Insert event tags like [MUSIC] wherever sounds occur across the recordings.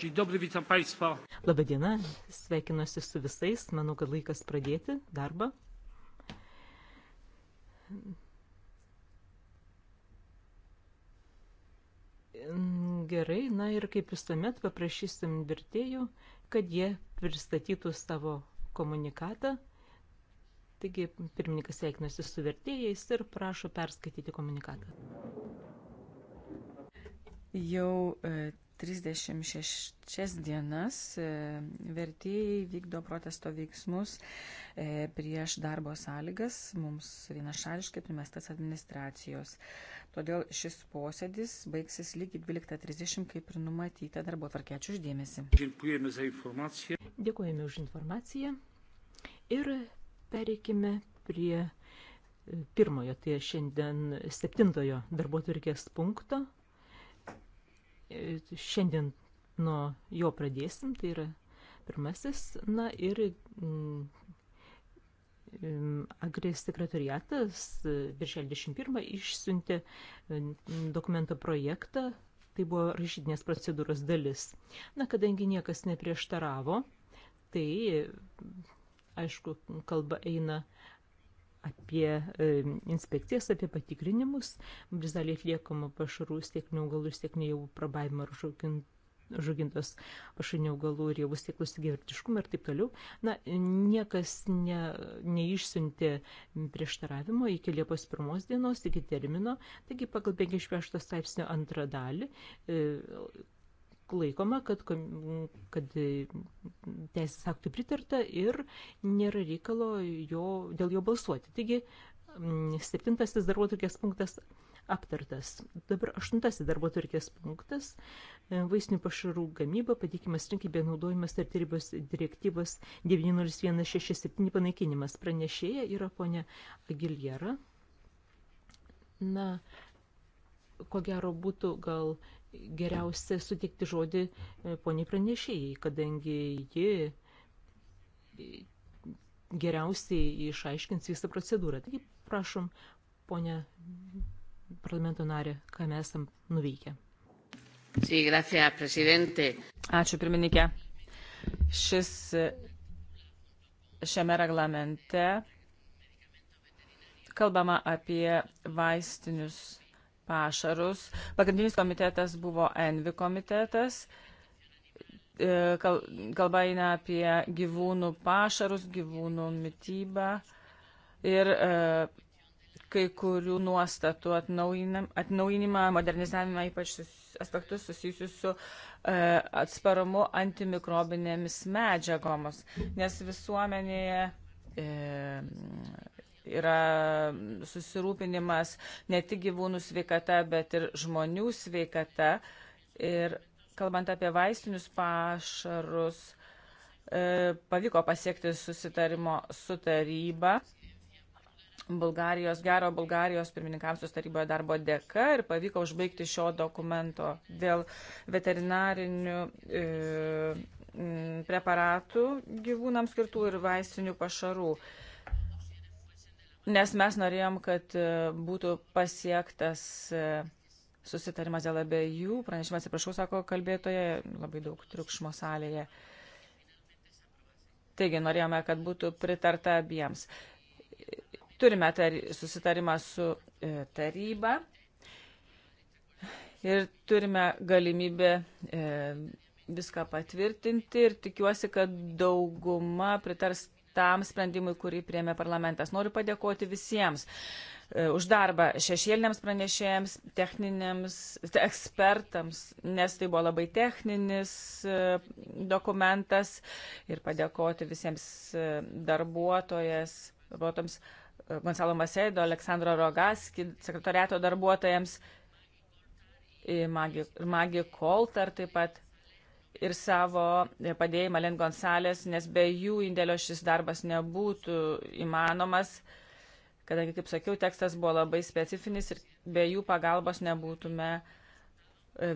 Dzień dobry, witam Państwa. Labadiena, sveikinuosi su visais, manau, kad laikas pradėti darbą. Gerai, na ir kaip visuomet paprašysim vertėjų, kad jie pristatytų savo komunikatą. Taigi pirmininkas sveikinuosi su vertėjais ir prašo perskaityti komunikatą. Jau e, 36 dienas e, vertėjai vykdo protesto veiksmus e, prieš darbo sąlygas, mums vienašališkai primestas administracijos. Todėl šis posėdis baigsis lygiai 12.30, kaip ir numatyta darbo tvarkė. Ačiū uždėmesi. Dėkojame už informaciją ir pereikime prie e, pirmojo, tai šiandien septintojo darbo tvarkės punkto šiandien nuo jo pradėsim, tai yra pirmasis, na ir mm, mm, Agris sekretariatas e, viršelį 21 išsiuntė e, dokumento projektą, tai buvo rašytinės procedūros dalis. Na, kadangi niekas neprieštaravo, tai, e, aišku, kalba eina apie inspekcijas, apie patikrinimus. Brizalė atliekama pašarų stieknių augalų ir stieknių jau probavimo ar žaugintų žugintos pašarinių augalų ir javų stiklus gyvertiškumą ir taip toliau. Na, niekas ne, neišsiuntė prieštaravimo iki Liepos pirmos dienos, iki termino, taigi pagal 56 straipsnio antrą dalį e, laikoma, kad, kad teisės aktų pritarta ir nėra reikalo jo, dėl jo balsuoti. Taigi, mm, septintasis darbotvarkės punktas aptartas. Dabar aštuntasis darbotvarkės punktas - vaisinių pašarų gamyba, patikimas rinkai bei naudojimas ir tarybos direktyvos 90167 panaikinimas. Pranešėja yra ponia Agiljera. Na, ko gero būtų gal geriausia sutikti žodį e, poniai pranešėjai, kadangi ji e, geriausiai išaiškins visą procedūrą. Taigi, prašom, ponia parlamento narė, ką mes esam nuveikę. Sí, gracias, presidente. Ačiū, pirmininkė. Šis e, šiame reglamente kalbama apie vaistinius pašarus. Pagrindinis komitetas buvo Envi komitetas. E, kalba eina apie gyvūnų pašarus, gyvūnų mytybą ir e, kai kurių nuostatų atnaujinimą, modernizavimą, ypač aspektus susijusius su e, atsparamu antimikrobinėmis medžiagomis, nes visuomenėje yra susirūpinimas ne tik gyvūnų sveikata, bet ir žmonių sveikata. Ir kalbant apie vaistinius pašarus, e, pavyko pasiekti susitarimo su taryba. Bulgarijos, gero Bulgarijos pirmininkamsios taryboje darbo dėka ir pavyko užbaigti šio dokumento dėl veterinarinių e, preparatų gyvūnams skirtų ir vaistinių pašarų. E, nes mes norėjom, kad e, būtų pasiektas e, susitarimas dėl abiejų. Pranešimą atsiprašau, sako kalbėtoje, labai daug triukšmo salėje. Taigi norėjome, kad būtų pritarta abiems. Turime tar susitarimą su e, taryba ir turime galimybę viską patvirtinti ir tikiuosi, kad dauguma pritars tam sprendimui, kurį priemė parlamentas. Noriu padėkoti visiems e, už darbą šešėliniams pranešėjams, techniniams, ekspertams, nes tai buvo labai techninis e, dokumentas ir padėkoti visiems e, darbuotojas, darbuotojams Gonzalo Maseido, Aleksandro Rogaski, sekretoriato darbuotojams, Magi, Magi Koltar taip pat ir savo padėjimą Len Gonsalės, nes be jų indėlio šis darbas nebūtų įmanomas, kadangi, kaip sakiau, tekstas buvo labai specifinis ir be jų pagalbos nebūtume e,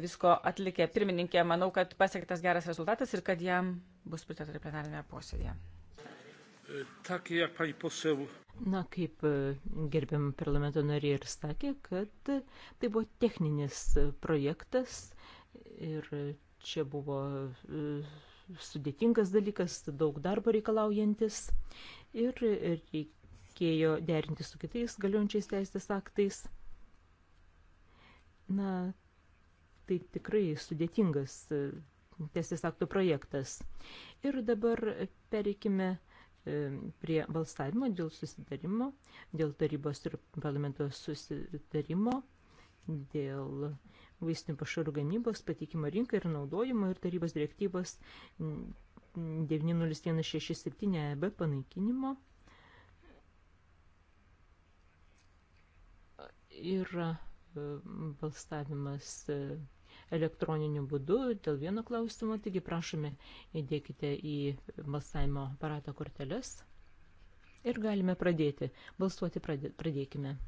visko atlikę. Pirmininkė, manau, kad pasiektas geras rezultatas ir kad jam bus pritarta plenarinėje posėdėje. E, Na, kaip e, gerbiam parlamento nariai ir sakė, kad tai buvo techninis projektas ir čia buvo e, sudėtingas dalykas, daug darbo reikalaujantis ir reikėjo derinti su kitais galiojančiais teisės aktais. Na, tai tikrai sudėtingas e, teisės aktų projektas. Ir dabar pereikime e, prie balsavimo dėl susitarimo, dėl tarybos ir parlamento susitarimo, dėl uh, vaistinių pašarų gamybos, patikimo rinką ir naudojimo ir tarybos direktyvos 90167 mm, EB panaikinimo. Yra e, balsavimas e, elektroniniu būdu dėl vieno klausimo, taigi prašome įdėkite į balsavimo aparato korteles ir galime pradėti. Balsuoti pradėkime.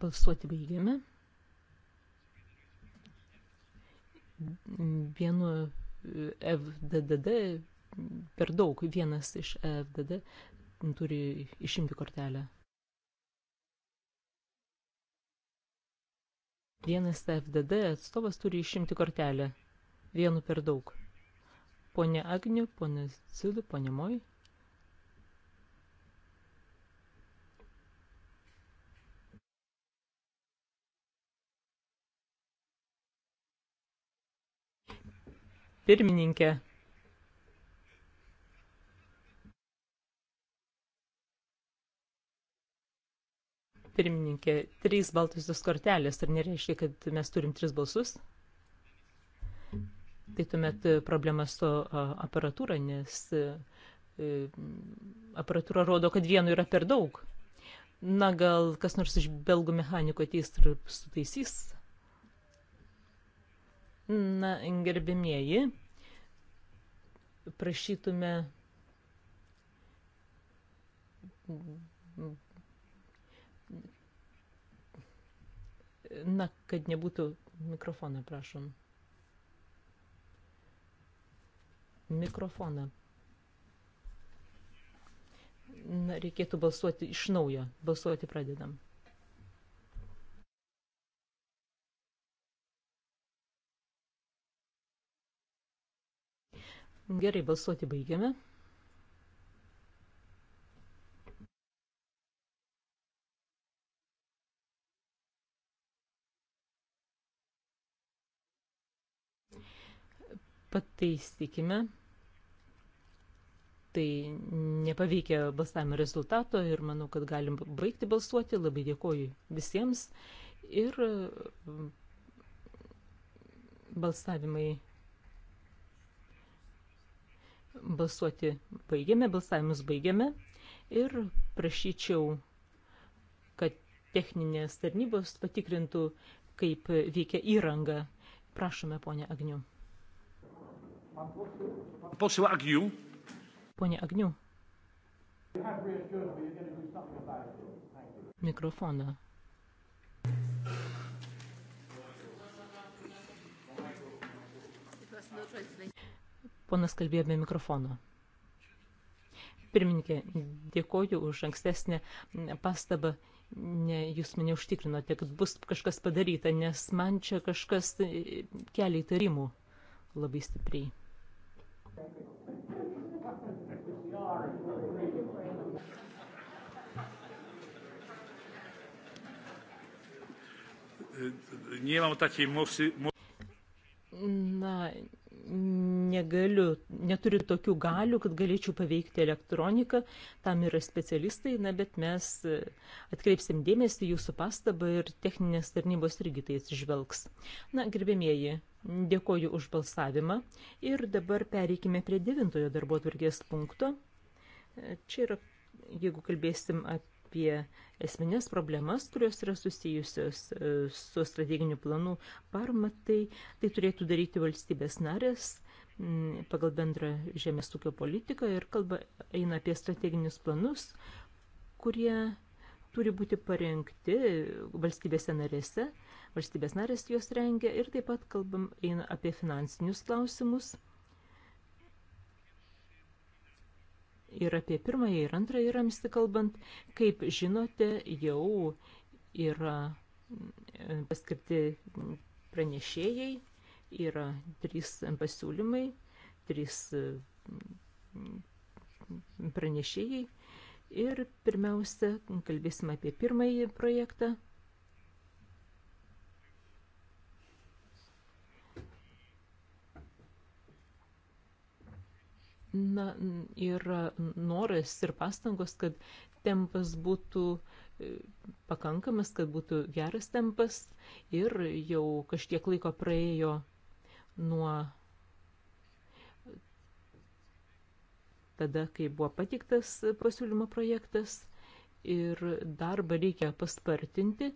Balsuoti baigiame. Vienu FDDD per daug, vienas iš FDD turi išimti kortelę. Vienas FDD atstovas turi išimti kortelę. Vienu per daug. Pone Agniu, pone Cidu, pone Moj. pirmininkė. Pirmininkė, trys baltusios kortelės, ar nereiškia, kad mes turim tris balsus? Tai tuomet e, problema su aparatūra, nes e, aparatūra rodo, kad vienu yra per daug. Na, gal kas nors iš belgų mechanikų ateis ir sutaisys Na, gerbimieji, prašytume Na, kad nebūtų mikrofoną, prašom. Mikrofoną. Na, reikėtų balsuoti iš naujo. Balsuoti pradedam. Gerai, balsuoti baigiame. Pataistykime. Tai nepaveikia balsavimo rezultato ir manau, kad galim baigti balsuoti. Labai dėkoju visiems. Ir mm, balsavimai Balsuoti baigėme, balsavimus baigėme ir prašyčiau, kad techninės tarnybos patikrintų, kaip veikia įranga. Prašome, ponė Agniu. Posiu Agniu. Ponė Agniu. Mikrofoną. Ponas kalbėjo be mikrofono. Pirmininkė, dėkoju už ankstesnę pastabą. Ne, jūs mane užtikrinote, kad bus kažkas padaryta, nes man čia kažkas e, kelia įtarimų labai stipriai. nie mam takiej mocy. Na, negaliu, neturiu tokių galių, kad galėčiau paveikti elektroniką, tam yra specialistai, na, bet mes e, atkreipsim dėmesį jūsų pastabą ir techninės tarnybos irgi tai atsižvelgs. Na, gerbėmieji, dėkoju už balsavimą ir dabar pereikime prie devintojo darbo atvarkės punkto. E, čia yra, jeigu kalbėsim apie apie esminės problemas, kurios yra susijusios e, su strateginiu planu parma, tai, tai turėtų daryti valstybės narės pagal bendrą žemės ūkio politiką ir kalba eina apie strateginius planus, kurie turi būti parengti valstybėse narėse, valstybės narės juos rengia ir taip pat kalbam eina apie finansinius klausimus ir apie pirmąją ir antrąją ramstį kalbant, kaip žinote, jau yra paskirti pranešėjai Yra trys pasiūlymai, trys mm, pranešėjai. Ir pirmiausia, kalbėsim apie pirmąjį projektą. Na, yra noras ir pastangos, kad tempas būtų e, pakankamas, kad būtų geras tempas ir jau kažkiek laiko praėjo nuo tada, kai buvo patiktas pasiūlymo projektas ir darbą reikia paspartinti.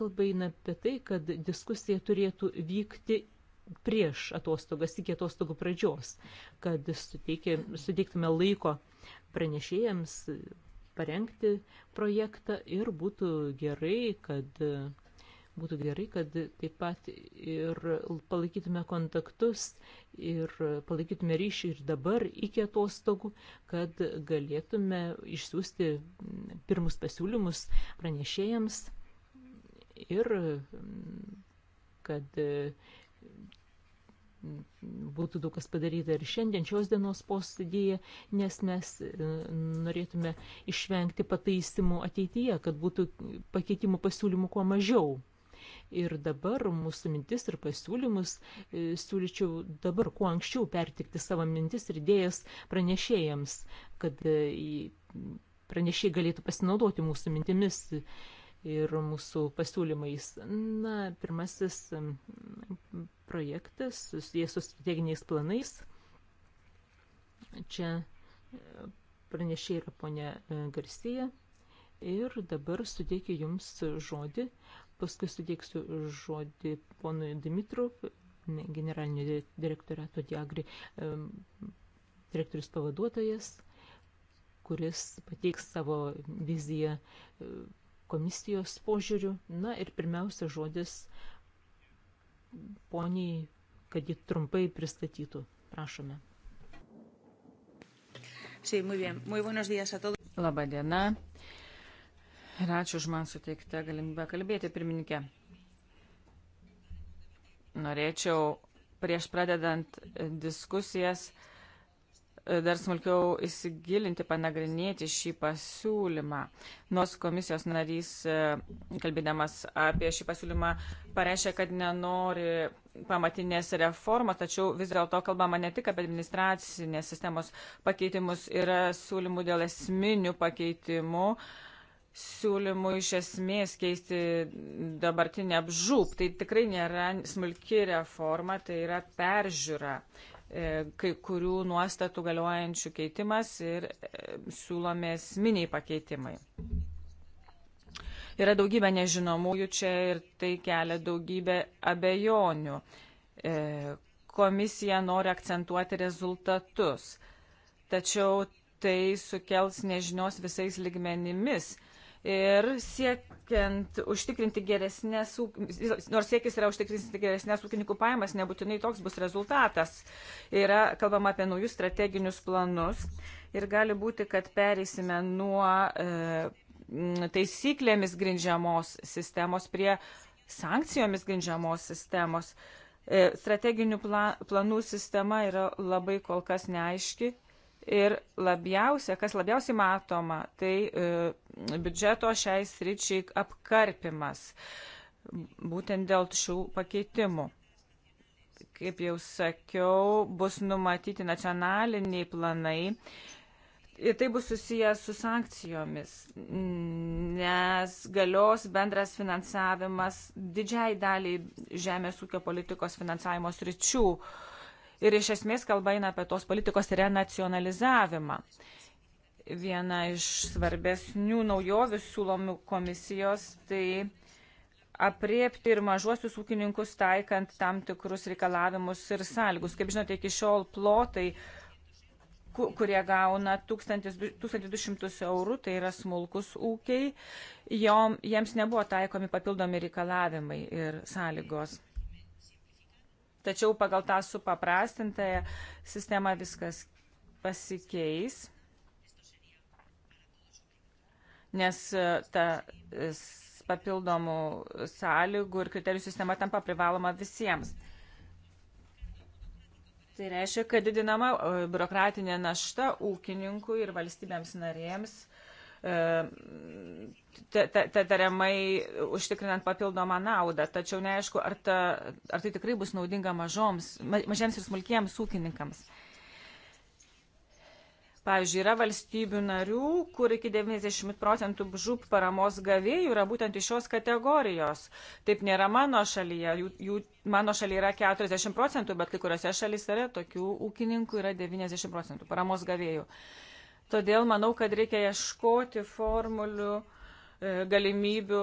Kalba eina apie tai, kad diskusija turėtų vykti prieš atostogas, iki atostogų pradžios, kad suteikė, suteiktume laiko pranešėjams parengti projektą ir būtų gerai, kad būtų gerai, kad taip pat ir palaikytume kontaktus ir palaikytume ryšį ir dabar iki atostogų, kad galėtume išsiųsti pirmus pasiūlymus pranešėjams ir kad būtų daug kas padaryta ir šiandien šios dienos posėdėje, nes mes e, norėtume išvengti pataisimų ateityje, kad būtų pakeitimų pasiūlymų kuo mažiau. Ir dabar mūsų mintis ir pasiūlymus e, siūlyčiau dabar kuo anksčiau pertikti savo mintis ir idėjas pranešėjams, kad e, pranešėjai galėtų pasinaudoti mūsų mintimis ir mūsų pasiūlymais. Na, pirmasis projektas susijęs su strateginiais planais. Čia e, pranešė yra ponė Garsija. Ir dabar suteikiu Jums žodį Paskui suteiksiu žodį ponui Dimitrov, generalinio direktoriato Diagri direktorius pavaduotojas, kuris pateiks savo viziją e, komisijos požiūrių. Na ir pirmiausia žodis poniai, kad ji trumpai pristatytų. Prašome. Sí, muy bien. Muy buenos días a todos. Labą dieną. Ir ačiū už man suteiktą galimybę kalbėti, pirmininkė. Norėčiau prieš pradedant diskusijas dar smulkiau įsigilinti, panagrinėti šį pasiūlymą. Nors komisijos narys, e, kalbėdamas apie šį pasiūlymą, pareiškia, kad nenori pamatinės reformos, tačiau vis dėlto kalbama ne tik apie administracinės sistemos pakeitimus, yra siūlymų dėl esminių pakeitimų. Uh, siūlymų iš esmės keisti dabartinę apžūp. Tai tikrai nėra smulki reforma, tai yra peržiūra e, kai kurių nuostatų galiojančių keitimas ir e, siūlomi esminiai pakeitimai. Yra daugybė nežinomųjų čia ir tai kelia daugybę abejonių. E, komisija nori akcentuoti rezultatus, tačiau tai sukels nežinios visais ligmenimis ir siekiant užtikrinti geresnės, nors siekis yra užtikrinti geresnės ūkininkų pajamas, nebūtinai toks bus rezultatas. Yra kalbama apie naujus strateginius planus ir gali būti, kad pereisime nuo e, taisyklėmis grindžiamos sistemos prie sankcijomis grindžiamos sistemos. E, strateginių pla, planų sistema yra labai kol kas neaiški Ir labiausia, kas labiausiai matoma, tai e, biudžeto šiai sričiai apkarpimas, būtent dėl šių pakeitimų. Kaip jau sakiau, bus numatyti nacionaliniai planai. Ir tai bus susijęs su sankcijomis, nes galios bendras finansavimas didžiai daliai žemės ūkio politikos finansavimo sričių. E, Ir iš esmės kalba eina apie tos politikos renacionalizavimą. Viena iš svarbesnių naujovių siūlomių komisijos tai apriepti ir mažuosius ūkininkus taikant tam tikrus reikalavimus ir sąlygus. Kaip žinote, iki šiol plotai, kurie gauna 1200 eurų, tai yra smulkus ūkiai, jom, jiems nebuvo taikomi papildomi reikalavimai ir sąlygos. Tačiau pagal tą supaprastintąją sistemą viskas pasikeis, nes e, ta e, papildomų sąlygų ir kriterijų sistema tampa privaloma visiems. Tai reiškia, kad didinama e, biurokratinė našta ūkininkui ir valstybėms narėms E, tariamai užtikrinant papildomą naudą. Tačiau neaišku, ar, ta, ar tai tikrai bus naudinga mažoms, mažiems ir smulkiems ūkininkams. Pavyzdžiui, yra valstybių narių, kur iki 90 procentų žūp paramos gavėjų yra būtent iš šios kategorijos. Taip nėra mano šalyje. Jų, jų, mano šalyje yra 40 procentų, bet kai kuriuose šalyse yra tokių ūkininkų yra 90 procentų paramos gavėjų. Uh, Todėl manau, kad reikia ieškoti formulių, e, galimybių,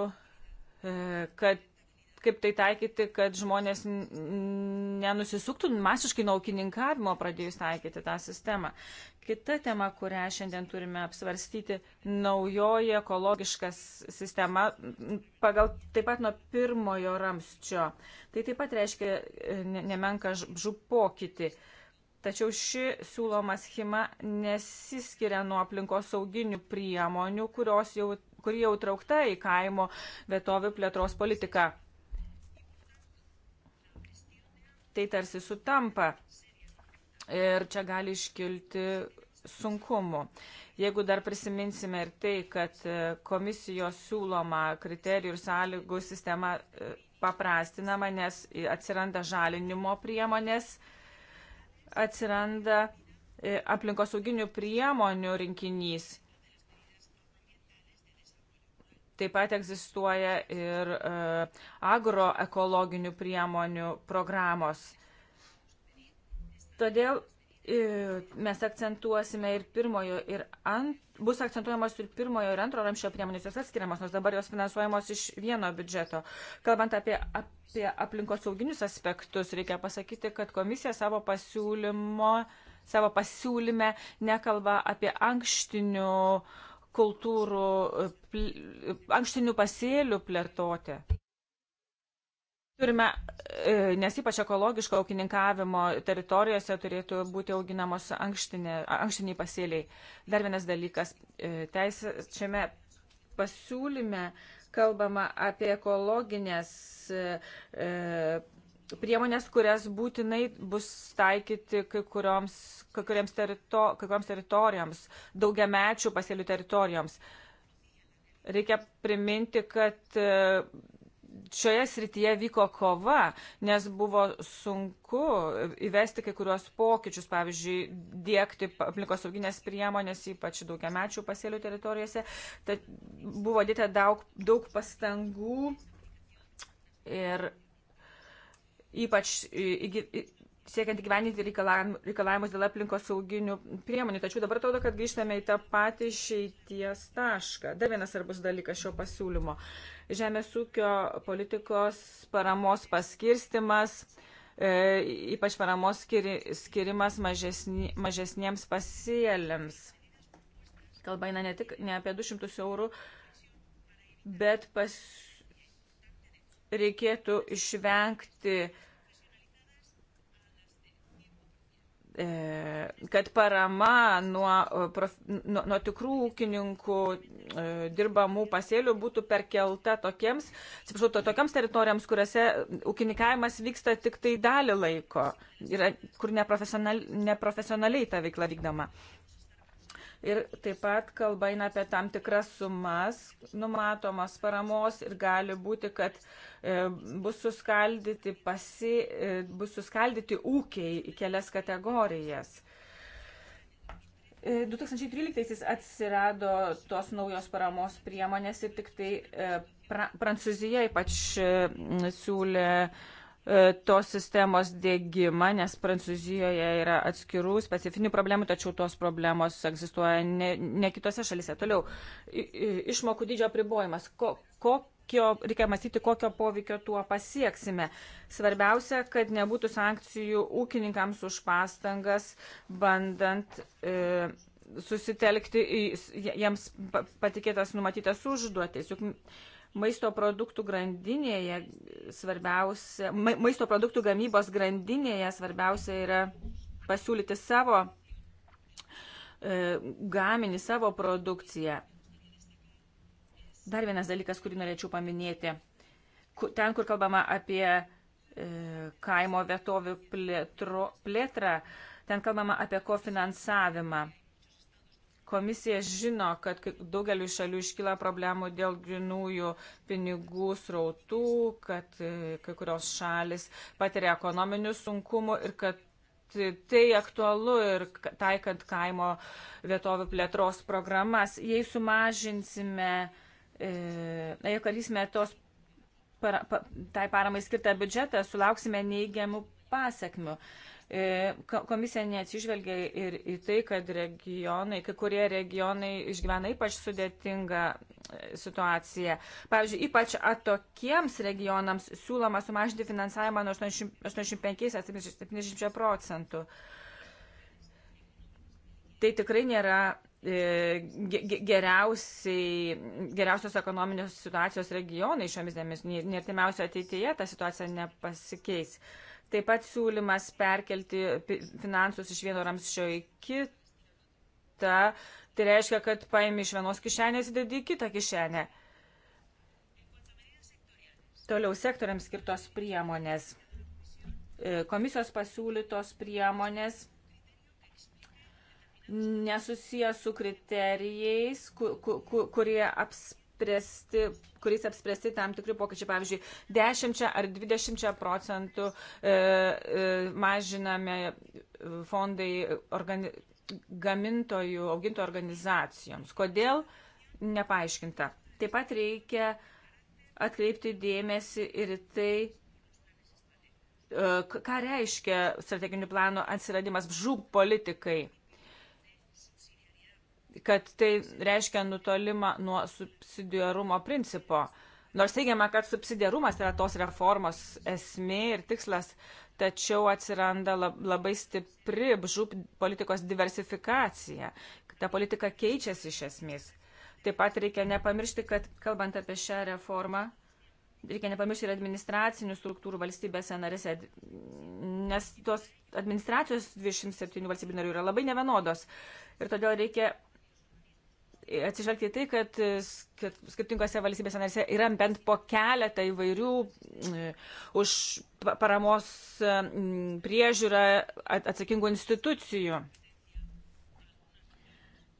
e, kad kaip tai taikyti, kad žmonės nenusisuktų masiškai nuo ūkininkavimo pradėjus taikyti tą sistemą. Kita tema, kurią šiandien turime apsvarstyti, naujoji ekologiška sistema, pagal taip pat nuo pirmojo ramsčio. Tai taip pat reiškia nemenka župokytį. Ne Tačiau ši siūloma schema nesiskiria nuo aplinkos sauginių priemonių, kurios jau, kuri jau traukta į kaimo vietovių plėtros politiką. Tai tarsi sutampa ir čia gali iškilti sunkumų. Jeigu dar prisiminsime ir tai, kad e, komisijos siūloma kriterijų ir sąlygų sistema e, paprastinama, nes atsiranda žalinimo priemonės, atsiranda e, aplinkosauginių priemonių rinkinys. Taip pat egzistuoja ir e, agroekologinių priemonių programos. Todėl mes akcentuosime ir pirmojo, ir ant, bus akcentuojamos ir pirmojo, ir antro ramšio priemonės, jos atskiriamos, nors dabar jos finansuojamos iš vieno biudžeto. Kalbant apie, apie aplinkosauginius aspektus, reikia pasakyti, kad komisija savo pasiūlymo, savo pasiūlyme nekalba apie ankštinių kultūrų, ankštinių pasėlių plėtotę. Turime, e, nes ypač ekologiško aukininkavimo teritorijose turėtų būti auginamos ankštinė, ankštiniai pasėliai. Dar vienas dalykas, e, teisės šiame pasiūlyme kalbama apie ekologinės e, priemonės, kurias būtinai bus taikyti kai kurioms, kai kurioms, terito, kai kurioms teritorijoms, daugiamečių pasėlių teritorijoms. Reikia priminti, kad šioje srityje vyko kova, nes buvo sunku įvesti kai kuriuos pokyčius, pavyzdžiui, dėkti aplinkosauginės priemonės, ypač daugiamečių pasėlių teritorijose. Tad buvo dėta daug, daug pastangų ir ypač siekiant gyveninti reikalavimus dėl aplinkos sauginių priemonių. Tačiau dabar atrodo, kad grįžtame į tą patį šeities tašką. Dar vienas svarbus dalykas šio pasiūlymo. Žemės ūkio politikos paramos paskirstimas, e, ypač paramos skiri, skirimas mažesni, mažesniems pasielėms. Kalba eina ne tik ne apie 200 eurų, bet pas, reikėtų išvengti E, kad parama nuo, e, nuo, nuo tikrų ūkininkų e, dirbamų pasėlių būtų perkelta tokiems, atsiprašau, to, tokiams teritorijams, kuriuose ūkininkavimas vyksta tik tai dalį laiko, yra, kur neprofesional, neprofesionaliai ta veikla vykdoma. Ir taip pat kalba eina apie tam tikras sumas numatomas paramos ir gali būti, kad uh, E, bus suskaldyti, pasi, e, bus suskaldyti ūkiai į kelias kategorijas. 2013 e, atsirado tos naujos paramos priemonės ir tik tai pra, Prancūzija ypač siūlė tos sistemos dėgymą, nes Prancūzijoje yra atskirų specifinių problemų, tačiau tos problemos egzistuoja ne, ne kitose šalise. Toliau, išmokų dydžio apribojimas. Ko, ko, kokio, reikia mąstyti, kokio poveikio tuo pasieksime. Svarbiausia, kad nebūtų sankcijų ūkininkams už pastangas, bandant e, susitelkti į jiems patikėtas numatytas užduotis. Juk maisto produktų grandinėje svarbiausia, ma, maisto produktų gamybos grandinėje svarbiausia yra pasiūlyti savo e, gaminį, savo produkciją Dar vienas dalykas, kurį norėčiau paminėti. Ten, kur kalbama apie e, kaimo vietovių plėtro, plėtrą, ten kalbama apie kofinansavimą. Komisija žino, kad daugeliu šalių iškyla problemų dėl grinųjų pinigų srautų, kad e, kai kurios šalis patiria ekonominių sunkumų ir kad tai aktualu ir taikant kaimo vietovių plėtros programas. Jei sumažinsime uh, E, jeigu kalbėsime tos para, pa, tai paramai skirtą biudžetą, sulauksime neįgiamų pasiekmių. E, komisija neatsižvelgia ir į tai, kad regionai, kai kurie regionai išgyvena ypač sudėtingą e, situaciją. Pavyzdžiui, ypač atokiems regionams siūloma sumažinti finansavimą nuo 85-70 procentų. Tai tikrai nėra E, geriausios ekonominės situacijos regionai šiomis dėmes, nertimiausio ateityje ta situacija nepasikeis. Taip pat siūlymas perkelti finansus iš vieno ramsčio į kitą, tai reiškia, kad paimi iš vienos kišenės įdedi į kitą kišenę. Toliau sektoriams skirtos priemonės. E, komisijos pasiūlytos priemonės nesusijęs su kriterijais, ku, ku, ku, kurie apspręsti, kuriais apspręsti tam tikri pokyčiai. Pavyzdžiui, 10 ar 20 procentų e, e, mažiname fondai organi, gamintojų, augintojų organizacijoms. Kodėl? Nepaaiškinta. Taip pat reikia atkreipti dėmesį ir tai, e, ką reiškia strateginių plano atsiradimas žūb politikai kad tai reiškia nutolimą nuo subsidiarumo principo. Nors teigiama, kad subsidiarumas yra tos reformos esmė ir tikslas, tačiau atsiranda labai stipri žūp politikos diversifikacija. Ta politika keičiasi iš esmės. Taip pat reikia nepamiršti, kad kalbant apie šią reformą, reikia nepamiršti ir administracinių struktūrų valstybėse narėse, nes tos administracijos 27 valstybių narių yra labai nevienodos. Ir todėl reikia atsižvelgti tai, kad skirtingose valstybėse narėse yra bent po keletą įvairių e, už paramos e, priežiūrą atsakingų institucijų.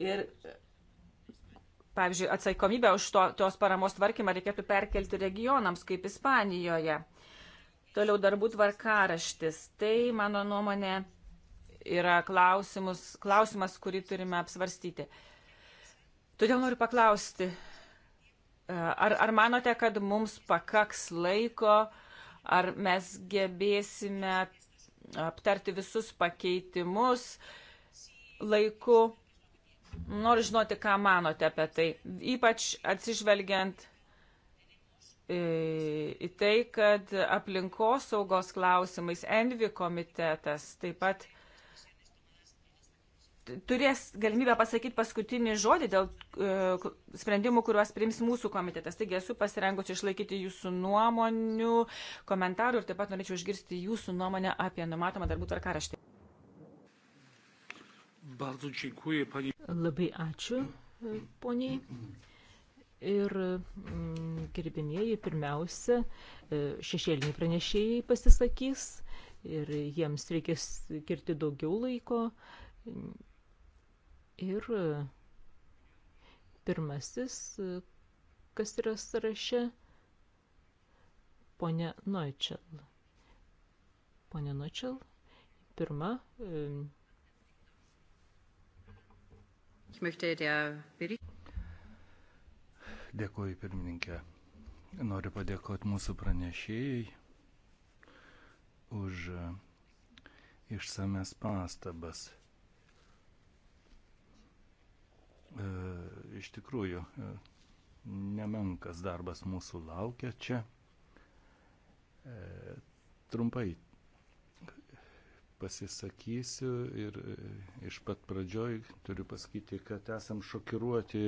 Ir, pavyzdžiui, atsakomybę už to, tos paramos tvarkymą reikėtų perkelti regionams, kaip Ispanijoje. Toliau darbų tvarkaraštis. Tai, mano nuomonė, yra klausimus, klausimas, kurį turime apsvarstyti. Uh, Todėl noriu paklausti, e, ar, ar manote, kad mums pakaks laiko, ar mes gebėsime aptarti visus pakeitimus laiku? Noriu žinoti, ką manote apie tai, ypač atsižvelgiant e, į tai, kad aplinkosaugos klausimais Envi komitetas taip pat turės galimybę pasakyti paskutinį žodį dėl e, sprendimų, kuriuos priims mūsų komitetas. Taigi esu pasirengusi išlaikyti jūsų nuomonių, komentarų ir taip pat norėčiau išgirsti jūsų nuomonę apie numatomą darbų tvarkaraštį. Labai ačiū, poniai. Ir mm, gerbimieji, pirmiausia, e, šešėliniai pranešėjai pasisakys ir jiems reikės skirti daugiau laiko Ir e, pirmasis, e, kas yra sąraše, ponė Noičel. Ponė Noičel, pirma. E, Dėkuoju pirmininkė. Noriu padėkoti mūsų pranešėjai už išsames pastabas. E, iš tikrųjų, e, nemenkas darbas mūsų laukia čia. E, trumpai pasisakysiu ir iš pat pradžioj turiu pasakyti, kad esam šokiruoti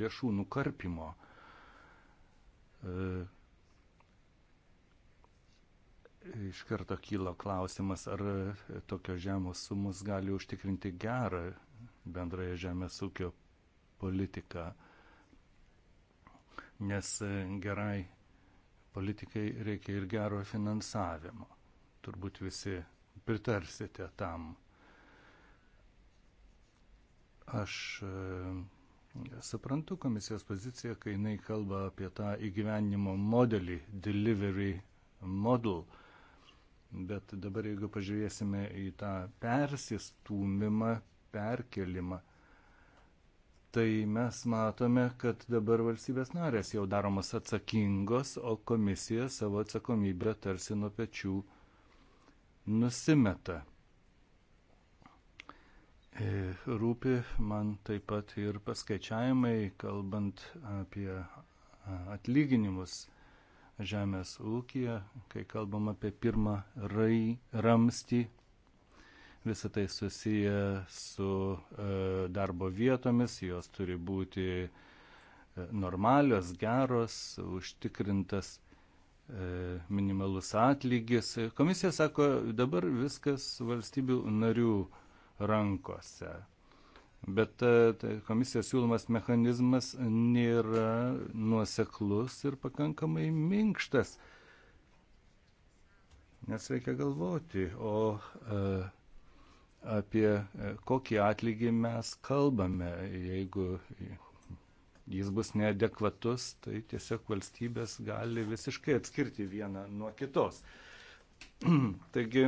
lėšų nukarpimo. Iš karto kyla klausimas, ar tokios žemos sumus gali užtikrinti gerą bendrąją žemės ūkio politiką. Nes e, gerai politikai reikia ir gero finansavimo. Turbūt visi pritarsite tam. Aš e, suprantu komisijos poziciją, kai jinai kalba apie tą įgyvenimo modelį, delivery model. Bet dabar, jeigu pažiūrėsime į tą persistūmimą perkelimą. Tai mes matome, kad dabar valstybės narės jau daromos atsakingos, o komisija savo atsakomybę tarsi nuo pečių nusimeta. E, rūpi man taip pat ir paskaičiavimai, kalbant apie atlyginimus žemės ūkija, kai kalbam apie pirmą rai, ramstį, Visą tai susiję su e, darbo vietomis, jos turi būti e, normalios, geros, užtikrintas e, minimalus atlygis. Komisija sako, dabar viskas valstybių narių rankose. Bet komisijos siūlomas mechanizmas nėra nuoseklus ir pakankamai minkštas. Nes reikia galvoti, o e, apie e, kokį atlygį mes kalbame. Jeigu jis bus neadekvatus, tai tiesiog valstybės gali visiškai atskirti vieną nuo kitos. [CLEARS THROAT] Taigi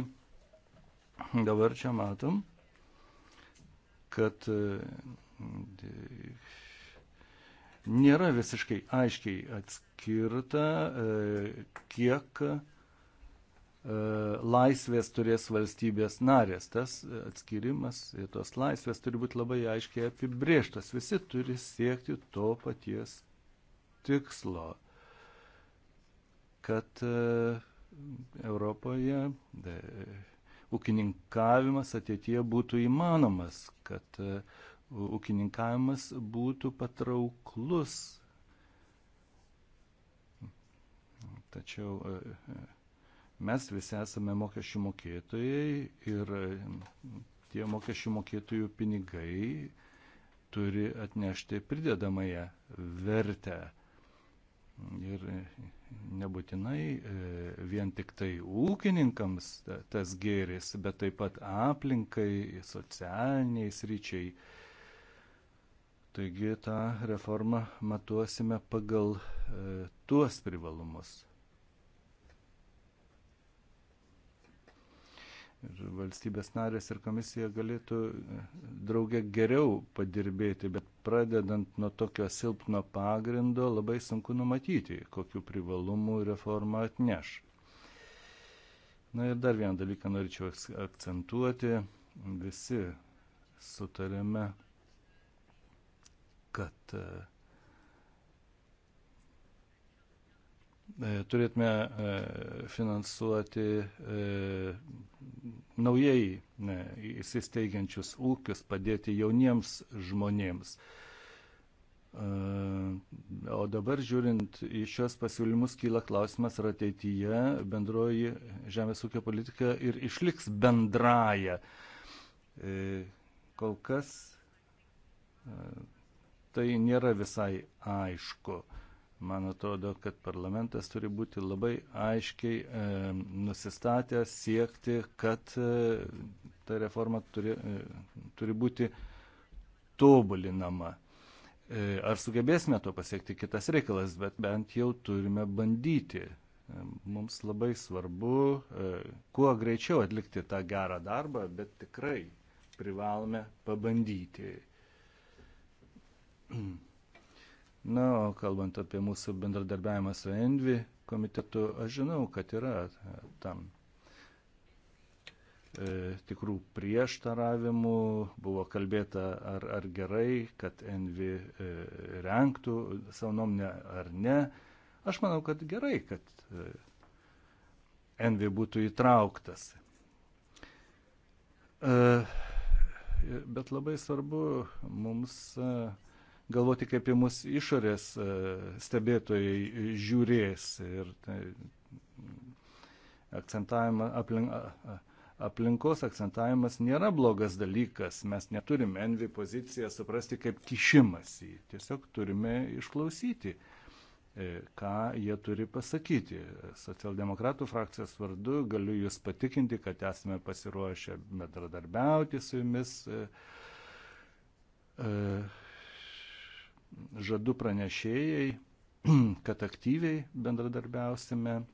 dabar čia matom, kad e, nėra visiškai aiškiai atskirta, e, kiek E, laisvės turės valstybės narės. Tas atskirimas ir tos laisvės turi būti labai aiškiai apibrieštas. Visi turi siekti to paties tikslo, kad e, Europoje e, ūkininkavimas ateitie būtų įmanomas, kad ūkininkavimas būtų patrauklus. Tačiau Mes visi esame mokesčių mokėtojai ir e, tie mokesčių mokėtojų pinigai turi atnešti pridedamąją vertę. Ir nebūtinai e, vien tik tai ūkininkams tas gėris, bet taip pat aplinkai, socialiniai sryčiai. Taigi tą reformą matuosime pagal e, tuos privalumus. ir valstybės narės ir komisija galėtų e, draugė geriau padirbėti, bet pradedant nuo tokio silpno pagrindo labai sunku numatyti, kokiu privalumu reforma atneš. Na ir dar vieną dalyką norėčiau akcentuoti. Visi sutarėme, kad uh, E, turėtume e, finansuoti e, naujai įsisteigiančius ūkius, padėti jauniems žmonėms. O dabar žiūrint į šios pasiūlymus kyla klausimas, ar ateityje bendroji žemės ūkio politika ir išliks bendraja. Kol kas tai nėra visai aišku. Man atrodo, kad parlamentas turi būti labai aiškiai e, nusistatęs siekti, kad e, ta reforma turi, e, turi būti tobulinama. E, ar sugebėsime to pasiekti, kitas reikalas, bet bent jau turime bandyti. E, mums labai svarbu, e, kuo greičiau atlikti tą gerą darbą, bet tikrai privalome pabandyti. [CLEARS THROAT] Na, o kalbant apie mūsų bendradarbiavimą su Envi komitetu, aš žinau, kad yra e, tam e, tikrų prieštaravimų, buvo kalbėta ar, ar gerai, kad Envi e, renktų savo nuomonę ar ne. Aš manau, kad gerai, kad e, Envi būtų įtrauktas. E, bet labai svarbu mums e, galvoti, kaip į mus išorės e, stebėtojai žiūrės. Ir tai, akcentavimą aplink, aplinkos akcentavimas nėra blogas dalykas. Mes neturime envi poziciją suprasti kaip kišimasi. Tiesiog turime išklausyti, e, ką jie turi pasakyti. Socialdemokratų frakcijos vardu galiu Jūs patikinti, kad esame pasiruošę bendradarbiauti su Jumis. E, e, žadu pranešėjai, [CLEARS THROAT] kad aktyviai bendradarbiausime. E,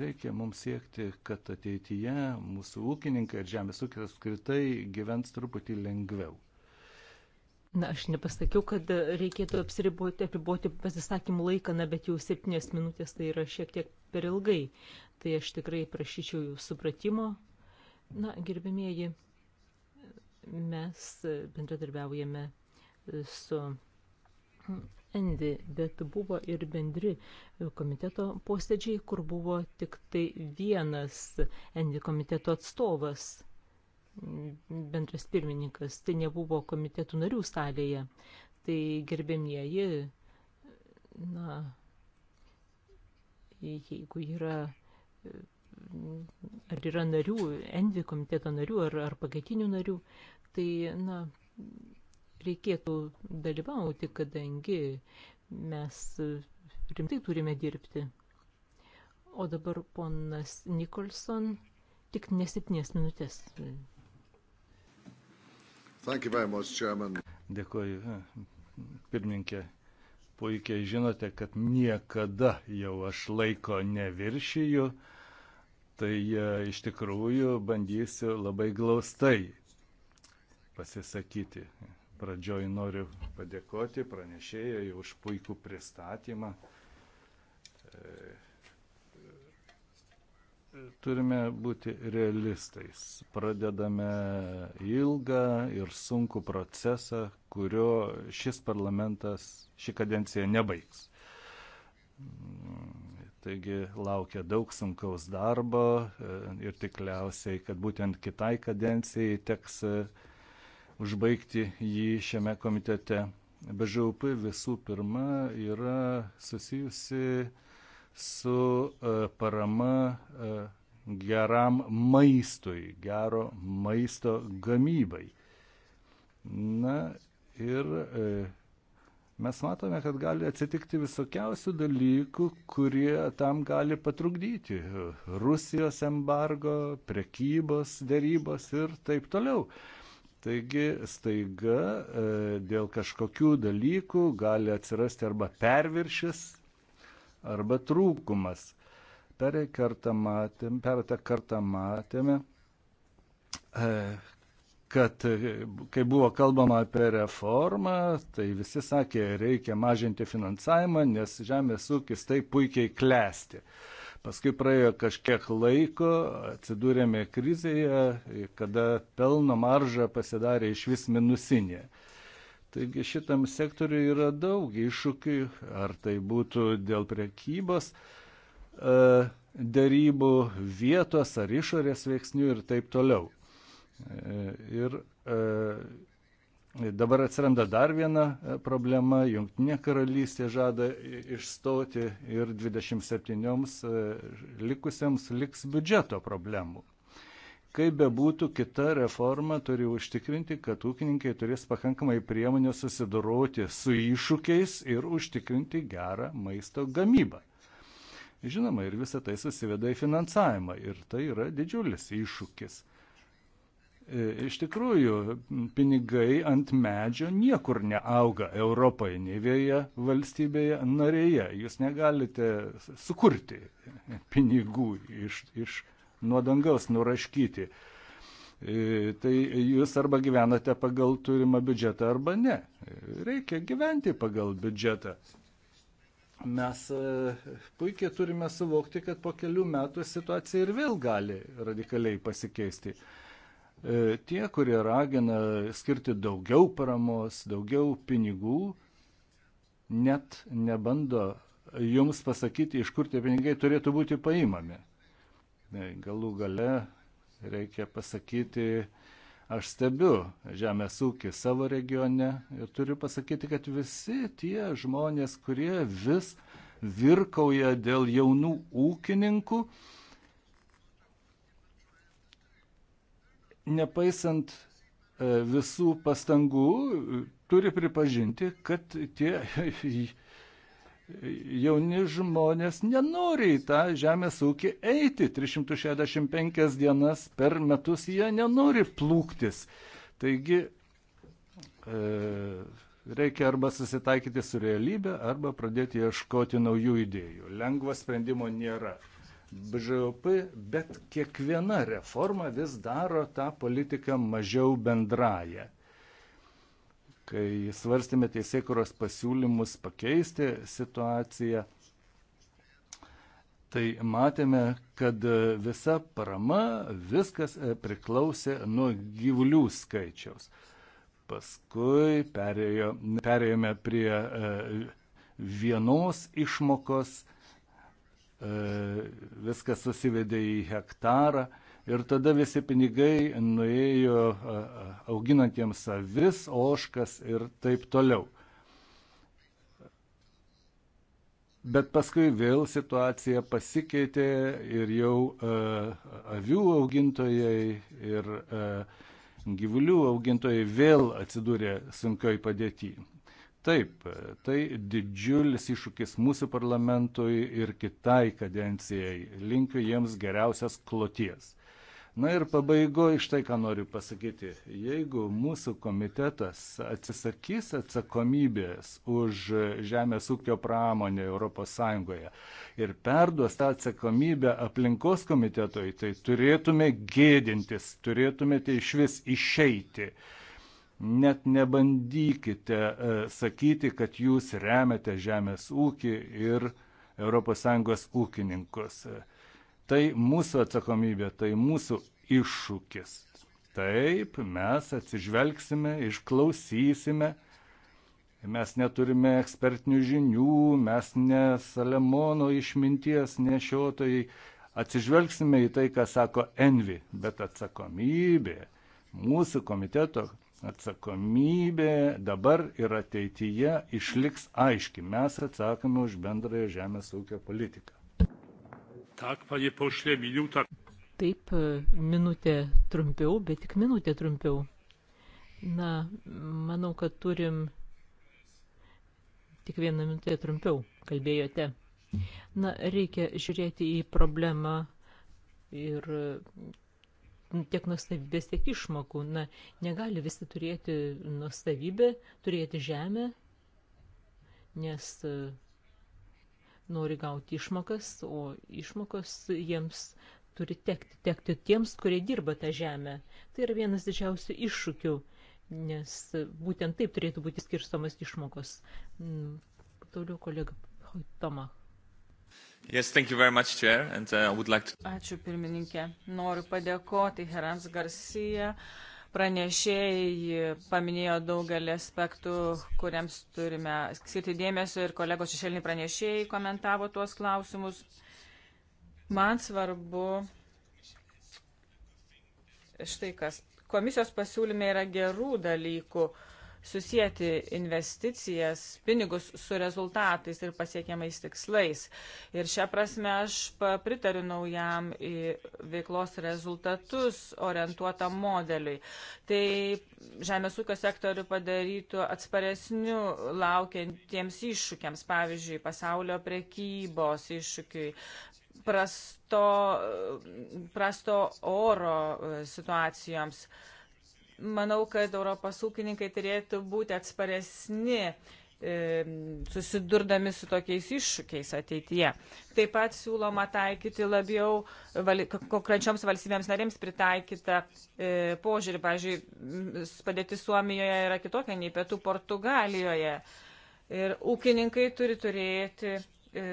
reikia mums siekti, kad ateityje mūsų ūkininkai ir žemės ūkis apskritai gyvens truputį lengviau. Na, aš nepasakiau, kad reikėtų apsiriboti, apriboti pasisakymų laiką, na, bet jau septynės minutės tai yra šiek tiek per ilgai. Tai aš tikrai prašyčiau jų supratimo. Na, gerbimieji, mes bendradarbiaujame su Endi, bet buvo ir bendri komiteto posėdžiai, kur buvo tik tai vienas Endi komiteto atstovas, bendras pirmininkas, tai nebuvo komitetų narių salėje. Tai gerbėmieji, na, jeigu yra ar yra narių, Envi komiteto narių, ar, ar pakaitinių narių, tai, na, reikėtų dalyvauti, kadangi mes rimtai turime dirbti. O dabar ponas Nikolson, tik nesipnės minutės. Much, Dėkuoju, e, pirmininkė. Puikiai žinote, kad niekada jau aš laiko neviršiju, tai e, iš tikrųjų bandysiu labai glaustai pasisakyti Pradžioj noriu padėkoti pranešėjai už puikų pristatymą. E, turime būti realistais. Pradedame ilgą ir sunkų procesą, kurio šis parlamentas šį kadenciją nebaigs. Taigi laukia daug sunkaus darbo e, ir tikriausiai, kad būtent kitai kadencijai teks uh, užbaigti jį šiame komitete. BŽUP visų pirma yra susijusi su e, parama e, geram maistui, gero maisto gamybai. Na ir e, mes matome, kad gali atsitikti visokiausių dalykų, kurie tam gali patrukdyti. Rusijos embargo, prekybos dėrybos ir taip toliau. Taigi staiga e, dėl kažkokių dalykų gali atsirasti arba perviršis, arba trūkumas. Per kartą matėm, per tą kartą matėme, e, kad e, kai buvo kalbama apie reformą, tai visi sakė, reikia mažinti finansavimą, nes žemės ūkis tai puikiai klesti. Paskui praėjo kažkiek laiko, atsidūrėme krizėje, kada pelno marža pasidarė iš vis minusinė. Taigi šitam sektoriu yra daug iššūkių, ar tai būtų dėl prekybos e, darybų vietos ar išorės veiksnių ir taip toliau. E, ir e, Dabar atsiranda dar viena e, problema. Junktinė karalystė žada išstoti ir 27 e, likusiems liks biudžeto problemų. Kaip bebūtų, kita reforma turi užtikrinti, kad ūkininkai turės pakankamai priemonių susidoroti su iššūkiais ir užtikrinti gerą maisto gamybą. Žinoma, ir visa tai susiveda į finansavimą ir tai yra didžiulis iššūkis. E, iš tikrųjų, pinigai ant medžio niekur neauga Europoje, nei vėje valstybėje narėje. Jūs negalite sukurti pinigų iš, iš nuo dangaus nuraškyti. E, tai jūs arba gyvenate pagal turimą biudžetą arba ne. E, reikia gyventi pagal biudžetą. Mes puikiai turime suvokti, kad po kelių metų situacija ir vėl gali radikaliai pasikeisti. E, tie, kurie ragina skirti daugiau paramos, daugiau pinigų, net nebando jums pasakyti, iš kur tie pinigai turėtų būti paimami. E, galų gale reikia pasakyti, aš stebiu žemės ūkį savo regione ir turiu pasakyti, kad visi tie žmonės, kurie vis virkauja dėl jaunų ūkininkų, nepaisant e, visų pastangų, turi pripažinti, kad tie [LAUGHS] jauni žmonės nenori į tą žemės ūkį eiti. 365 dienas per metus jie nenori plūktis. Taigi e, reikia arba susitaikyti su realybė, arba pradėti ieškoti naujų idėjų. Lengvo sprendimo nėra. BŽOP, bet kiekviena reforma vis daro tą politiką mažiau bendrają. Kai svarstėme teisėkuros pasiūlymus pakeisti situaciją, tai matėme, kad visa parama, viskas e, priklausė nuo gyvulių skaičiaus. Paskui perėjo, perėjome prie e, vienos išmokos, E, viskas susivedė į hektarą ir tada visi pinigai nuėjo e, e, auginantiems avis, oškas ir taip toliau. Bet paskui vėl situacija pasikeitė ir jau uh, avių augintojai ir uh, gyvulių augintojai vėl atsidūrė sunkioj padėtyje. Taip, tai didžiulis iššūkis mūsų parlamentui ir kitai kadencijai. Linkiu jiems geriausias kloties. Na ir pabaigoje iš tai, ką noriu pasakyti. Jeigu mūsų komitetas atsisakys atsakomybės už žemės ūkio pramonę ES ir perduos tą atsakomybę aplinkos komitetoj, tai turėtume gėdintis, turėtumėte iš vis išeiti. Net nebandykite e, sakyti, kad jūs remiate žemės ūkį ir ES ūkininkus. Tai mūsų atsakomybė, tai mūsų iššūkis. Taip, mes atsižvelgsime, išklausysime, mes neturime ekspertinių žinių, mes ne Salemono išminties nešiotojai, atsižvelgsime į tai, ką sako Envi, bet atsakomybė mūsų komiteto atsakomybė dabar ir ateityje išliks aiški. Mes atsakome už bendrąją žemės ūkio politiką. Tak, panie pošlė, minutą. Taip, minutė trumpiau, bet tik minutė trumpiau. Na, manau, kad turim tik vieną minutę trumpiau kalbėjote. Na, reikia žiūrėti į problemą ir tiek nuosavybės, tiek išmokų. Na, negali visi turėti nuosavybę, turėti žemę, nes e, nori gauti išmokas, o išmokos jiems turi tekti, tekti tiems, kurie dirba tą žemę. Tai yra vienas didžiausių iššūkių, nes e, būtent taip turėtų būti skirstomas išmokos. Mm, toliau kolega Tomach. Yes, thank you very much, Chair, and uh, I would like to... Ačiū pirmininkė. Noriu padėkoti Herans Garcia. Pranešėjai paminėjo daugelį aspektų, kuriems turime skirti dėmesio ir kolegos šešėliniai pranešėjai komentavo tuos klausimus. Man svarbu štai kas. Komisijos pasiūlyme yra gerų dalykų. Uh, susijęti investicijas, pinigus su rezultatais ir pasiekiamais tikslais. Ir šią prasme aš pritariu naujam į veiklos rezultatus orientuotam modeliui. Tai žemės ūkio sektorių padarytų atsparesniu laukiantiems iššūkiams, pavyzdžiui, pasaulio prekybos iššūkiui, prasto, prasto oro e, situacijoms. Manau, kad Europos ūkininkai turėtų būti atsparesni e, susidurdami su tokiais iššūkiais ateityje. Taip pat siūloma taikyti labiau vali, konkrečioms valstybėms narėms pritaikytą e, požiūrį. Pavyzdžiui, padėti Suomijoje yra kitokia nei pietų Portugalijoje. Ir ūkininkai turi turėti e,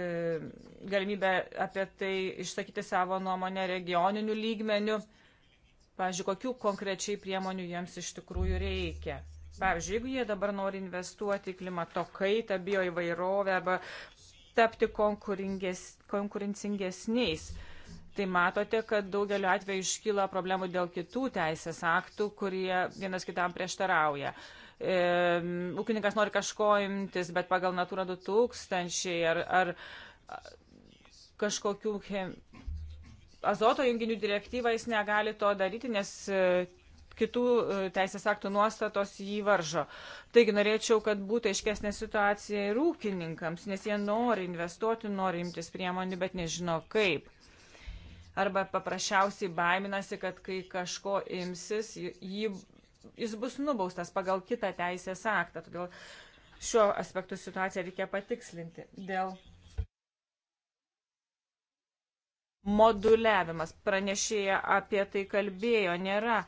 galimybę apie tai išsakyti savo nuomonę regioniniu lygmeniu. E, Pavyzdžiui, kokių konkrečiai priemonių jiems iš tikrųjų reikia. Pavyzdžiui, jeigu jie dabar nori investuoti į klimato kaitą, bioįvairovę arba tapti konkurencingesniais, tai matote, kad daugeliu atveju iškyla problemų dėl kitų teisės aktų, kurie vienas kitam prieštarauja. E, ūkininkas nori kažko imtis, bet pagal Natūra 2000 ar, ar kažkokių chem, azoto junginių direktyvą jis negali to daryti, nes e, kitų e, teisės aktų nuostatos jį varžo. Taigi norėčiau, kad būtų aiškesnė situacija ir ūkininkams, nes jie nori investuoti, nori imtis priemonių, bet nežino kaip. Arba paprasčiausiai baiminasi, kad kai kažko imsis, jį, jis bus nubaustas pagal kitą teisės aktą. Todėl šiuo aspektu situaciją reikia patikslinti. Dėl moduliavimas. Pranešėja apie tai kalbėjo, nėra.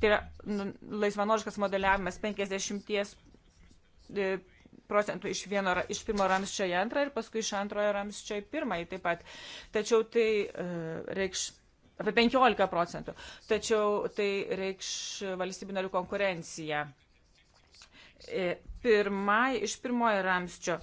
Tai yra nu, laisvanoriškas modeliavimas 50 e, procentų iš, vieno, iš pirmo ramščio į antrą ir paskui iš antrojo ramščio į pirmąjį taip pat. Tačiau tai e, reikš apie 15 procentų. Tačiau tai reikš valstybių narių konkurenciją. E, pirmai, iš pirmojo ramščio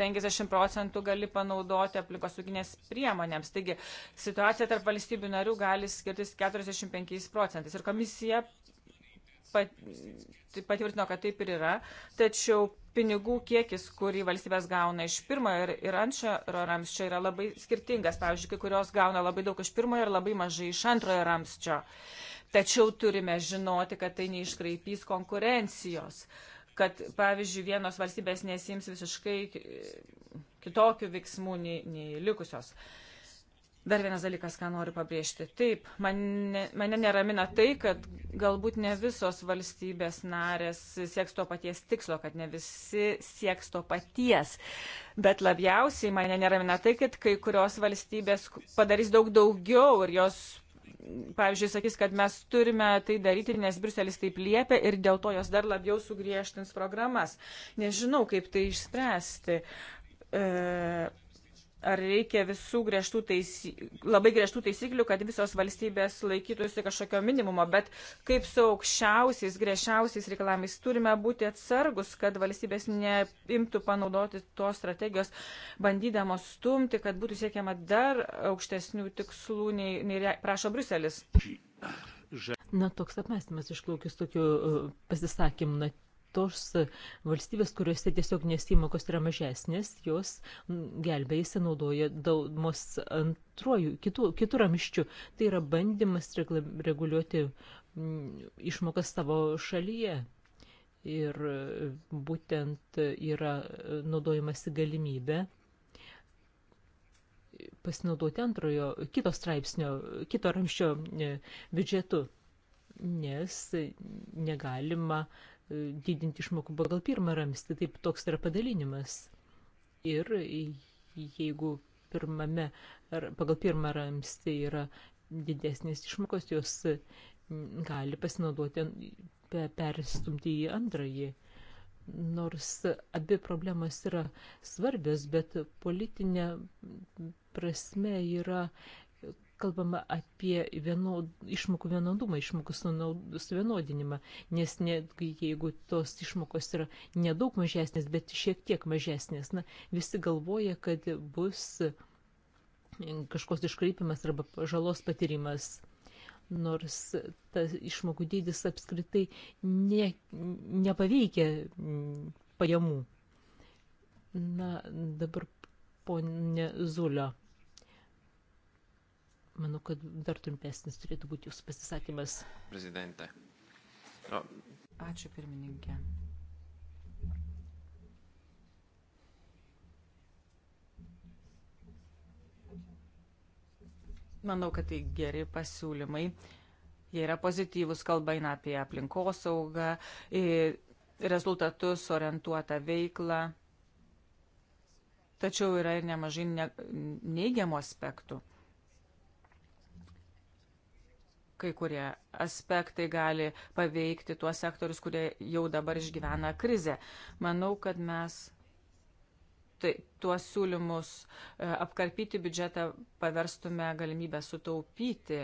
50 procentų gali panaudoti aplikosauginės priemonėms. Taigi situacija tarp valstybių narių gali skirtis 45 procentais. Ir komisija pat, patvirtino, kad taip ir yra, tačiau pinigų kiekis, kurį valstybės gauna iš pirmojo ir, ir antrojo ramščio, yra labai skirtingas. Pavyzdžiui, kai kurios gauna labai daug iš pirmojo ir labai mažai iš antrojo ramščio. Tačiau turime žinoti, kad tai neiškraipys konkurencijos. Uh, kad, pavyzdžiui, vienos valstybės nesims visiškai kitokių veiksmų nei, nei likusios. Dar vienas dalykas, ką noriu pabrėžti. Taip, mane, mane neramina tai, kad galbūt ne visos valstybės narės sieks to paties tikslo, kad ne visi sieks to paties. Bet labiausiai mane neramina tai, kad kai kurios valstybės padarys daug daugiau ir jos pavyzdžiui, sakys, kad mes turime tai daryti, nes Bruselis taip liepia ir dėl to jos dar labiau sugriežtins programas. Nežinau, kaip tai išspręsti. E, ar reikia visų griežtų taisyklių, labai griežtų taisyklių, kad visos valstybės laikytųsi kažkokio minimumo, bet kaip su aukščiausiais, griežčiausiais reikalavimais turime būti atsargus, kad valstybės neimtų panaudoti tos strategijos, bandydamos stumti, kad būtų siekiama dar aukštesnių tikslų, nei, nei prašo Bruselis. Na, toks apmąstymas išplaukis tokiu pasisakymu, na, tos valstybės, kuriuose tiesiog nesimokos yra mažesnės, jos gelbėjasi naudoja daumos antruoju, kitų, kitų ramščių. Tai yra bandymas reguliuoti mm, išmokas savo šalyje. Ir būtent yra naudojamasi galimybė pasinaudoti antrojo, kito straipsnio, kito ramščio e, biudžetu, nes negalima uh, didinti išmokų pagal pirmą ramstį, taip toks yra padalinimas. Ir jeigu pirmame, pagal pirmą ramstį yra didesnės išmokos, jos gali pasinaudoti, perstumti į antrąjį. Nors abi problemos yra svarbios, bet politinė prasme yra kalbama apie vienod, išmokų vienodumą, išmokų suvienodinimą, nes netgi jeigu tos išmokos yra nedaug mažesnės, bet šiek tiek mažesnės, na, visi galvoja, kad bus e, kažkoks iškreipimas arba žalos patyrimas. Nors tas išmokų dydis apskritai ne, nepaveikia pajamų. Na, dabar ponė Zulio Manau, kad dar trumpesnis turėtų būti jūsų pasisakymas. Prezidente. O. Ačiū pirmininkė. Manau, kad tai geri pasiūlymai. Jie yra pozityvus, kalba eina apie aplinkosaugą, rezultatus orientuotą veiklą. Tačiau yra ir nemažai neigiamų aspektų. kai kurie aspektai gali paveikti tuos sektorius, kurie jau dabar išgyvena krizę. Manau, kad mes tai, tuos siūlymus e, apkarpyti biudžetą paverstume galimybę sutaupyti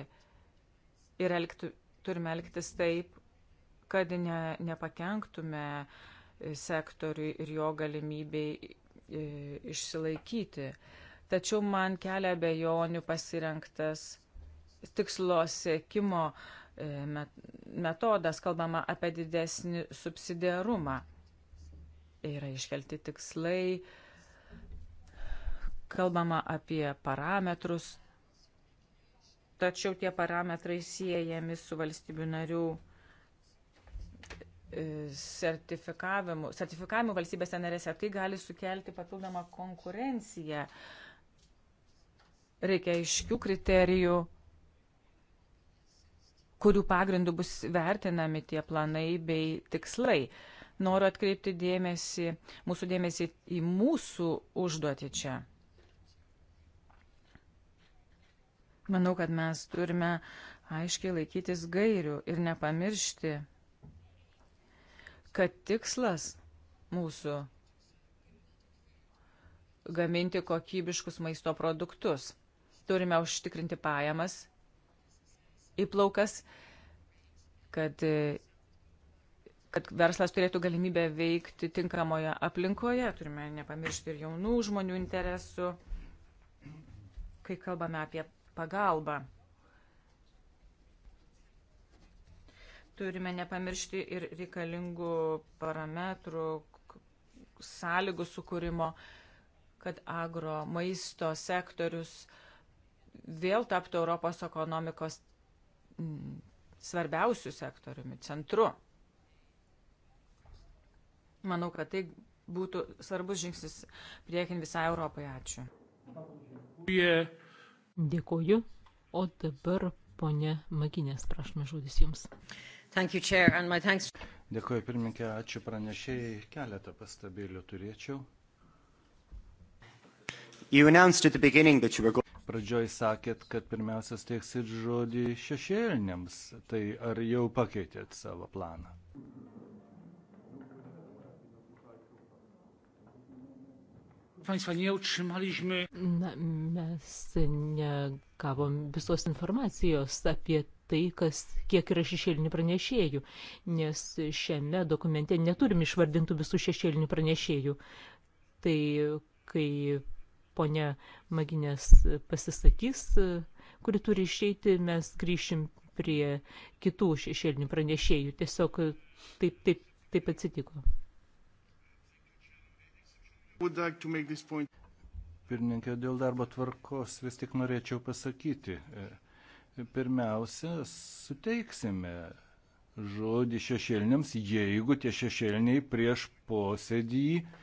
ir elgtų, turime elgtis taip, kad ne, nepakenktume e, sektoriui ir jo galimybei e, išsilaikyti. Tačiau man kelia bejonių pasirinktas tikslo sėkimo e, metodas, kalbama apie didesnį subsidiarumą. Yra iškelti tikslai, kalbama apie parametrus, tačiau tie parametrai siejami su valstybių narių e, sertifikavimu. Sertifikavimu valstybėse narėse tai gali sukelti papildomą konkurenciją. Reikia aiškių kriterijų kurių pagrindų bus vertinami tie planai bei tikslai. Noriu atkreipti dėmesį, mūsų dėmesį į mūsų užduotį čia. Manau, kad mes turime aiškiai laikytis gairių ir nepamiršti, kad tikslas mūsų gaminti kokybiškus maisto produktus. Turime užtikrinti pajamas įplaukas, kad, e, kad verslas turėtų galimybę veikti tinkamoje aplinkoje. Turime nepamiršti ir jaunų žmonių interesų, kai kalbame apie pagalbą. Turime nepamiršti ir reikalingų parametrų, sąlygų sukūrimo, kad agro maisto sektorius vėl taptų Europos ekonomikos svarbiausių sektoriumi, centru. Manau, kad tai būtų svarbus žingsnis priekin visai Europai. Ačiū. Dėkuoju. O dabar ponė Maginės, prašome žodis Jums. You, Chair, Dėkuoju pirmininkė, ačiū pranešėjai. Keletą pastabėlių turėčiau. Pradžioj sakėt, kad pirmiausia steiksit žodį šešėliniams. Tai ar jau pakeitėt savo planą? Państwa nie otrzymaliśmy. Na, mes negavom visos informacijos apie tai, kas, kiek yra šešėlinių pranešėjų, nes šiame dokumente neturim išvardintų visų šešėlinių pranešėjų. Tai kaip ponia Maginės pasisakys, kuri turi išeiti, mes grįšim prie kitų šešėlinių pranešėjų. Tiesiog taip, taip, taip atsitiko. Pirmininkė, dėl darbo tvarkos vis tik norėčiau pasakyti. Pirmiausia, suteiksime žodį šešėliniams, jeigu tie šešėliniai prieš posėdį uh,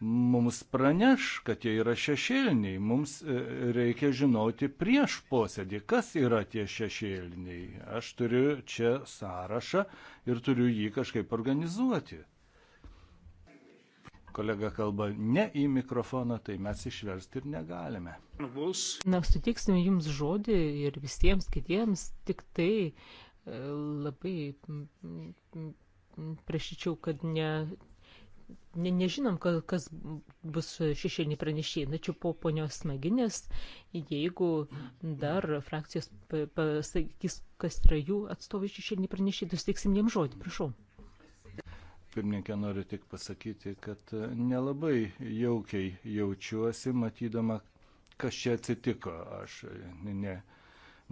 mums praneš, kad jie yra šešėliniai. Mums e, reikia žinoti prieš posėdį, kas yra tie šešėliniai. Aš turiu čia sąrašą ir turiu jį kažkaip organizuoti. Kolega kalba ne į mikrofoną, tai mes išversti ir negalime. Na, sutiksime jums žodį ir visiems kitiems, tik tai e, labai prašyčiau, kad ne ne, nežinom, kas bus šešėliniai pranešėjai. Na čia po ponios smaginės, jeigu dar frakcijos pasakys, kas yra jų atstovai šešėliniai pranešėjai, tai suteiksim jiems žodį, prašau. Pirmininkė, noriu tik pasakyti, kad nelabai jaukiai jaučiuosi, matydama, kas čia atsitiko. Aš ne, ne,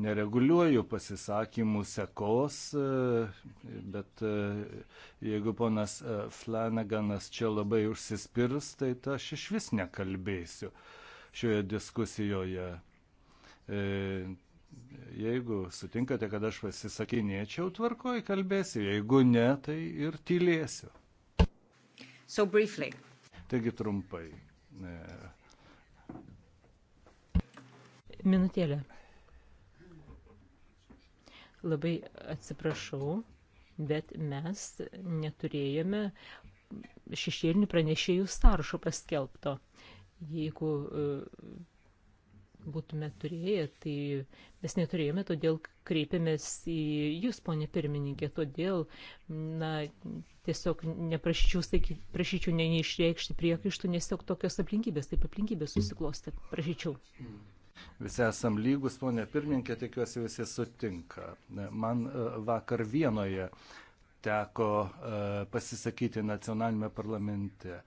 nereguliuoju pasisakymų sekos, e, bet e, jeigu ponas e, Flanaganas čia labai užsispirs, tai aš iš vis nekalbėsiu šioje diskusijoje. Jeigu sutinkate, kad aš pasisakinėčiau, tvarkoj kalbėsiu, jeigu ne, tai ir tylėsiu. So briefly. Taigi trumpai. Minutėlė. Labai atsiprašau, bet mes neturėjome šešėlinių pranešėjų sąrašo paskelbto. Jeigu e, būtume turėję, tai mes neturėjome, todėl kreipėmės į jūs, ponė pirmininkė, todėl, na, tiesiog neprašyčiau, sakyt, prašyčiau ne neišreikšti priekaištų, nes tiesiog tokios aplinkybės, taip aplinkybės susiklosti, prašyčiau. Mm. Visi esam lygus, ponė pirmininkė, tikiuosi visi sutinka. Man e, vakar vienoje teko e, pasisakyti nacionalinėme parlamente.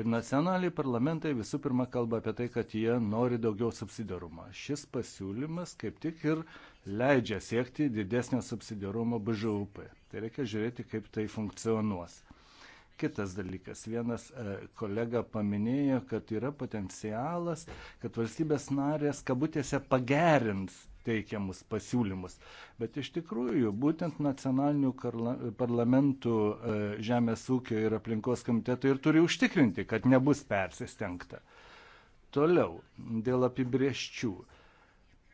Ir nacionaliniai parlamentai visų pirma kalba apie tai, kad jie nori daugiau subsidiarumo. Šis pasiūlymas kaip tik ir leidžia siekti didesnio subsidiarumo BŽUP. Tai reikia žiūrėti, kaip tai funkcionuos. Kitas dalykas, vienas e, kolega paminėjo, kad yra potencialas, kad valstybės narės kabutėse pagerins teikiamus pasiūlymus. Bet iš tikrųjų, būtent nacionalinių parlamentų e, Žemės ūkio ir aplinkos komitetai ir turi užtikrinti, kad nebus persistengta. Toliau, dėl apibrieščių.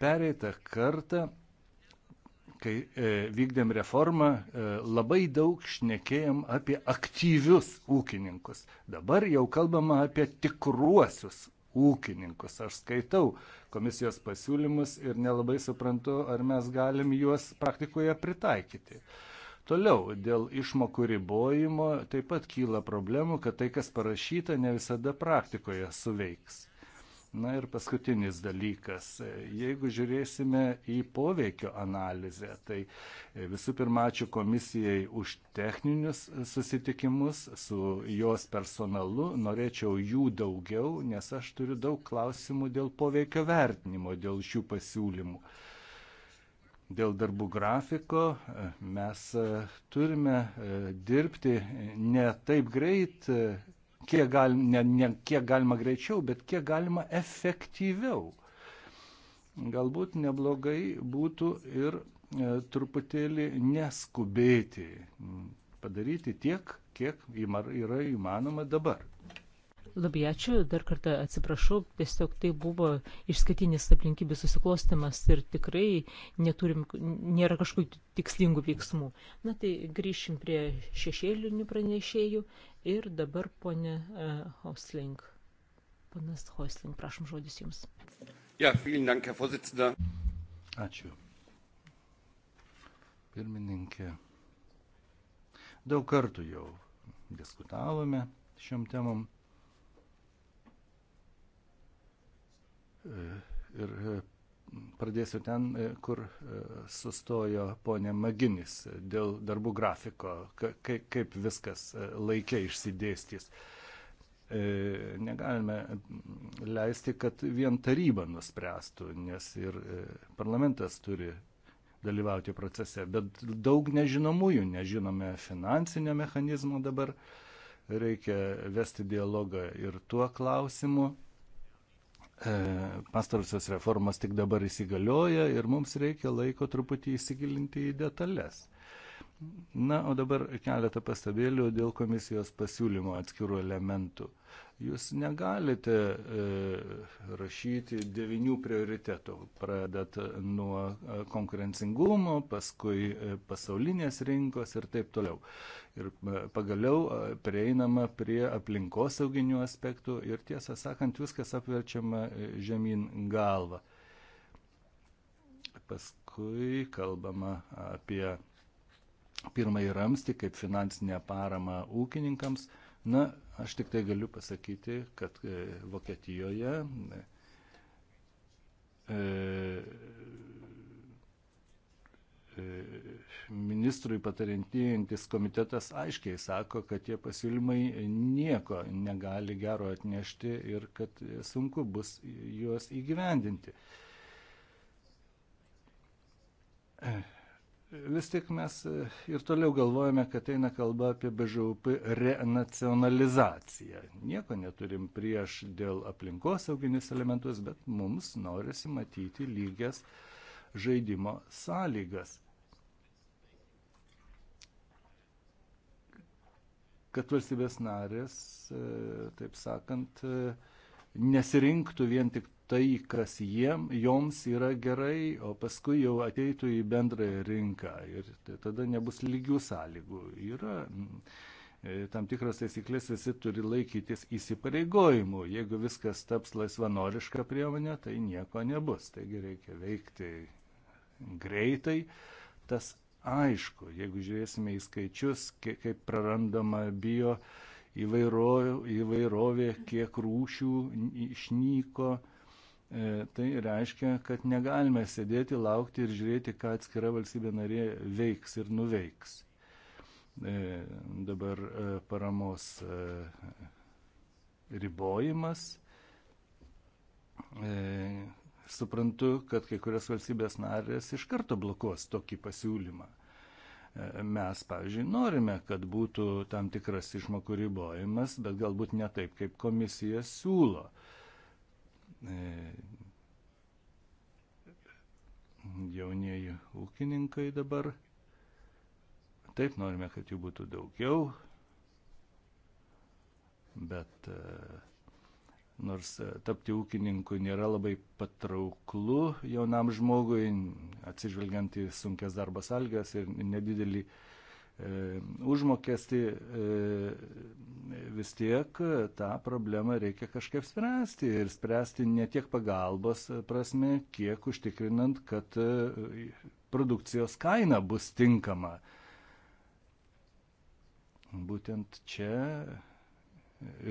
Pereitą kartą kai e, vykdėm reformą, e, labai daug šnekėjom apie aktyvius ūkininkus. Dabar jau kalbama apie tikruosius ūkininkus. Aš skaitau komisijos pasiūlymus ir nelabai suprantu, ar mes galim juos praktikoje pritaikyti. Toliau, dėl išmokų ribojimo taip pat kyla problemų, kad tai, kas parašyta, ne visada praktikoje suveiks. Na ir paskutinis dalykas. Jeigu žiūrėsime į poveikio analizę, tai visų pirma, ačiū komisijai už techninius susitikimus su jos personalu. Norėčiau jų daugiau, nes aš turiu daug klausimų dėl poveikio vertinimo, dėl šių pasiūlymų. Dėl darbų grafiko mes turime dirbti ne taip greit, kiek galima, ne, ne kiek galima greičiau, bet kiek galima efektyviau. Galbūt neblogai būtų ir e, truputėlį neskubėti, padaryti tiek, kiek yra įmanoma dabar. Labai ačiū, dar kartą atsiprašau, tiesiog tai buvo išskirtinis aplinkybės susiklostimas ir tikrai neturim, nėra kažkokių tikslingų veiksmų. Na tai grįšim prie šešėlinių pranešėjų ir dabar ponė uh, Hosling. Ponas Hosling, prašom žodis jums. Ja, dank, ačiū. Pirmininkė. Daug kartų jau diskutavome šiom temom. ir e, pradėsiu ten, e, kur e, sustojo ponė Maginis dėl darbų grafiko, kaip viskas laikė išsidėstys. Negalime leisti, kad vien taryba nuspręstų, nes ir parlamentas turi dalyvauti procese, bet daug nežinomųjų, nežinome finansinio mechanizmo dabar, reikia vesti dialogą ir tuo klausimu E, pastarusios reformos tik dabar įsigalioja ir mums reikia laiko truputį įsigilinti į detalės. Na, o dabar keletą pastabėlių dėl komisijos pasiūlymo atskirų elementų. Jūs negalite e, rašyti devinių prioritetų. Pradedat nuo e, konkurencingumo, paskui e, pasaulinės rinkos ir taip toliau. Ir pagaliau prieinama prie aplinkosauginių aspektų ir tiesą sakant, viskas apverčiama žemyn galvą. Paskui kalbama apie pirmąjį ramstį kaip finansinę paramą ūkininkams. Na, aš tik tai galiu pasakyti, kad e, Vokietijoje e, e, ministrui patarintyjantis komitetas aiškiai sako, kad tie pasiūlymai nieko negali gero atnešti ir kad sunku bus juos įgyvendinti vis tik mes e, ir toliau galvojame, kad eina kalba apie BŽUP renacionalizaciją. Nieko neturim prieš dėl aplinkosauginis elementus, bet mums norisi matyti lygias žaidimo sąlygas. Kad valstybės narės, e, taip sakant, e, nesirinktų vien tik tai, kas jiem, joms yra gerai, o paskui jau ateitų į bendrąją rinką ir tada nebus lygių sąlygų. Yra mm, e, tam tikros taisyklės, visi turi laikytis įsipareigojimų. Jeigu viskas taps laisvanoriška priemonė, tai nieko nebus. Taigi reikia veikti greitai. Tas aišku, jeigu žiūrėsime į skaičius, kaip prarandama bio įvairovė, įvairovė kiek rūšių išnyko, E, tai reiškia, kad negalime sėdėti, laukti ir žiūrėti, ką atskira valstybė narė veiks ir nuveiks. E, dabar e, paramos ribojimas. Suprantu, kad kai kurios valstybės narės iš karto blokuos tokį pasiūlymą mes, pavyzdžiui, norime, kad būtų tam tikras išmokų ribojimas, bet galbūt ne taip, kaip komisija siūlo. E, jaunieji ūkininkai dabar. Taip norime, kad jų būtų daugiau, bet e, nors e, tapti ūkininku nėra labai patrauklu jaunam žmogui, atsižvelgiant į sunkias darbo sąlygas ir nedidelį uh, E, užmokestį, e, vis tiek tą problemą reikia kažkaip spręsti ir spręsti ne tiek pagalbos prasme, kiek užtikrinant, kad e, produkcijos kaina bus tinkama. Būtent čia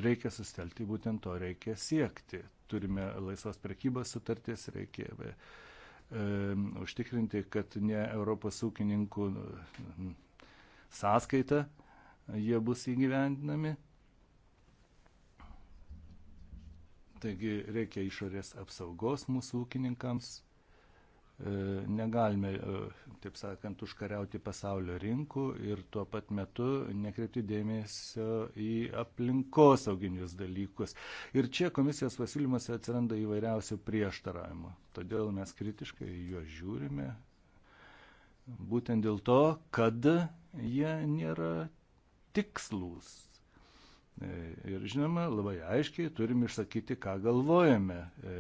reikia sustelti, būtent to reikia siekti. Turime laisvos prekybos sutartys, reikia e, užtikrinti, kad ne Europos ūkininkų sąskaita jie bus įgyvendinami. Taigi reikia išorės apsaugos mūsų ūkininkams. E, negalime, e, taip sakant, užkariauti pasaulio rinkų ir tuo pat metu nekreipti dėmesio į aplinkosauginius dalykus. Ir čia komisijos pasiūlymuose atsiranda įvairiausių prieštaravimų. Todėl mes kritiškai juos žiūrime. Būtent dėl to, kad jie nėra tikslūs. E, ir žinoma, labai aiškiai turim išsakyti, ką galvojame. E,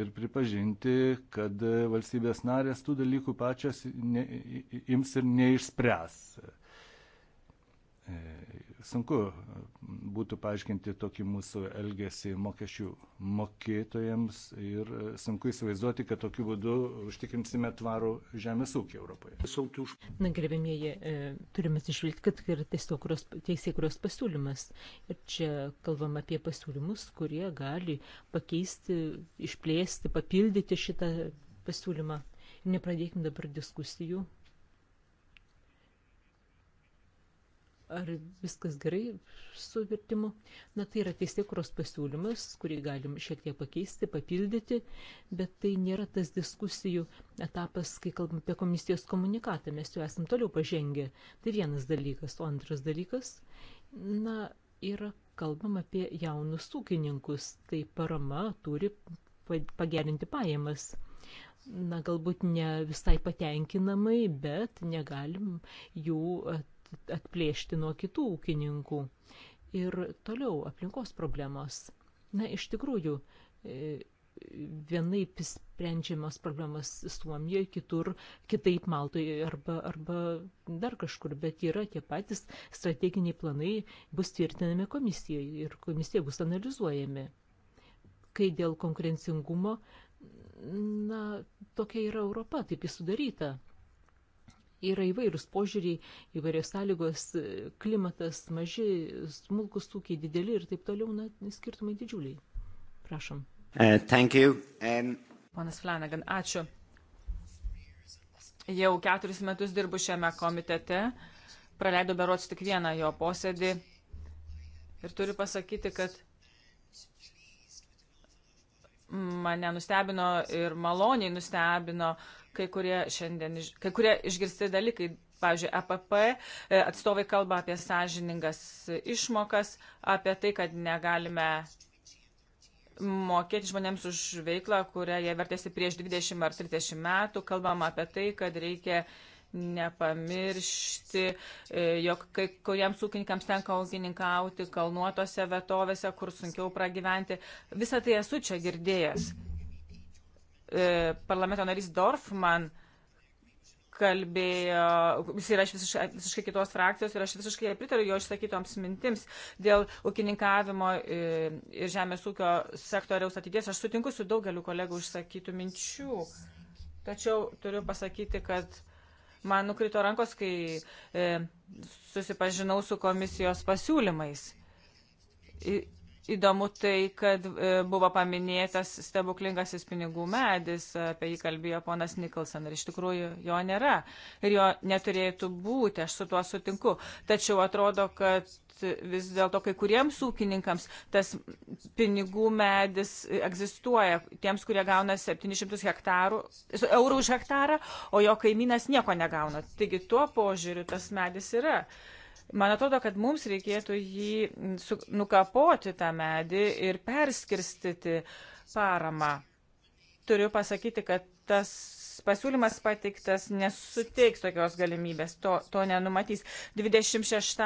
ir pripažinti, kad valstybės narės tų dalykų pačios ne, ims ir neišspręs. E, sunku būtų paaiškinti tokį mūsų elgesį mokesčių mokėtojams ir e, sunku įsivaizduoti, kad tokiu būdu užtikrinsime tvarų žemės ūkį Europoje. Na, gerbėmėje, turime atsižvelgti, kad tai yra teisė, kurios pasiūlymas. Ir čia kalbam apie pasiūlymus, kurie gali pakeisti, išplėsti, papildyti šitą pasiūlymą. Nepradėkime dabar diskusijų ar viskas gerai su vertimu. Na, tai yra teisėkuros pasiūlymas, kurį galim šiek tiek pakeisti, papildyti, bet tai nėra tas diskusijų etapas, kai kalbam apie komisijos komunikatą, mes jau esam toliau pažengę. Tai vienas dalykas, o antras dalykas, na, yra kalbam apie jaunus ūkininkus, tai parama turi pagerinti pajamas na, galbūt ne visai patenkinamai, bet negalim jų atplėšti nuo kitų ūkininkų. Ir toliau aplinkos problemos. Na, iš tikrųjų, e, vienaip sprendžiamas problemas Suomijoje, kitur, kitaip Maltoje arba, arba dar kažkur, bet yra tie patys strateginiai planai bus tvirtinami komisijoje ir komisija bus analizuojami. Kai dėl konkurencingumo, na, tokia yra Europa, taip įsudaryta. sudaryta yra įvairūs požiūriai, įvairios sąlygos, e, klimatas, maži, smulkus ūkiai, dideli ir taip toliau, na, skirtumai didžiuliai. Prašom. Uh, thank you. Um... Ponas Flanagan, ačiū. Jau keturis metus dirbu šiame komitete, praleidau berots tik vieną jo posėdį ir turiu pasakyti, kad mane nustebino ir maloniai nustebino uh, kai kurie, šiandien, kai kurie išgirsti dalykai. Pavyzdžiui, APP e e, atstovai kalba apie sąžiningas išmokas, apie tai, kad negalime mokėti žmonėms už veiklą, kurią jie vertėsi prieš 20 ar 30 metų. Kalbam apie tai, kad reikia nepamiršti, e, jog kai kuriems ūkininkams tenka ūkininkauti kalnuotose vietovėse, kur sunkiau pragyventi. Visą tai esu čia girdėjęs. E, parlamento narys Dorfman kalbėjo, jis yra iš visiškai, visiškai kitos frakcijos ir aš visiškai pritariu jo išsakytoms mintims dėl ūkininkavimo e, ir žemės ūkio sektoriaus ateities. Aš sutinku su daugeliu kolegų išsakytų minčių, tačiau turiu pasakyti, kad man nukrito rankos, kai e, susipažinau su komisijos pasiūlymais. Įdomu tai, kad e, buvo paminėtas stebuklingasis pinigų medis, apie jį kalbėjo ponas Nikolson ir iš tikrųjų jo nėra ir jo neturėtų būti, aš su tuo sutinku. Tačiau atrodo, kad vis dėlto kai kuriems ūkininkams tas pinigų medis egzistuoja, tiems, kurie gauna 700 hektarų, eurų už hektarą, o jo kaimynas nieko negauna. Taigi tuo požiūriu tas medis yra. Uh, Man atrodo, kad mums reikėtų jį nukapoti tą medį ir perskirstyti paramą. Turiu pasakyti, kad tas pasiūlymas pateiktas nesuteiks tokios galimybės, to, to nenumatys. 26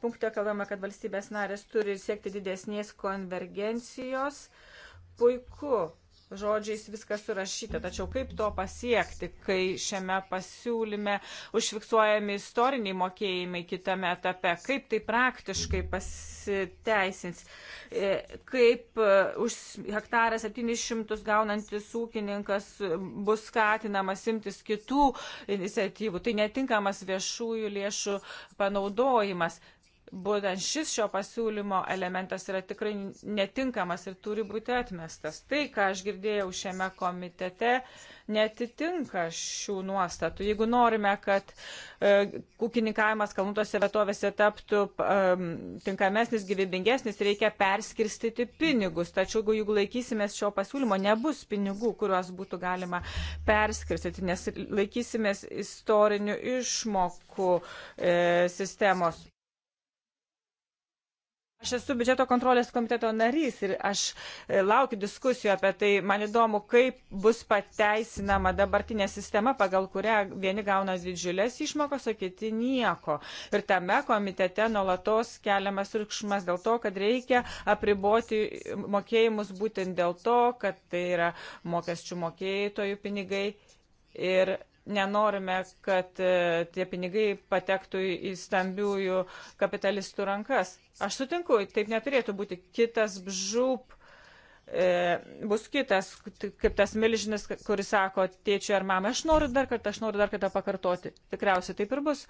punkte kalbame, kad valstybės narės turi siekti didesnės konvergencijos. Puiku, žodžiais viskas surašyta. Tačiau kaip to pasiekti, kai šiame pasiūlyme užfiksuojami istoriniai mokėjimai kitame etape? Kaip tai praktiškai pasiteisins? E, kaip e, už hektarą 700 gaunantis ūkininkas bus skatinamas imtis kitų iniciatyvų? Tai netinkamas viešųjų lėšų panaudojimas būtent šis šio pasiūlymo elementas yra tikrai netinkamas ir turi būti atmestas. Tai, ką aš girdėjau šiame komitete, netitinka šių nuostatų. Jeigu norime, kad e, ūkininkavimas e, kalnutose vietovėse taptų e, tinkamesnis, gyvybingesnis, reikia perskirstyti pinigus. Tačiau jeigu, jeigu laikysimės šio pasiūlymo, nebus pinigų, kuriuos būtų galima perskirstyti, nes laikysimės istorinių išmokų e, sistemos Aš esu biudžeto kontrolės komiteto narys ir aš e, laukiu diskusijų apie tai. Man įdomu, kaip bus pateisinama dabartinė sistema, pagal kurią vieni gauna didžiulės išmokos, o kiti nieko. Ir tame komitete nuolatos keliamas rikšmas dėl to, kad reikia apriboti mokėjimus būtent dėl to, kad tai yra mokesčių mokėtojų pinigai. Ir nenorime, kad e, tie pinigai patektų į stambiųjų kapitalistų rankas. Aš sutinku, taip neturėtų būti. Kitas bžūp e, bus kitas, kaip tas milžinis, kuris sako tėčiui ar mamai, aš noriu dar kartą, aš noriu dar kartą pakartoti. Tikriausiai taip ir bus.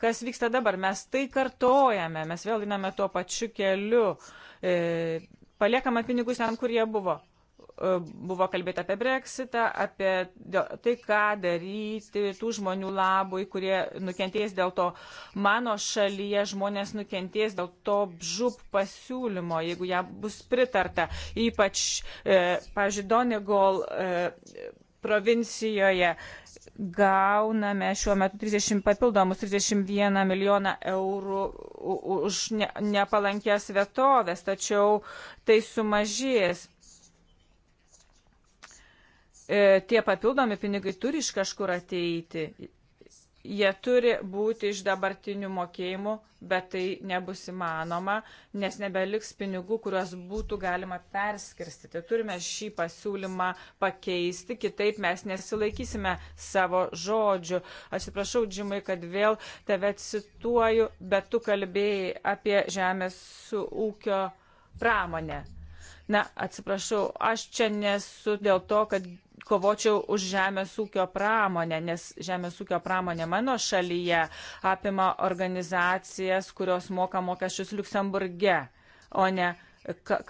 Kas vyksta dabar? Mes tai kartojame, mes vėl einame tuo pačiu keliu, e, paliekame pinigus ten, kur jie buvo. E, buvo kalbėta apie breksitą, apie tai, ką daryti tų žmonių labui, kurie nukentės dėl to. Mano šalyje žmonės nukentės dėl to žūp pasiūlymo, jeigu ją bus pritarta. Ypač, e, pažiūrėjau, Donegol e, provincijoje gauname šiuo metu 30 papildomus 31 milijoną eurų už nepalankės vietovės, tačiau tai sumažės. E, tie papildomi pinigai turi iš kažkur ateiti. Jie turi būti iš dabartinių mokėjimų, bet tai nebus įmanoma, nes nebeliks pinigų, kuriuos būtų galima perskirstyti. Turime šį pasiūlymą pakeisti, kitaip mes nesilaikysime savo žodžių. Atsiprašau, Džimai, kad vėl tave cituoju, bet tu kalbėjai apie žemės ūkio pramonę. Na, atsiprašau, aš čia nesu dėl to, kad kovočiau už žemės ūkio pramonę, nes žemės ūkio pramonė mano šalyje apima organizacijas, kurios moka mokesčius Luksemburge, o ne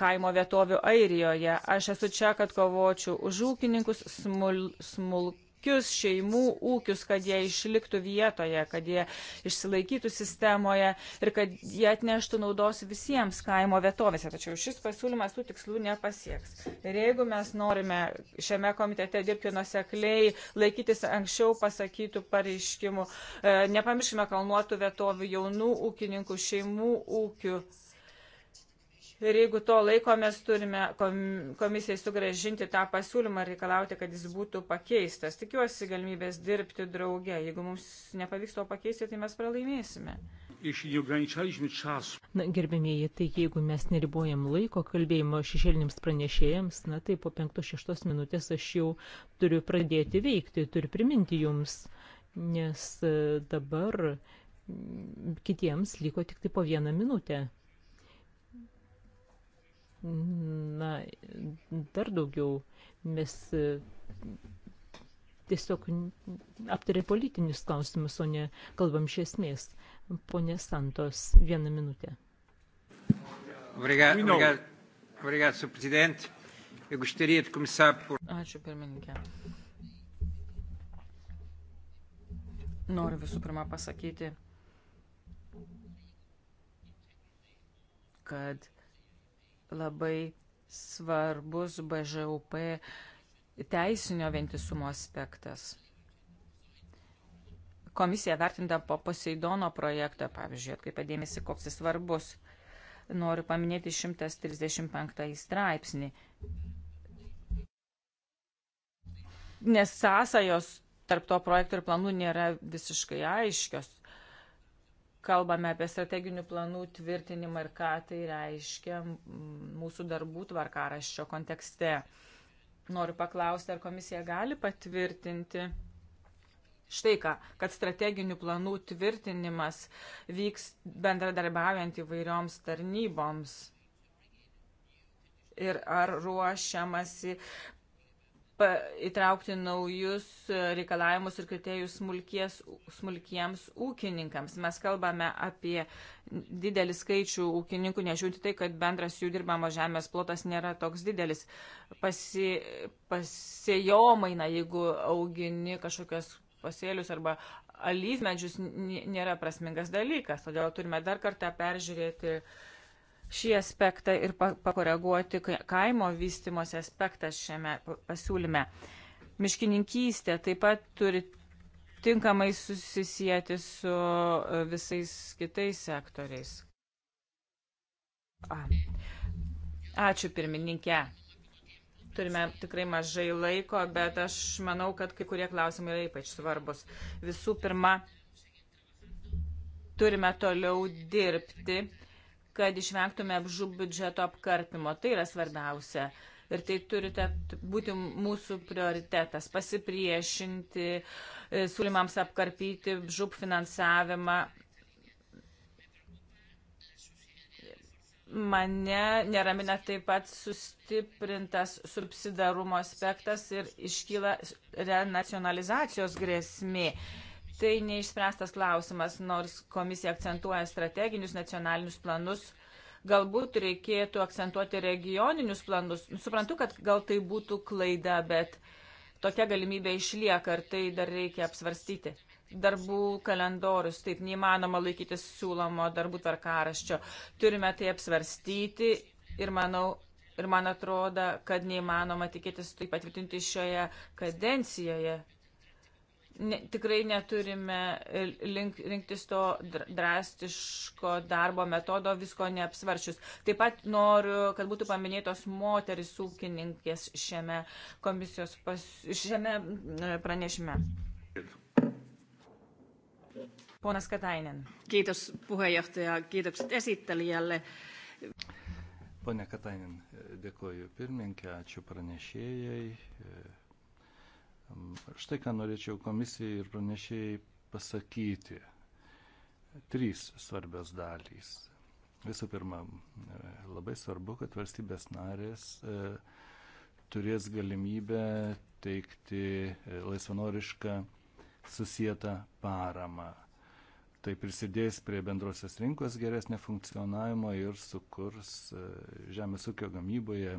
kaimo vietovių Airijoje. Aš esu čia, kad kovočiau už ūkininkus, smul, smul, ūkius, šeimų ūkius, kad jie išliktų vietoje, kad jie išsilaikytų sistemoje ir kad jie atneštų naudos visiems kaimo vietovėse. Tačiau šis pasiūlymas tų tikslų nepasieks. Ir jeigu mes norime šiame komitete dirbti nusekliai, laikytis anksčiau pasakytų pareiškimų, e, nepamirškime kalnuotų vietovių, jaunų ūkininkų, šeimų ūkių. Ir jeigu to laiko mes turime komisijai sugražinti tą pasiūlymą ir reikalauti, kad jis būtų pakeistas. Tikiuosi galimybės dirbti drauge. Jeigu mums nepavyks to pakeisti, tai mes pralaimėsime. Na, gerbėmėji, tai jeigu mes neribojam laiko kalbėjimo šešėlinėms pranešėjams, na tai po 5-6 minutės aš jau turiu pradėti veikti, turiu priminti jums, nes e, dabar kitiems liko tik tai po vieną minutę. Na, dar daugiau mes e, tiesiog aptarė politinius klausimus, o ne kalbam iš esmės. Pone Santos, vieną minutę. Ačiū, pirmininkė. Noriu visų pirma pasakyti, kad labai svarbus BŽUP teisinio vientisumo aspektas. Komisija vertinta po Poseidono projektą, pavyzdžiui, atkreipia dėmesį, koks jis svarbus. Noriu paminėti 135 straipsnį. Nes sąsajos tarp to projekto ir planų nėra visiškai aiškios kalbame apie strateginių planų tvirtinimą ir ką tai reiškia mūsų darbų tvarkaraščio kontekste. Noriu paklausti, ar komisija gali patvirtinti štai ką, kad strateginių planų tvirtinimas vyks bendradarbiaujant įvairioms tarnyboms ir ar ruošiamasi įtraukti naujus e, reikalavimus ir kriterijus smulkies, smulkiems ūkininkams. Mes kalbame apie didelį skaičių ūkininkų, nežiūrint tai, kad bendras jų dirbamo žemės plotas nėra toks didelis. Pasi, pasėjomaina, jeigu augini kažkokios pasėlius arba alyvmedžius, nėra prasmingas dalykas. Todėl turime dar kartą peržiūrėti uh, šį aspektą ir pakoreguoti kaimo vystimosi aspektą šiame pasiūlyme. Miškininkystė taip pat turi tinkamai susisijęti su e, visais kitais sektoriais. Ačiū pirmininkė. Turime tikrai mažai laiko, bet aš manau, kad kai kurie klausimai yra ypač svarbus. Visų pirma, turime toliau dirbti kad išvengtume apžų biudžeto apkarpimo. Tai yra svarbiausia. Ir tai turite būti mūsų prioritetas - pasipriešinti, e, siūlymams apkarpyti žūp finansavimą. Mane neramina taip pat sustiprintas subsidarumo aspektas ir iškyla renacionalizacijos grėsmė. Tai neišspręstas klausimas, nors komisija akcentuoja strateginius nacionalinius planus galbūt reikėtų akcentuoti regioninius planus. Suprantu, kad gal tai būtų klaida, bet tokia galimybė išlieka ir tai dar reikia apsvarstyti. Darbų kalendorius, taip neįmanoma laikytis siūlomo darbų tvarkaraščio. Turime tai apsvarstyti ir manau. Ir man atrodo, kad neįmanoma tikėtis tai patvirtinti šioje kadencijoje ne, tikrai neturime e, link, rinktis to drastiško darbo metodo, visko neapsvaršius. Taip pat noriu, kad būtų paminėtos moteris ūkininkės šiame komisijos pas, šiame pranešime. Ponas Katainen. Kiitos puheenjohtaja, kiitokset esittelijälle. Pone Katainen, dėkoju pirmininkė, ačiū pranešėjai Štai ką norėčiau komisijai ir pranešėjai pasakyti. Trys svarbios dalys. Visų pirma, labai svarbu, kad valstybės narės e, turės galimybę teikti e, laisvanorišką susijęta parama. Tai prisidės prie bendrosios rinkos geresnio funkcionavimo ir sukurs e, žemės ūkio gamyboje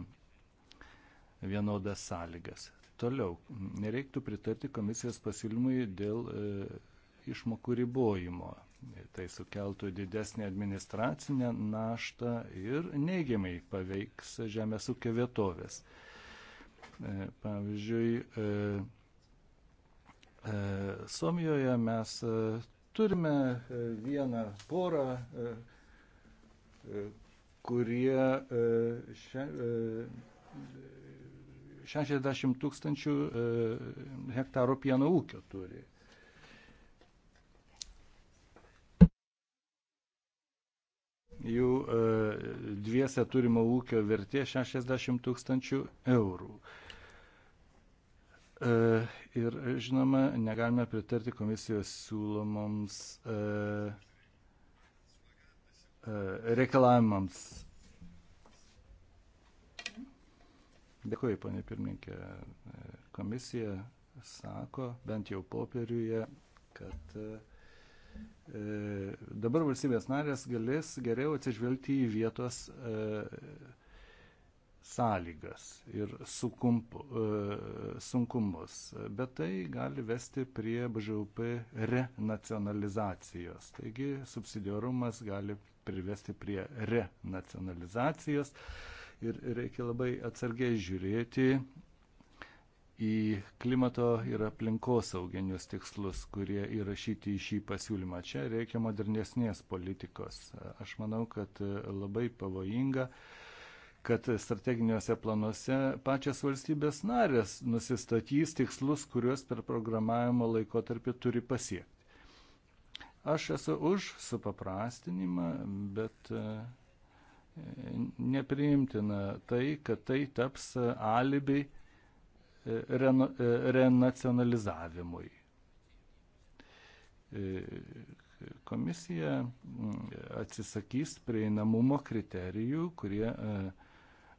vienodas sąlygas. Toliau, nereiktų pritarti komisijos pasiūlymui dėl e, išmokų ribojimo. Tai sukeltų didesnį administracinę naštą ir neigiamai paveiks žemės ūkio vietovės. E, pavyzdžiui, e, e, Suomijoje mes e, turime e, vieną porą, e, e, kurie e, šia, e, 60 tūkstančių e, hektarų pieno ūkio turi. Jų e, dviese turimo ūkio vertė 60 tūkstančių eurų. E, ir žinoma, negalime pritarti komisijos siūlomoms reikalavimams Dėkuoju, panė pirmininkė. Komisija sako, bent jau popieriuje, kad e, dabar valstybės narės galės geriau atsižvelgti į vietos e, sąlygas ir sukumpu, e, sunkumus, bet tai gali vesti prie BŽUP renacionalizacijos. Taigi subsidiarumas gali privesti prie renacionalizacijos. nacionalizacijos ir reikia labai atsargiai žiūrėti į klimato ir aplinkosauginius tikslus, kurie įrašyti į šį pasiūlymą. Čia reikia modernesnės politikos. Aš manau, kad labai pavojinga kad strateginiuose planuose pačias valstybės narės nusistatys tikslus, kuriuos per programavimo laikotarpį turi pasiekti. Aš esu už supaprastinimą, bet uh, nepriimtina tai, kad tai taps alibi e, reno, e, renacionalizavimui. E, komisija atsisakys prieinamumo kriterijų, kurie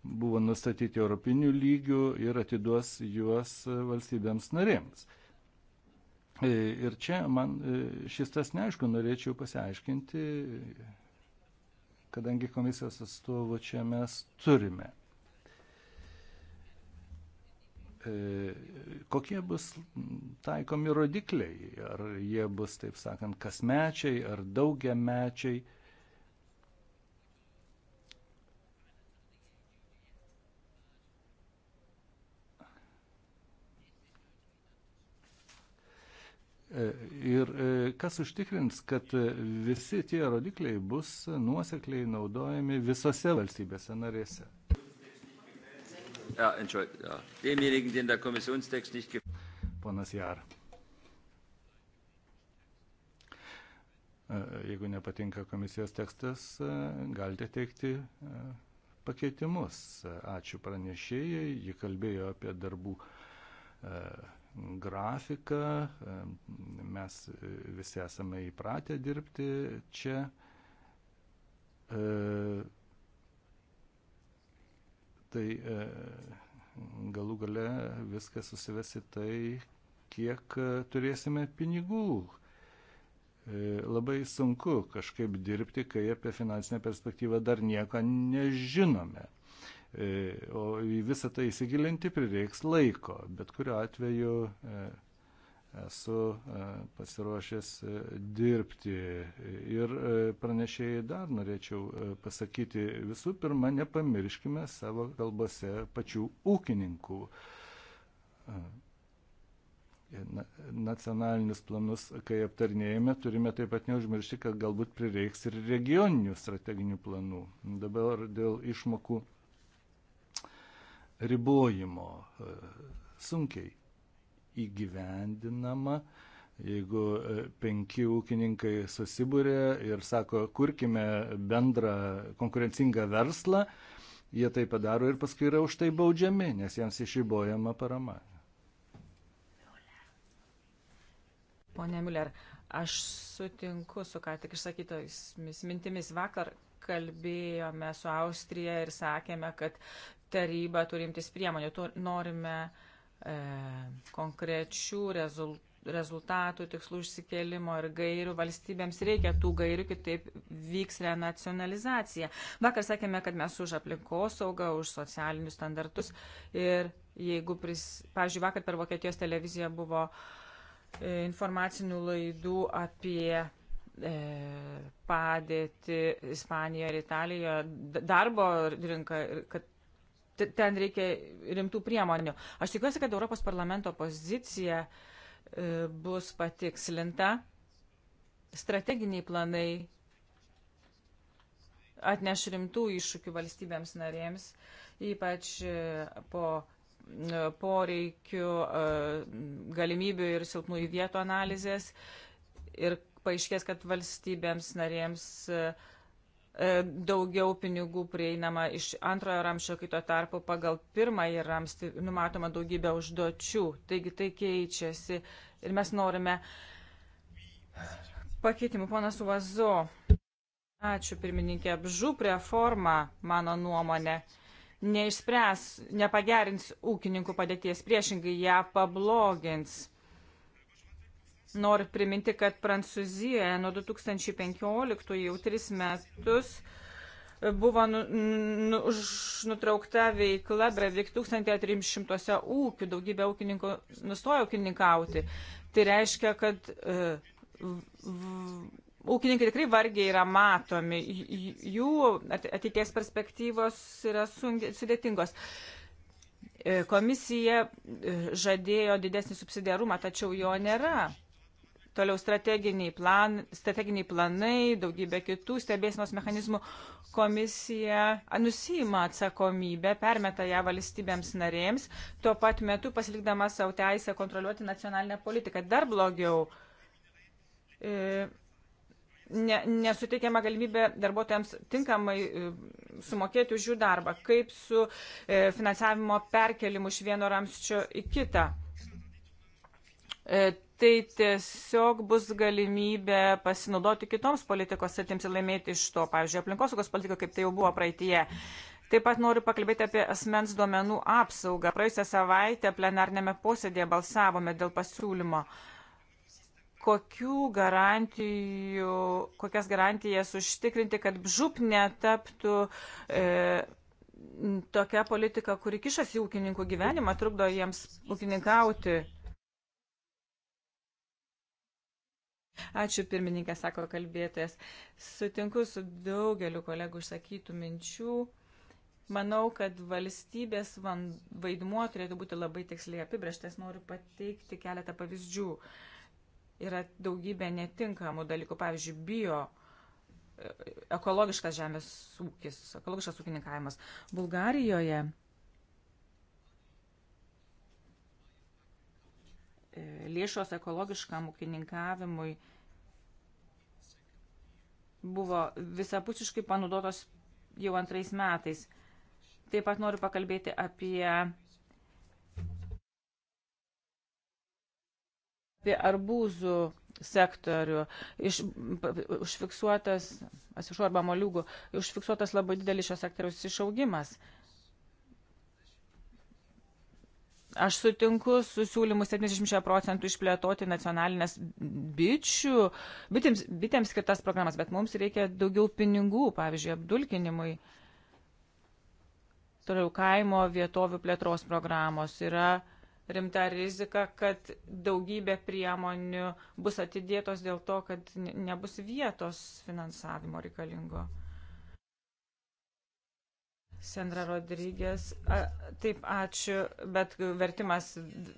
buvo nustatyti europinių lygių ir atiduos juos valstybėms narėms. Ir čia man šis tas neaišku, norėčiau pasiaiškinti kadangi komisijos atstovų čia mes turime. E, kokie bus taikomi rodikliai, ar jie bus, taip sakant, kasmečiai ar daugiamečiai mečiai? E, ir e, kas užtikrins, kad visi tie rodikliai bus nuosekliai naudojami visose valstybėse narėse. Ja, ja. Demjenigen, den der Kommissionstext nicht Ponas Jar. E, jeigu nepatinka komisijos tekstas, galite teikti pakeitimus. Ačiū pranešėjai, ji kalbėjo apie darbų grafiką, mes visi esame įpratę dirbti čia. Tai galų gale viskas susivesi tai, kiek turėsime pinigų. Labai sunku kažkaip dirbti, kai apie finansinę perspektyvą dar nieko nežinome. E, o į visą tai įsigilinti prireiks laiko, bet kuriuo atveju e, esu e, pasiruošęs dirbti. Ir pranešėjai dar norėčiau pasakyti, visų pirma, nepamirškime savo kalbose pačių ūkininkų nacionalinius planus, kai aptarnėjame, turime taip pat neužmiršti, kad galbūt prireiks ir regioninių strateginių planų. Dabar dėl išmokų ribojimo e, sunkiai įgyvendinama. Jeigu e, penki ūkininkai susibūrė ir sako, kurkime bendrą konkurencingą verslą, jie tai padaro ir paskui yra už tai baudžiami, nes jiems išribojama parama. Pone Miller, aš sutinku su ką tik išsakytomis mintimis. Vakar kalbėjome su Austrija ir sakėme, kad taryba turimtis priemonių. Tu, norime e, konkrečių rezultatų rezultatų, tikslų išsikelimo ir gairių. Valstybėms reikia tų gairių, kitaip vyks renacionalizacija. Vakar sakėme, kad mes už aplinkosaugą, už socialinius standartus ir jeigu, pris, pavyzdžiui, vakar per Vokietijos televiziją buvo e, informacinių laidų apie e, padėti Ispanijoje ir Italijoje darbo rinką, kad ten reikia rimtų priemonių. Aš tikiuosi, kad Europos parlamento pozicija e, bus patikslinta. Strateginiai planai atneš rimtų iššūkių valstybėms narėms, ypač e, po e, poreikių, galimybių ir silpnųjų vietų analizės. Ir paaiškės, kad valstybėms narėms uh, E, daugiau pinigų prieinama iš antrojo ramščio, kai tuo tarpu pagal pirmąjį ramstį numatoma daugybė užduočių. Taigi tai keičiasi ir mes norime pakeitimų. Ponas Uvazo, ačiū pirmininkė, apžūp reforma, mano nuomonė, neišspręs, nepagerins ūkininkų padėties, priešingai ją pablogins Noriu priminti, kad Prancūzijoje nuo 2015 jau tris metus buvo nu, nu, nutraukta veikla beveik 1300 ūkių, daugybė ūkininkų nustojo ūkininkauti. Tai reiškia, kad uh, v, ūkininkai tikrai vargiai yra matomi, jų ateities perspektyvos yra sudėtingos. E, komisija e, žadėjo didesnį subsidiarumą, tačiau jo nėra. Toliau strateginiai, plan, strateginiai planai, daugybė kitų stebėsinos mechanizmų. Komisija nusima atsakomybę, permeta ją valstybėms narėms, tuo pat metu pasilikdama savo teisę kontroliuoti nacionalinę politiką. Dar blogiau. E, ne, nesuteikiama galimybė darbuotojams tinkamai e, sumokėti už jų darbą, kaip su e, finansavimo perkelimu iš vieno ramščio į kitą. E, tai tiesiog bus galimybė pasinaudoti kitoms politikos sritims ir laimėti iš to, pavyzdžiui, aplinkosaugos politika, kaip tai jau buvo praeitie. Taip pat noriu pakalbėti apie asmens duomenų apsaugą. Praėjusią savaitę plenarnėme posėdėje balsavome dėl pasiūlymo kokių garantijų, kokias garantijas užtikrinti, kad bžup netaptų e, tokia politika, kuri kišas į ūkininkų gyvenimą, trukdo jiems ūkininkauti. Ačiū pirmininkė, sako kalbėtojas. Sutinku su daugeliu kolegų išsakytų minčių. Manau, kad valstybės vaidmuo turėtų būti labai tiksliai apibrieštas. Noriu pateikti keletą pavyzdžių. Yra daugybė netinkamų dalykų. Pavyzdžiui, bio e, ekologiškas žemės ūkis, ekologiškas ūkininkavimas. Bulgarijoje e, lėšos ekologiškam ūkininkavimui buvo visapusiškai panaudotos jau antrais metais. Taip pat noriu pakalbėti apie, apie arbūzų sektorių. Iš, užfiksuotas, atsiprašau, arba moliūgų, užfiksuotas labai didelis šios sektoriaus išaugimas. Aš sutinku su siūlymu 70 procentų išplėtoti nacionalinės bičių, bitėms, bitėms skirtas programas, bet mums reikia daugiau pinigų, pavyzdžiui, apdulkinimui. Toliau kaimo vietovių plėtros programos yra rimta rizika, kad daugybė priemonių bus atidėtos dėl to, kad nebus vietos finansavimo reikalingo. Sandra Rodrygės. Taip, ačiū, bet vertimas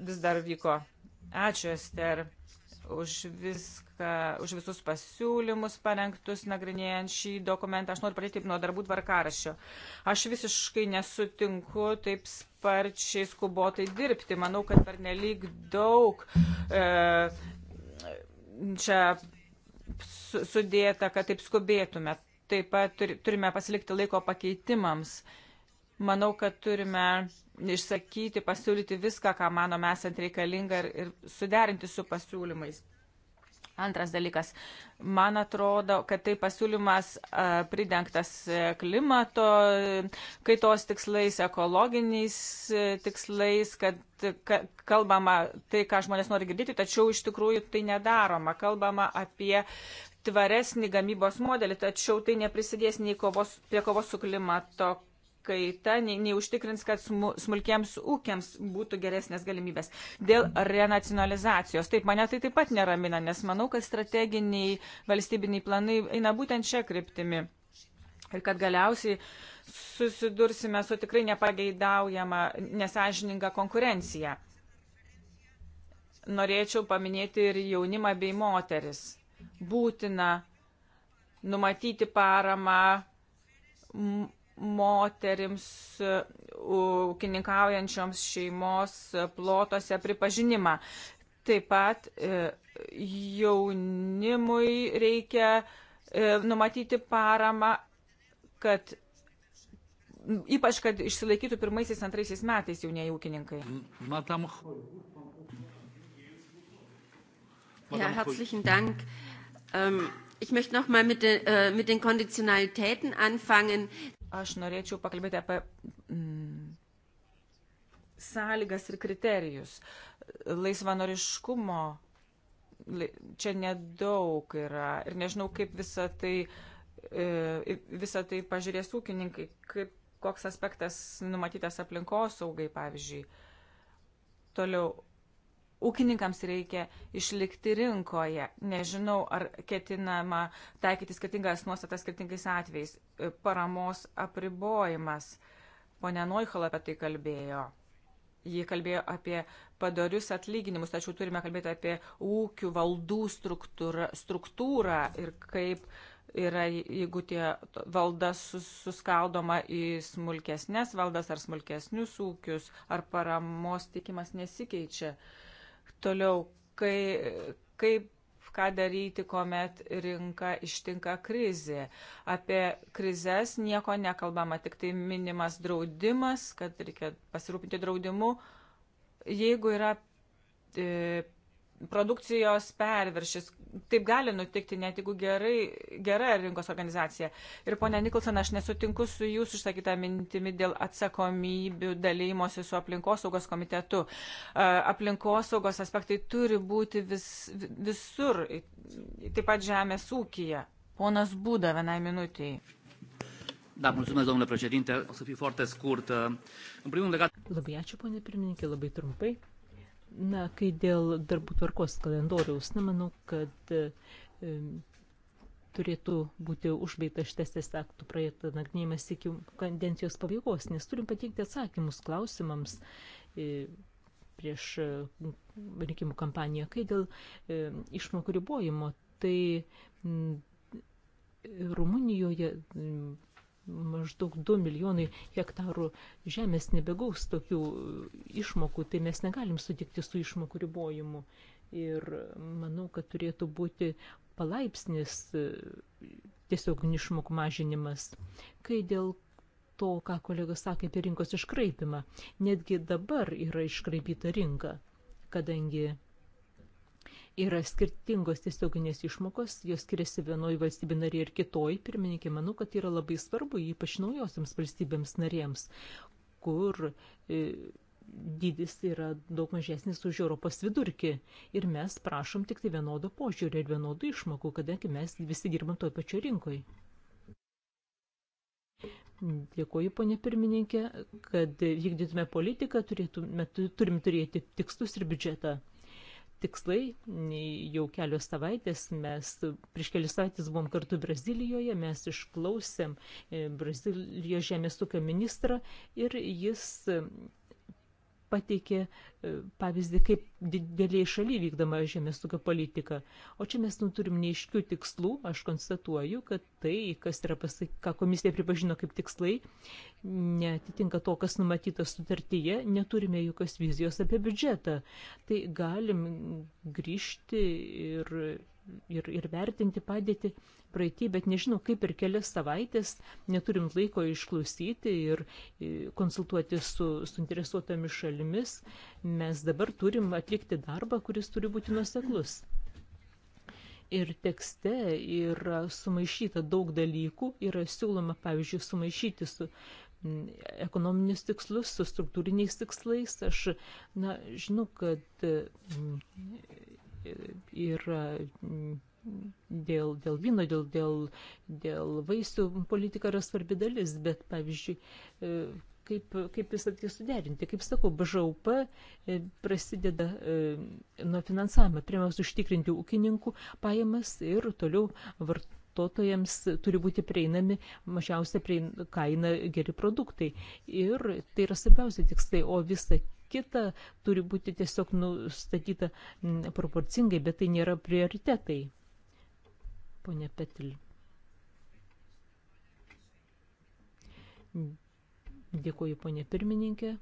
vis dar vyko. Ačiū, Ester, už viską, už visus pasiūlymus parengtus, nagrinėjant šį dokumentą. Aš noriu pradėti nuo darbų tvarkaraščio. Aš visiškai nesutinku taip sparčiai skubotai dirbti. Manau, kad per nelik daug e, čia sudėta, kad taip skubėtume taip pat turime pasilikti laiko pakeitimams. Manau, kad turime išsakyti, pasiūlyti viską, ką manome esant reikalinga ir, ir suderinti su pasiūlymais. Antras dalykas. Man atrodo, kad tai pasiūlymas pridengtas e, klimato e, kaitos tikslais, ekologiniais e, tikslais, kad kalbama tai, ką žmonės nori girdėti, tačiau iš tikrųjų tai nedaroma. Kalbama apie tvaresnį gamybos modelį, tačiau tai neprisidės nei kovos, prie kovos su klimato kaita, nei, nei užtikrins, kad smu, smulkiems ūkiams būtų geresnės galimybės. Dėl renacionalizacijos. Taip, mane tai taip pat neramina, nes manau, kad strateginiai valstybiniai planai eina būtent šią kryptimį. Ir kad galiausiai susidursime su tikrai nepageidaujama, nesažininga konkurencija. Norėčiau paminėti ir jaunimą bei moteris būtina numatyti paramą moterims ūkininkaujančioms šeimos plotose pripažinimą. Taip pat e, jaunimui reikia e, numatyti paramą, kad ypač, kad išsilaikytų pirmaisiais, antraisiais metais jaunieji ūkininkai. Matam. Ja, herzlichen Dank. Um, ich möchte noch mal mit, de, uh, mit den Konditionalitäten anfangen. Aš norėčiau pakalbėti apie mm, sąlygas ir kriterijus. Laisvanoriškumo lai, čia nedaug yra ir nežinau, kaip visą tai, e, visą tai pažiūrės ūkininkai, kaip, koks aspektas numatytas aplinkosaugai, pavyzdžiui. Toliau ūkininkams reikia išlikti rinkoje. Nežinau, ar ketinama taikyti skirtingas nuostatas skirtingais atvejais. E, paramos apribojimas. Pone Noichal apie tai kalbėjo. Ji kalbėjo apie padarius atlyginimus, tačiau turime kalbėti apie ūkių valdų struktūrą, struktūrą ir kaip yra, jeigu tie valdas sus, suskaldoma į smulkesnės valdas ar smulkesnius ūkius, ar paramos tikimas nesikeičia. Uh, Toliau, kai, kaip ką daryti, kuomet rinka ištinka krizė. Apie krizės nieko nekalbama, tik tai minimas draudimas, kad reikia pasirūpinti draudimu. Jeigu yra e, produkcijos perviršis. Taip gali nutikti, net jeigu gerai, gera rinkos organizacija. Ir ponia Nikolson, aš nesutinku su jūsų išsakytą mintimi dėl atsakomybių dalymosi su aplinkosaugos komitetu. Aplinkosaugos aspektai turi būti vis, visur, taip pat žemės ūkija. Ponas Būda, vienai minutiai. Da, mulțumesc, domnule președinte. O să fiu foarte scurt. În primul legat... Labai ačiū, ponė pirmininkė, labai trumpai. Na, kai dėl darbų tvarkos kalendoriaus, na, manau, kad e, turėtų būti užbaigtas šitas teisės aktų projekto nagrinėjimas iki kandencijos pabaigos, nes turim pateikti atsakymus klausimams e, prieš e, rinkimų kampaniją. Kai dėl e, išmokų ribojimo, tai m, Rumunijoje m, maždaug 2 milijonai hektarų žemės nebegaus tokių išmokų, tai mes negalim sutikti su išmokų ribojimu. Ir manau, kad turėtų būti palaipsnis e, tiesiog išmokų mažinimas. Kai dėl to, ką kolega sakė apie rinkos iškraipimą, netgi dabar yra iškraipyta rinka, kadangi yra skirtingos tiesioginės išmokos, jos skiriasi vienoje valstybė narėje ir kitoje. Pirmininkė, manau, kad yra labai svarbu, ypač naujosiams valstybėms narėms, kur e, dydis yra daug mažesnis už Europos vidurkį. Ir mes prašom tik tai vienodo požiūrio ir vienodų išmokų, kadangi mes visi dirbam toje pačioje rinkoje. Dėkuoju, ponė pirmininkė, kad vykdytume politiką, turėtume, turim turėti tikslus ir biudžetą tikslai. Jau kelios savaitės mes, prieš kelias savaitės buvom kartu Brazilijoje, mes išklausėm e, Brazilijos žemės ūkio ministrą ir jis pateikė e, pavyzdį, kaip dideliai šaliai vykdama žemės ūkio politika. O čia mes nu, turim neiškių tikslų, aš konstatuoju, kad tai, kas yra pasakyta, ką komisija pripažino kaip tikslai, netitinka to, kas numatyta sutartyje, neturime jokios vizijos apie biudžetą. Tai galim grįžti ir ir, ir vertinti padėti praeitį, bet nežinau, kaip per kelias savaitės neturim laiko išklausyti ir e, konsultuoti su suinteresuotomis šalimis. Mes dabar turim atlikti darbą, kuris turi būti nuseklus. Ir tekste yra sumaišyta daug dalykų, yra siūloma, pavyzdžiui, sumaišyti su ekonominius tikslus, su struktūriniais tikslais. Aš na, žinau, kad ir mm, dėl, dėl vyno, dėl, dėl, dėl vaisių politika yra svarbi dalis, bet pavyzdžiui, e, kaip, kaip visą tai suderinti. Kaip sakau, BŽUP e, prasideda e, nuo finansavimo. Pirmiausia, užtikrinti ūkininkų pajamas ir toliau vartotojams turi būti prieinami mažiausia priein, kaina geri produktai. Ir tai yra svarbiausia tikslai, o visa kita turi būti tiesiog nustatyta proporcingai, bet tai nėra prioritetai. Pone Petil. Dėkuoju, ponė pirmininkė.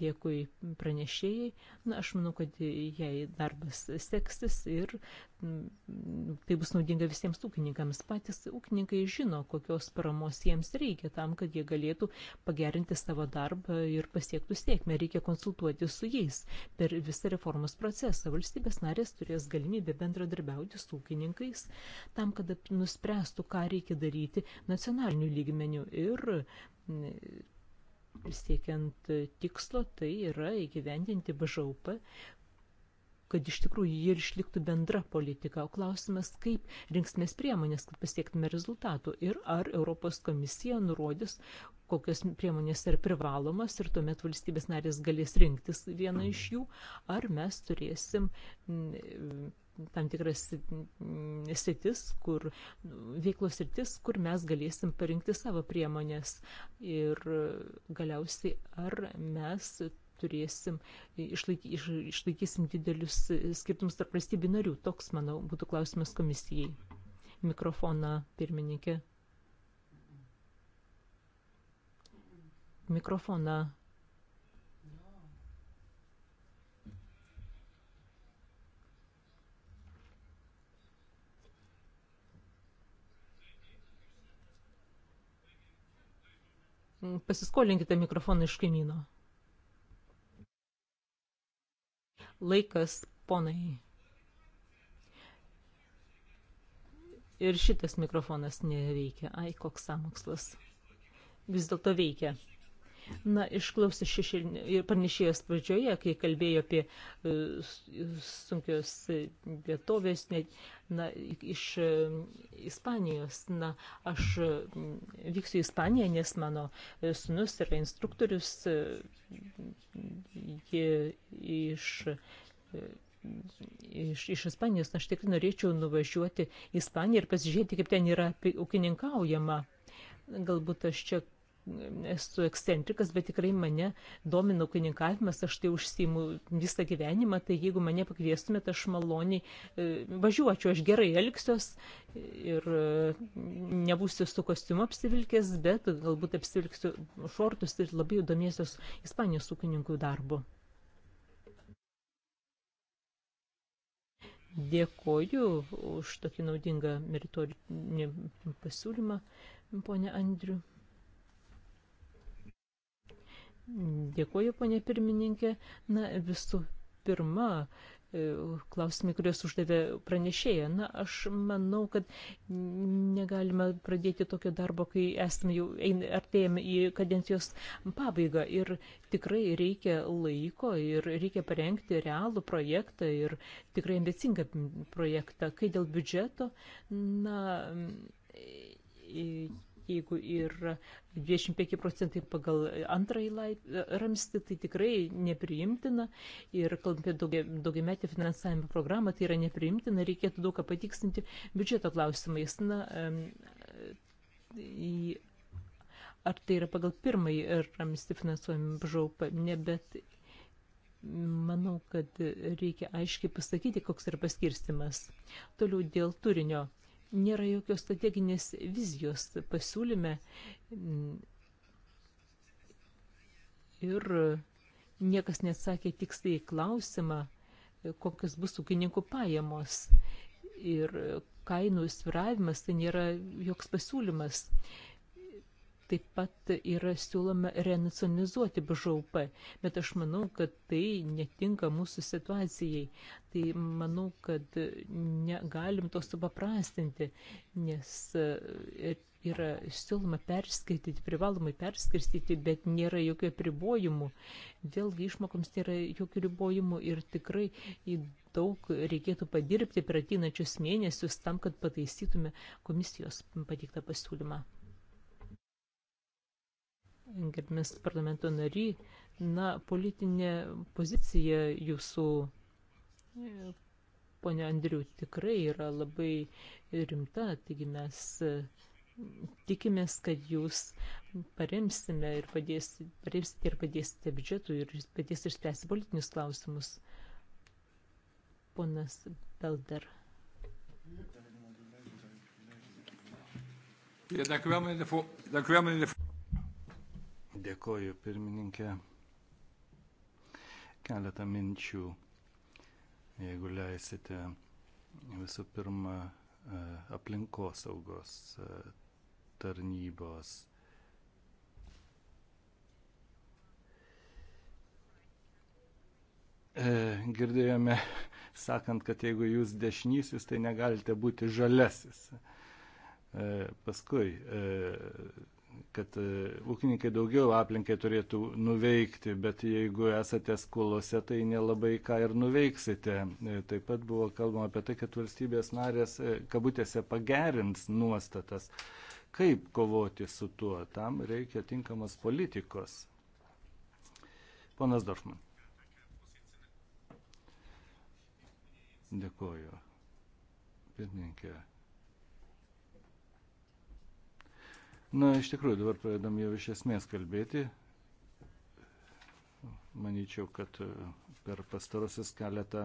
Dėkui pranešėjai. Na, aš manau, kad jai darbas seksis ir mm, tai bus naudinga visiems ūkininkams. Patys ūkininkai žino, kokios paramos jiems reikia tam, kad jie galėtų pagerinti savo darbą ir pasiektų sėkmę. Reikia konsultuoti su jais per visą reformos procesą. Valstybės narės turės galimybę bendradarbiauti su ūkininkais tam, kad nuspręstų, ką reikia daryti nacionaliniu lygmeniu ir mm, siekiant tikslo, tai yra įgyvendinti BŽUP, kad iš tikrųjų jie išliktų bendra politika. O klausimas, kaip rinksmės priemonės, kad pasiektume rezultatų ir ar Europos komisija nurodys, kokios priemonės yra privalomas ir tuomet valstybės narės galės rinktis vieną iš jų, ar mes turėsim. Mm, tam tikras mm, sritis, kur veiklos sritis, kur mes galėsim parinkti savo priemonės ir galiausiai ar mes turėsim, išlaiky, iš, išlaikysim didelius skirtumus tarp valstybių narių. Toks, manau, būtų klausimas komisijai. Mikrofoną pirmininkė. Mikrofoną Pasiskolinkite mikrofoną iš kaimyno. Laikas, ponai. Ir šitas mikrofonas neveikia. Ai, koks samokslas. Vis dėlto veikia. Na, išklausė šešėlinį ir pranešėjos pradžioje, kai kalbėjo apie e, sunkios vietovės, net, na, iš e, Ispanijos. Na, aš e, vyksiu į Ispaniją, nes mano sunus yra instruktorius iš iš, iš Ispanijos, aš tikrai norėčiau nuvažiuoti į Ispaniją ir pasižiūrėti, kaip ten yra ūkininkaujama. Galbūt aš čia esu ekscentrikas, bet tikrai mane domina ūkininkavimas, aš tai užsimu visą gyvenimą, tai jeigu mane pakviestumėte, aš maloniai e, važiuočiau, aš gerai elgsiuos ir e, nebūsiu su kostiumu apsivilkęs, bet galbūt apsivilksiu šortus ir labai įdomėsios Ispanijos ūkininkų darbu. Dėkoju už tokį naudingą meritorinį pasiūlymą, ponė Andriu. Dėkuoju, ponė pirmininkė. Na, visų pirma, e, klausimai, kuriuos uždavė pranešėja. Na, aš manau, kad negalime pradėti tokio darbo, kai esame jau artėjame į kadencijos pabaigą ir tikrai reikia laiko ir reikia parengti realų projektą ir tikrai ambicingą projektą. Kai dėl biudžeto, na, jeigu yra 25 procentai pagal antrąjį e, ramstį, tai tikrai nepriimtina. Ir kalbant apie daugia, daugiametį finansavimo programą, tai yra nepriimtina, reikėtų daug ką patiksinti biudžeto klausimais. Na, ar tai yra pagal pirmąjį ramstį finansuojami BŽP, ne, bet manau, kad reikia aiškiai pasakyti, koks yra paskirstimas. Toliau dėl turinio nėra jokios strateginės vizijos pasiūlyme ir niekas neatsakė tiksliai klausimą, kokios bus ūkininkų pajamos. Ir kainų sviravimas tai nėra joks pasiūlymas taip pat yra siūloma renacionalizuoti BŽUP, bet aš manau, kad tai netinka mūsų situacijai. Tai manau, kad negalim to supaprastinti, nes e, yra siūloma perskaityti, privalomai perskirstyti, bet nėra jokių apribojimų. Vėlgi išmokoms nėra jokių ribojimų ir tikrai daug reikėtų padirbti per ateinančius mėnesius tam, kad pataisytume komisijos pateiktą pasiūlymą gerbimas parlamento nary, na, politinė pozicija jūsų, e, ponė Andriu, tikrai yra labai rimta, taigi mes e, tikimės, kad jūs paremsime ir padėsite, paremsite ir padėsite biudžetų ir padėsite išspręsti politinius klausimus. Ponas Belder. Dank u wel, meneer de, dank u wel, meneer de Dėkoju, pirmininkė. Keletą minčių, jeigu leisite. Visų pirma, e, aplinkosaugos e, tarnybos. E, girdėjome [LAUGHS] sakant, kad jeigu jūs dešinysis, tai negalite būti žalesis. Paskui kad e, ūkininkai daugiau aplinkai turėtų nuveikti, bet jeigu esate skolose, tai nelabai ką ir nuveiksite. E, taip pat buvo kalbama apie tai, kad valstybės narės e, kabutėse pagerins nuostatas. Kaip kovoti su tuo? Tam reikia tinkamos politikos. Ponas Dorfman. Dėkuoju. Pirmininkė. Na, iš tikrųjų, dabar pradedam jau iš esmės kalbėti. Manyčiau, kad e, per pastarosius keletą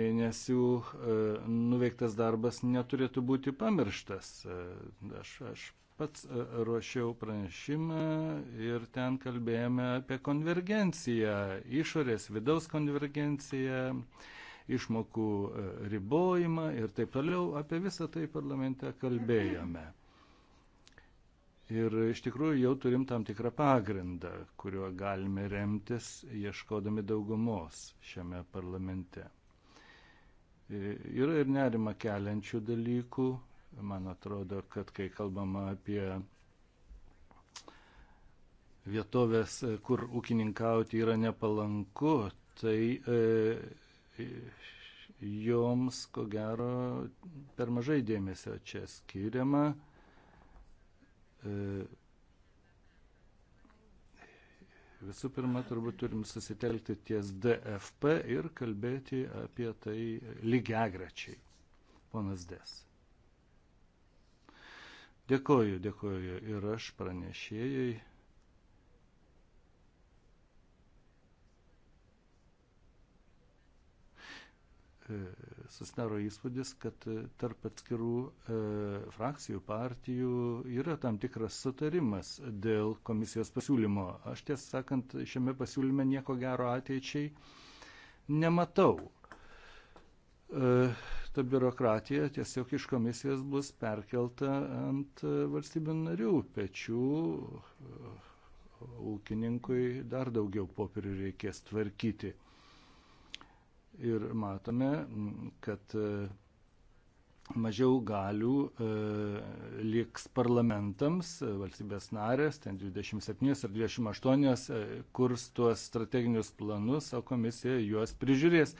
mėnesių e, nuveiktas darbas neturėtų būti pamirštas. E, aš, aš pats ruošiau pranešimą ir ten kalbėjome apie konvergenciją, išorės vidaus konvergenciją, išmokų ribojimą ir taip toliau. Apie visą tai parlamente kalbėjome. Ir iš tikrųjų jau turim tam tikrą pagrindą, kuriuo galime remtis, ieškodami daugumos šiame parlamente. E, yra ir nerima keliančių dalykų. Man atrodo, kad kai kalbama apie vietovės, kur ūkininkauti yra nepalanku, tai e, joms, ko gero, per mažai dėmesio čia skiriama. E, E, visų pirma, turbūt turim susitelkti ties DFP ir kalbėti apie tai lygiagrečiai. Ponas Des. Dėkoju, dėkoju ir aš pranešėjai. E, susidaro įspūdis, kad e, tarp atskirų e, frakcijų, partijų yra tam tikras sutarimas dėl komisijos pasiūlymo. Aš tiesą sakant, šiame pasiūlyme nieko gero ateičiai nematau. E, ta biurokratija tiesiog iš komisijos bus perkelta ant e, valstybių narių pečių. E, ūkininkui dar daugiau popierių reikės tvarkyti ir matome, kad e, mažiau galių e, liks parlamentams, e, valstybės narės, ten 27 ar 28 kurs tuos strateginius planus, o komisija juos prižiūrės.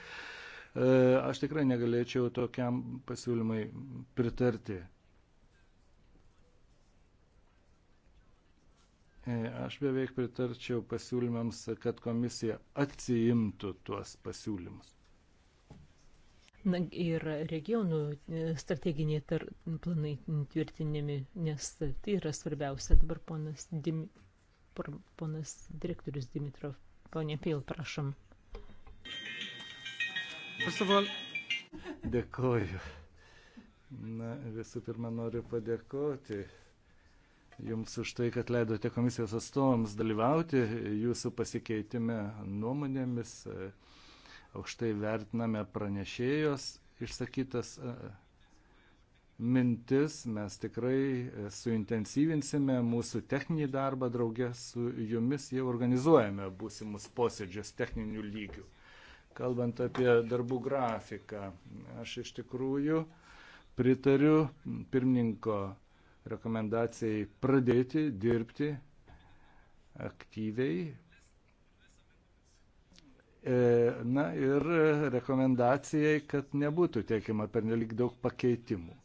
Aš tikrai negalėčiau tokiam pasiūlymai pritarti. Aš beveik pritarčiau pasiūlymams, kad komisija atsiimtų tuos pasiūlymus. Na, ir regionų e, strateginiai tar, planai tvirtinami, nes tai yra svarbiausia. Dabar ponas, Dim, ponas direktorius Dimitrov, ponė Pil, prašom. Dėkoju. Na, visų pirma, noriu padėkoti Jums už tai, kad leidote komisijos atstovams dalyvauti jūsų pasikeitime nuomonėmis. E, aukštai vertiname pranešėjos išsakytas e, mintis, mes tikrai e, suintensyvinsime mūsų techninį darbą draugę su jumis, jau organizuojame būsimus posėdžius techninių lygių. Kalbant apie darbų grafiką, aš iš tikrųjų pritariu pirmininko rekomendacijai pradėti dirbti aktyviai E, na ir rekomendacijai, kad nebūtų tiekiama pernelik daug pakeitimų.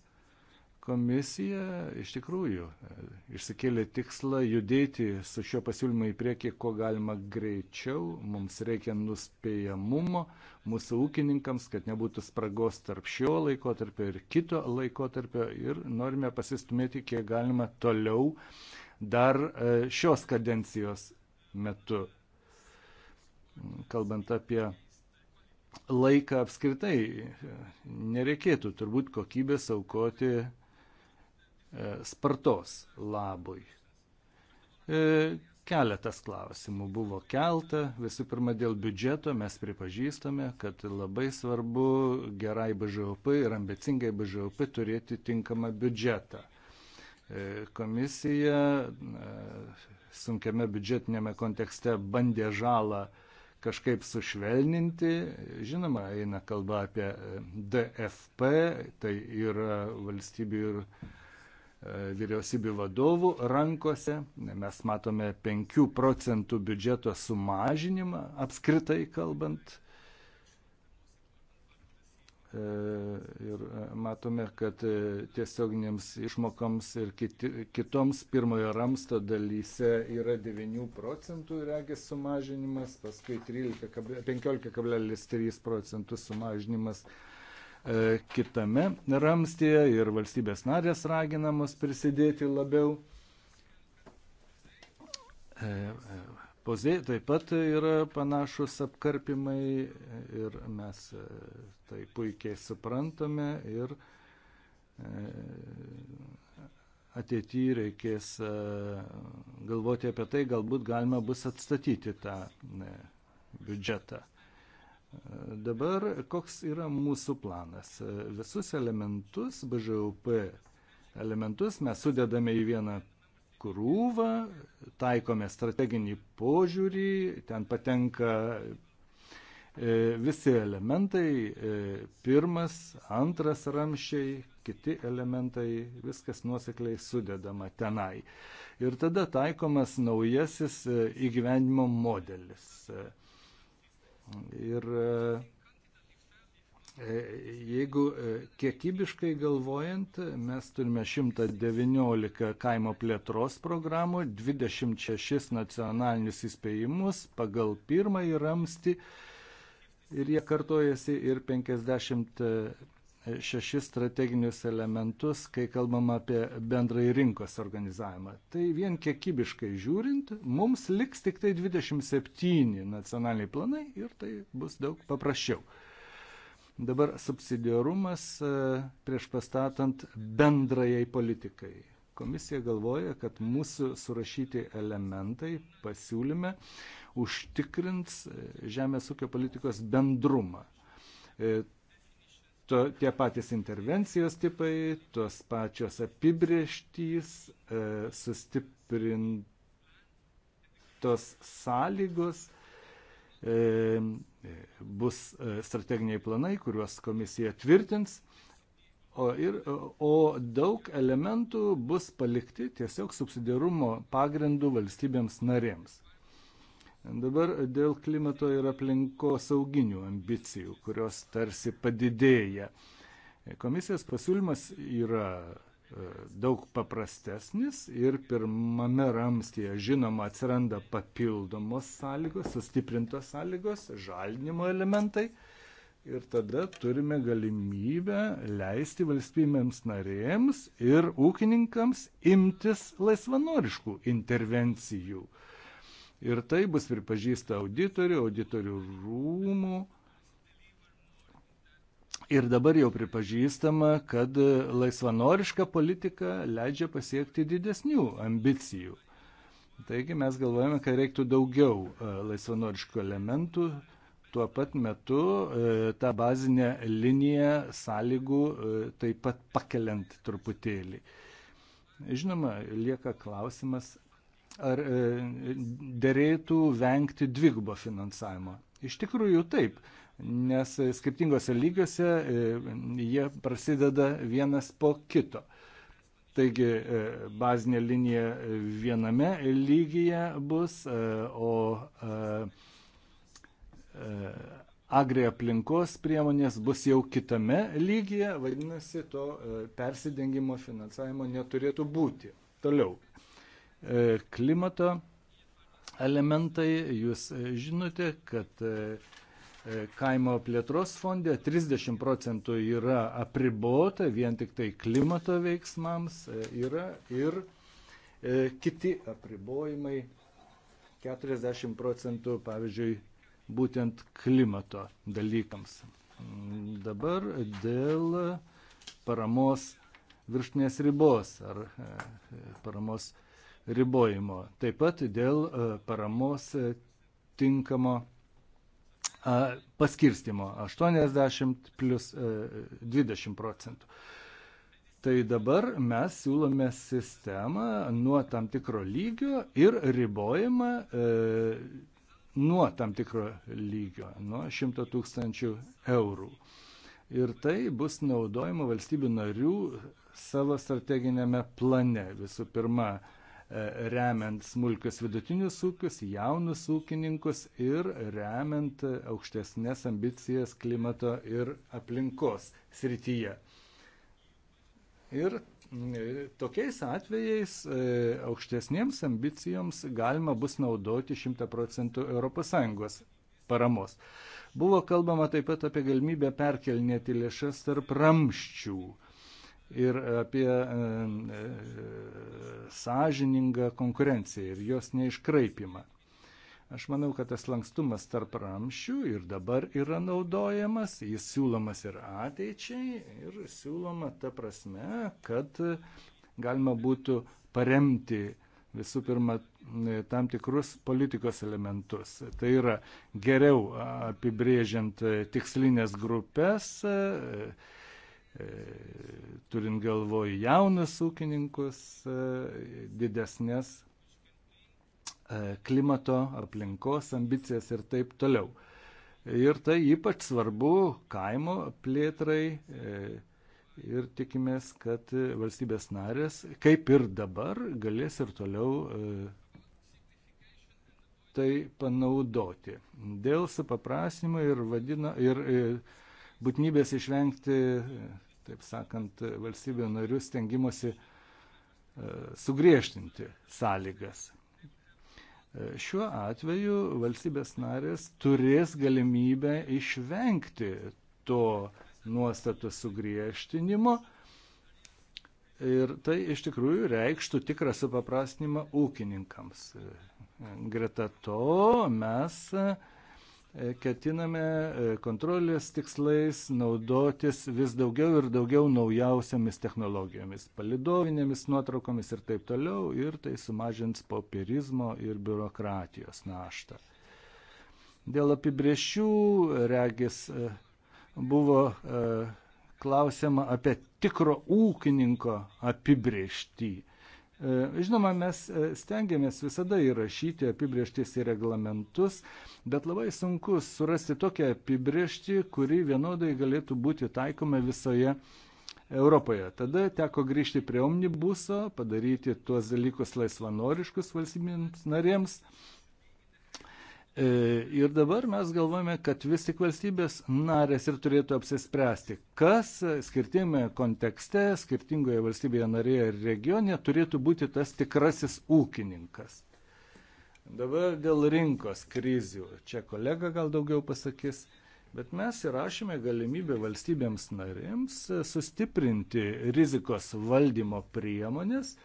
Komisija iš tikrųjų e, išsikėlė tikslą judėti su šio pasiūlymu į priekį, kuo galima greičiau. Mums reikia nuspėjamumo mūsų ūkininkams, kad nebūtų spragos tarp šio laikotarpio ir kito laikotarpio ir norime pasistumėti kiek galima toliau dar e, šios kadencijos metu kalbant apie laiką apskritai, nereikėtų turbūt kokybės aukoti e, spartos labui. E, keletas klausimų buvo kelta. Visų pirma, dėl biudžeto mes pripažįstame, kad labai svarbu gerai BŽOP ir ambicingai BŽOP turėti tinkamą biudžetą. E, komisija sunkiame biudžetinėme kontekste bandė žalą uh, kažkaip sušvelninti. Žinoma, eina kalba apie e, DFP, tai yra valstybių ir e, vyriausybių vadovų rankose. Mes matome 5 procentų biudžeto sumažinimą apskritai kalbant. E, ir e, matome, kad e, tiesioginėms išmokoms ir kiti, kitoms pirmojo ramsto dalyse yra 9 procentų regis sumažinimas, paskui 15,3 procentų sumažinimas kitame ramstėje ir valstybės narės raginamos prisidėti labiau pozė taip pat yra panašus apkarpimai ir mes e, tai puikiai suprantame ir e, ateityje reikės e, galvoti apie tai, galbūt galima bus atstatyti tą biudžetą. Dabar koks yra mūsų planas? Visus elementus BŽUP elementus mes sudedame į vieną krūvą, taikome strateginį požiūrį, ten patenka e, visi elementai, e, pirmas, antras ramšiai, kiti elementai, viskas nuosekliai sudedama tenai. Ir tada taikomas naujasis e, įgyvendimo modelis. Ir E, jeigu e, kiekybiškai galvojant, mes turime 119 kaimo plėtros programų, 26 nacionalinius įspėjimus pagal pirmąjį ramsti ir jie kartojasi ir 56 strateginius elementus, kai kalbam apie bendrąjį rinkos organizavimą. Tai vien kiekybiškai žiūrint, mums liks tik tai 27 nacionaliniai planai ir tai bus daug paprasčiau. Dabar subsidiarumas e, prieš pastatant bendrajai politikai. Komisija galvoja, kad mūsų surašyti elementai pasiūlyme užtikrins e, žemės ūkio politikos bendrumą. E, to, tie patys intervencijos tipai, tos pačios apibrieštys, sustiprintos sąlygos, Bus e, strateginiai planai, kuriuos komisija tvirtins, o, ir, e, o daug elementų bus palikti tiesiog subsidiarumo pagrindų valstybėms narėms. Dabar dėl klimato ir aplinkos sauginių ambicijų, kurios tarsi padidėja. Komisijos pasiūlymas yra daug paprastesnis ir pirmame ramstėje žinoma atsiranda papildomos sąlygos, sustiprintos sąlygos, žalinimo elementai ir tada turime galimybę leisti valstybėms narėms ir ūkininkams imtis laisvanoriškų intervencijų. Ir tai bus pripažįsta auditorių, auditorių rūmų Ir dabar jau pripažįstama, kad laisvanoriška politika leidžia pasiekti didesnių ambicijų. Taigi mes galvojame, kad reiktų daugiau e, laisvanoriškų elementų, tuo pat metu e, tą bazinę liniją sąlygų e, taip pat pakeliant truputėlį. Žinoma, lieka klausimas, ar dėrėtų vengti dvigubo finansavimo. Iš tikrųjų taip, nes skirtingose lygiuose e, jie prasideda vienas po kito. Taigi e, bazinė linija viename lygyje bus, e, o agri aplinkos priemonės bus jau kitame lygyje, vadinasi, to persidengimo finansavimo neturėtų būti. Toliau. Klimato elementai, jūs žinote, kad E, kaimo plėtros fonde 30 procentų yra apribota vien tik tai klimato veiksmams, e, yra ir e, kiti apribojimai 40 procentų, pavyzdžiui, būtent klimato dalykams. Mm, dabar dėl paramos viršnės ribos ar paramos ribojimo, taip pat dėl paramos tinkamo paskirstimo 80 plus 20 procentų. Tai dabar mes siūlome sistemą nuo tam tikro lygio ir ribojimą e, nuo tam tikro lygio, nuo 100 tūkstančių eurų. Ir tai bus naudojama valstybių narių savo strateginėme plane. Visų pirma, e, remiant smulkius vidutinius ūkius, jaunus ūkininkus ir remiant aukštesnės ambicijas klimato ir aplinkos srityje. Ir e, tokiais atvejais e, aukštesniems ambicijoms galima bus naudoti 100 procentų ES paramos. Buvo kalbama taip pat apie galimybę perkelnėti lėšas tarp ramščių ir apie e, e, sąžiningą konkurenciją ir jos neiškraipimą. Aš manau, kad tas lankstumas tarp ramščių ir dabar yra naudojamas, jis siūlomas ir ateičiai ir siūloma ta prasme, kad galima būtų paremti visų pirma e, tam tikrus politikos elementus. Tai yra geriau apibrėžiant tikslinės grupės, E, turint galvoj jaunus ūkininkus, e, didesnės e, klimato, aplinkos ambicijas ir taip toliau. Ir tai ypač svarbu kaimo plėtrai ir tikimės, kad valstybės narės, kaip ir dabar, galės ir toliau tai panaudoti. Dėl supaprasimo ir, vadina, ir, ir būtinybės išvengti, taip sakant, valstybių narių stengimusi e, sugriežtinti sąlygas. E, šiuo atveju valstybės narės turės galimybę išvengti to nuostatų sugriežtinimo ir tai iš tikrųjų reikštų tikrą supaprastinimą ūkininkams. E, greta to mes uh, E, ketiname e, kontrolės tikslais naudotis vis daugiau ir daugiau naujausiamis technologijomis, palidovinėmis nuotraukomis ir taip toliau, ir tai sumažins popierizmo ir biurokratijos naštą. Dėl apibriešių, regis, e, buvo klausiama apie tikro ūkininko apibrieštyje E, žinoma, mes e, stengiamės visada įrašyti apibrieštis į reglamentus, bet labai sunku surasti tokią apibriešti, kuri vienodai galėtų būti taikoma visoje Europoje. Tada teko grįžti prie omnibuso, padaryti tuos dalykus laisvanoriškus valstybėms narėms. E, ir dabar mes galvojame, kad vis tik valstybės narės ir turėtų apsispręsti, kas skirtingame kontekste, skirtingoje valstybėje narėje ir regione turėtų būti tas tikrasis ūkininkas. Dabar dėl rinkos krizių. Čia kolega gal daugiau pasakys, bet mes įrašėme galimybę valstybėms narėms sustiprinti rizikos valdymo priemonės,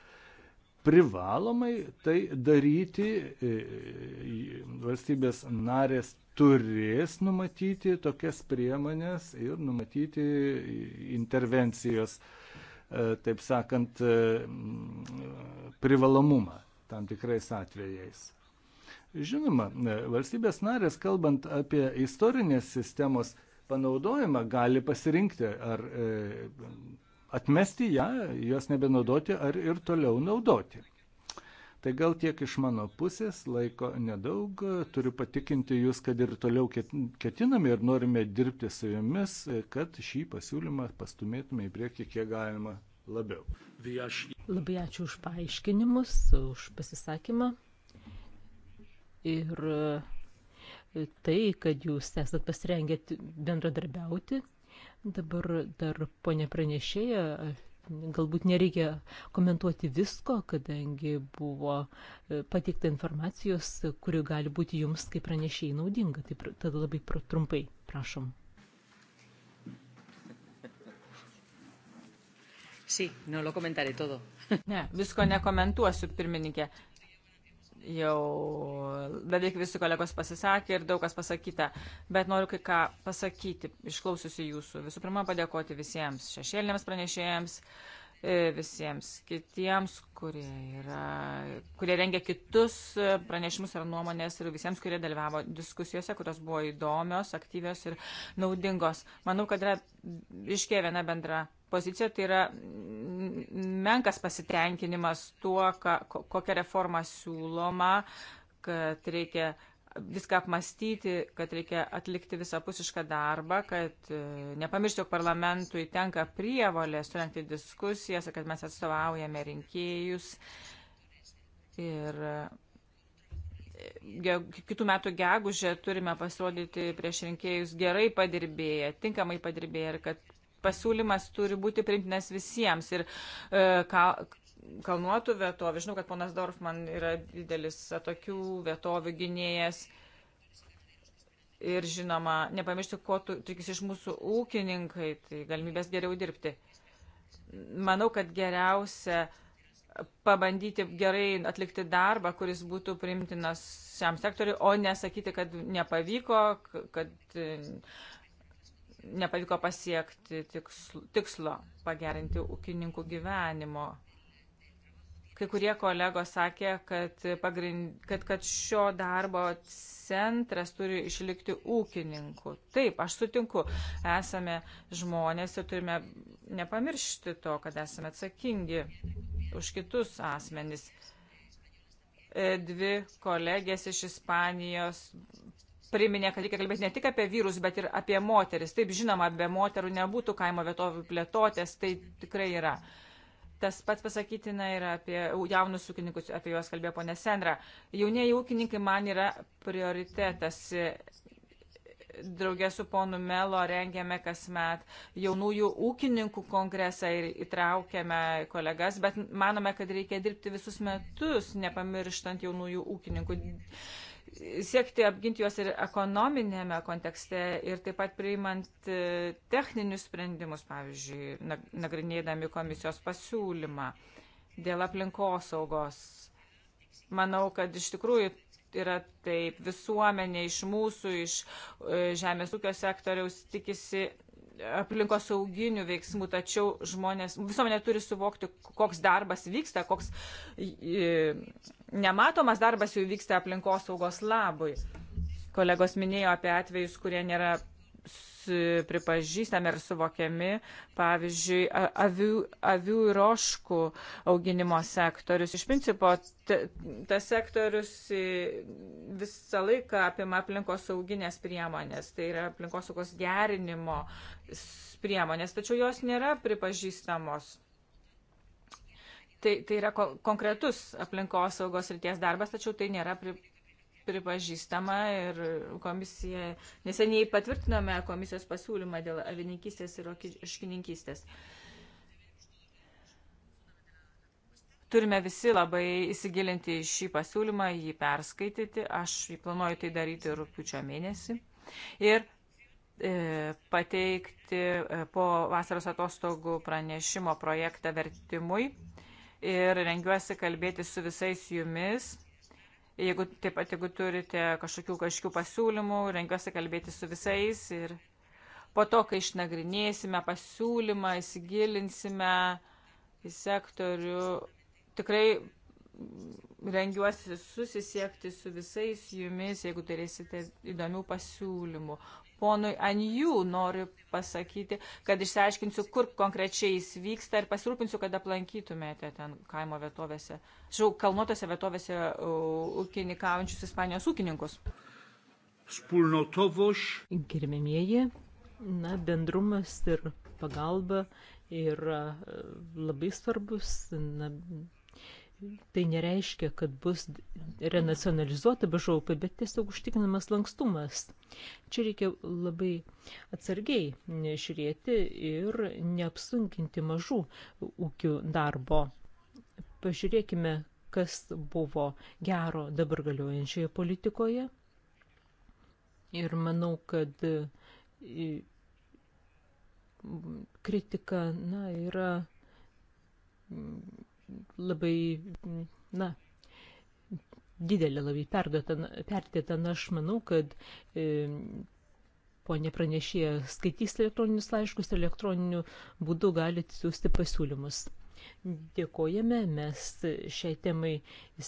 privalomai tai daryti, e, e, valstybės narės turės numatyti tokias priemonės ir numatyti intervencijos, e, taip sakant, privalomumą tam tikrais atvejais. Žinoma, valstybės narės, kalbant apie istorinės sistemos panaudojimą, gali pasirinkti, ar atmesti ją, jos nebenaudoti ar ir toliau naudoti. Tai gal tiek iš mano pusės, laiko nedaug, turiu patikinti jūs, kad ir toliau ketiname ir norime dirbti su jumis, kad šį pasiūlymą pastumėtume į priekį kiek galima labiau. Labai ačiū už paaiškinimus, už pasisakymą. Ir e, tai, kad jūs esat pasirengę bendradarbiauti Dabar dar ponė pranešėja, galbūt nereikia komentuoti visko, kadangi buvo e, pateikta informacijos, kuri gali būti jums kaip pranešėjai naudinga. Tai tada labai trumpai, prašom. [LAUGHS] Sí, no lo comentaré todo. Ne, visko nekomentuosiu, pirmininkė jau beveik visi kolegos pasisakė ir daug kas pasakyta, bet noriu kai ką pasakyti, išklausiusi jūsų. Visų pirma, padėkoti visiems šešėliniams pranešėjams, e, visiems kitiems, kurie, yra, kurie rengia kitus e, pranešimus ar nuomonės ir visiems, kurie dalyvavo diskusijose, kurios buvo įdomios, aktyvios ir naudingos. Manau, kad yra iškė viena bendra poziciją, tai yra menkas pasitenkinimas tuo, ką, kokią reformą siūloma, kad reikia viską apmastyti, kad reikia atlikti visapusišką darbą, kad e, nepamiršti, jog parlamentui tenka prievalė surenkti diskusijas, kad mes atstovaujame rinkėjus. Ir e, kitų metų gegužę turime pasirodyti prieš rinkėjus gerai padirbėję, tinkamai padirbėję ir kad pasiūlymas turi būti priimtinas visiems. Ir, e, ka, kalnuotų vietovių. Žinau, kad ponas Dorfman yra didelis tokių vietovių gynėjas. Ir žinoma, nepamiršti, ko tikisi iš mūsų ūkininkai, tai galimybės geriau dirbti. Manau, kad geriausia pabandyti gerai atlikti darbą, kuris būtų primtinas šiam sektoriu, o nesakyti, kad nepavyko, kad nepavyko pasiekti tikslo, tikslo pagerinti ūkininkų gyvenimo. Kai kurie kolegos sakė, kad, pagrind, kad, kad šio darbo centras turi išlikti ūkininkų. Taip, aš sutinku, esame žmonės ir turime nepamiršti to, kad esame atsakingi už kitus asmenys. E, dvi kolegės iš Ispanijos priminė, kad reikia kalbėti ne tik apie vyrus, bet ir apie moteris. Taip žinoma, be moterų nebūtų kaimo vietovių plėtotės, tai tikrai yra. Tas pats pasakytina yra apie jaunus ūkininkus, apie juos kalbėjo ponė Sendra. Jaunieji ūkininkai man yra prioritetas. Draugė su ponu Melo rengėme kasmet jaunųjų ūkininkų kongresą ir įtraukėme kolegas, bet manome, kad reikia dirbti visus metus, nepamirštant jaunųjų ūkininkų siekti apginti juos ir ekonominėme kontekste ir taip pat priimant e, techninius sprendimus, pavyzdžiui, nagrinėdami komisijos pasiūlymą dėl aplinkosaugos. Manau, kad iš tikrųjų yra taip, visuomenė iš mūsų, iš e, žemės ūkio sektoriaus tikisi aplinkosauginių veiksmų, tačiau žmonės, visuomenė turi suvokti, koks darbas vyksta, koks nematomas darbas jau vyksta aplinkosaugos labui. Kolegos minėjo apie atvejus, kurie nėra pripažįstami ir suvokiami, pavyzdžiui, avių, avių ir oškų auginimo sektorius. Iš principo, tas sektorius visą laiką apima aplinkos sauginės priemonės, tai yra aplinkos saugos gerinimo priemonės, tačiau jos nėra pripažįstamos. Tai, tai yra konkretus aplinkosaugos ryties darbas, tačiau tai nėra pri, pripažįstama ir komisija, neseniai patvirtinome komisijos pasiūlymą dėl avininkystės ir oškininkystės. Turime visi labai įsigilinti šį pasiūlymą, jį perskaityti. Aš planuoju tai daryti rūpiučio mėnesį. Ir e, pateikti e, po vasaros atostogų pranešimo projektą vertimui ir rengiuosi kalbėti su visais jumis. Jeigu taip pat, jeigu turite kažkokių kažkokių pasiūlymų, rengiuosi kalbėti su visais ir po to, kai išnagrinėsime pasiūlymą, įsigilinsime į sektorių, tikrai rengiuosi susisiekti su visais jumis, jeigu turėsite įdomių pasiūlymų ponui Anjų noriu pasakyti, kad išsiaiškinsiu, kur konkrečiai jis vyksta ir pasirūpinsiu, kad aplankytumėte ten kaimo vietovėse, žinau, kalnuotose vietovėse ūkininkaujančius Ispanijos ūkininkus. Spulnotovoš. Gerbėmieji, na, bendrumas ir pagalba yra e, labai svarbus. Na, tai nereiškia, kad bus renacionalizuota BŽUP, bet tiesiog užtikrinamas lankstumas. Čia reikia labai atsargiai žiūrėti ir neapsunkinti mažų ūkių darbo. Pažiūrėkime, kas buvo gero dabar galiojančioje politikoje. Ir manau, kad kritika, na, yra labai, na, didelė, labai perdėta. Na, aš manau, kad e, ponė pranešėja skaitys elektroninius laiškus ir elektroniniu būdu galite siūsti pasiūlymus. Dėkojame, mes šiai temai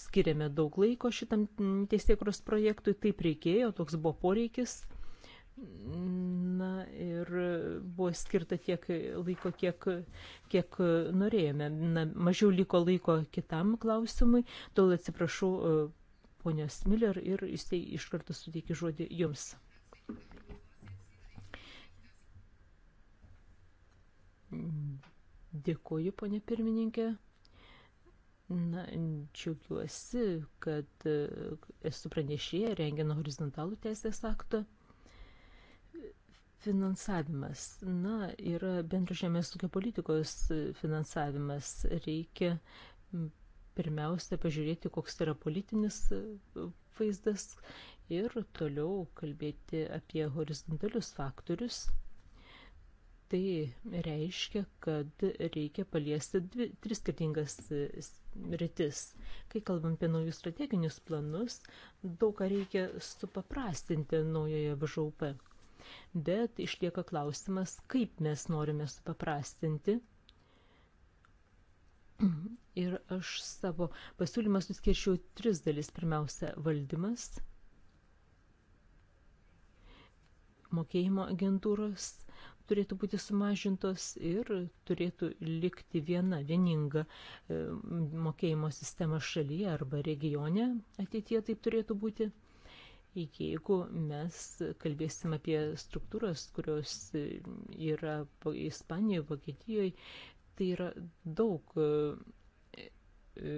skiriame daug laiko šitam teisėkros projektui, taip reikėjo, toks buvo poreikis. Na ir buvo skirta tiek laiko, kiek, kiek norėjome. Na, mažiau liko laiko kitam klausimui, tol atsiprašau e, ponios Miller ir jūs tai iš karto suteikiu žodį jums. Dėkuoju, ponė pirmininkė. Na, džiaugiuosi, kad e, esu pranešėję rengiant horizontalų teisės aktą. Finansavimas. Na, yra bendro žemės ūkio politikos finansavimas. Reikia pirmiausia pažiūrėti, koks yra politinis e, vaizdas ir toliau kalbėti apie horizontalius faktorius. Tai reiškia, kad reikia paliesti dvi, tris skirtingas e, rytis. Kai kalbam apie naujus strateginius planus, daug ką reikia supaprastinti naujoje BŽUP bet išlieka klausimas, kaip mes norime supaprastinti. Ir aš savo pasiūlymą suskirčiau tris dalis. Pirmiausia, valdymas, mokėjimo agentūros turėtų būti sumažintos ir turėtų likti viena vieninga e, mokėjimo sistema šalyje arba regione ateityje taip turėtų būti jeigu mes kalbėsim apie struktūras, kurios yra Ispanijoje, Vokietijoje, tai yra daug e, e,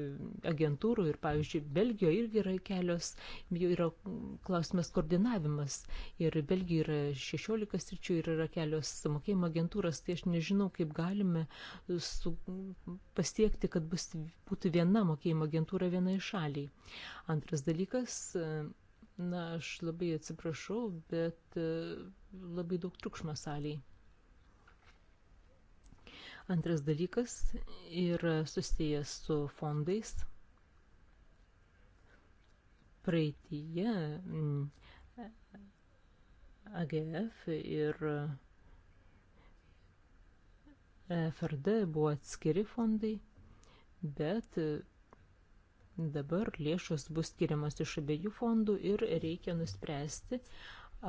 agentūrų ir, pavyzdžiui, Belgijoje irgi yra kelios, jau yra klausimas koordinavimas ir Belgijoje yra 16 sričių ir yra kelios mokėjimo agentūros, tai aš nežinau, kaip galime su, pasiekti, kad bus, būtų viena mokėjimo agentūra vienai šaliai. Antras dalykas e, Na, aš labai atsiprašau, bet e, labai daug triukšmo saliai. Antras dalykas yra susijęs su fondais. Praeitįje mm, AGF ir e, FRD buvo atskiri fondai, bet Dabar lėšos bus skiriamas iš abiejų fondų ir reikia nuspręsti,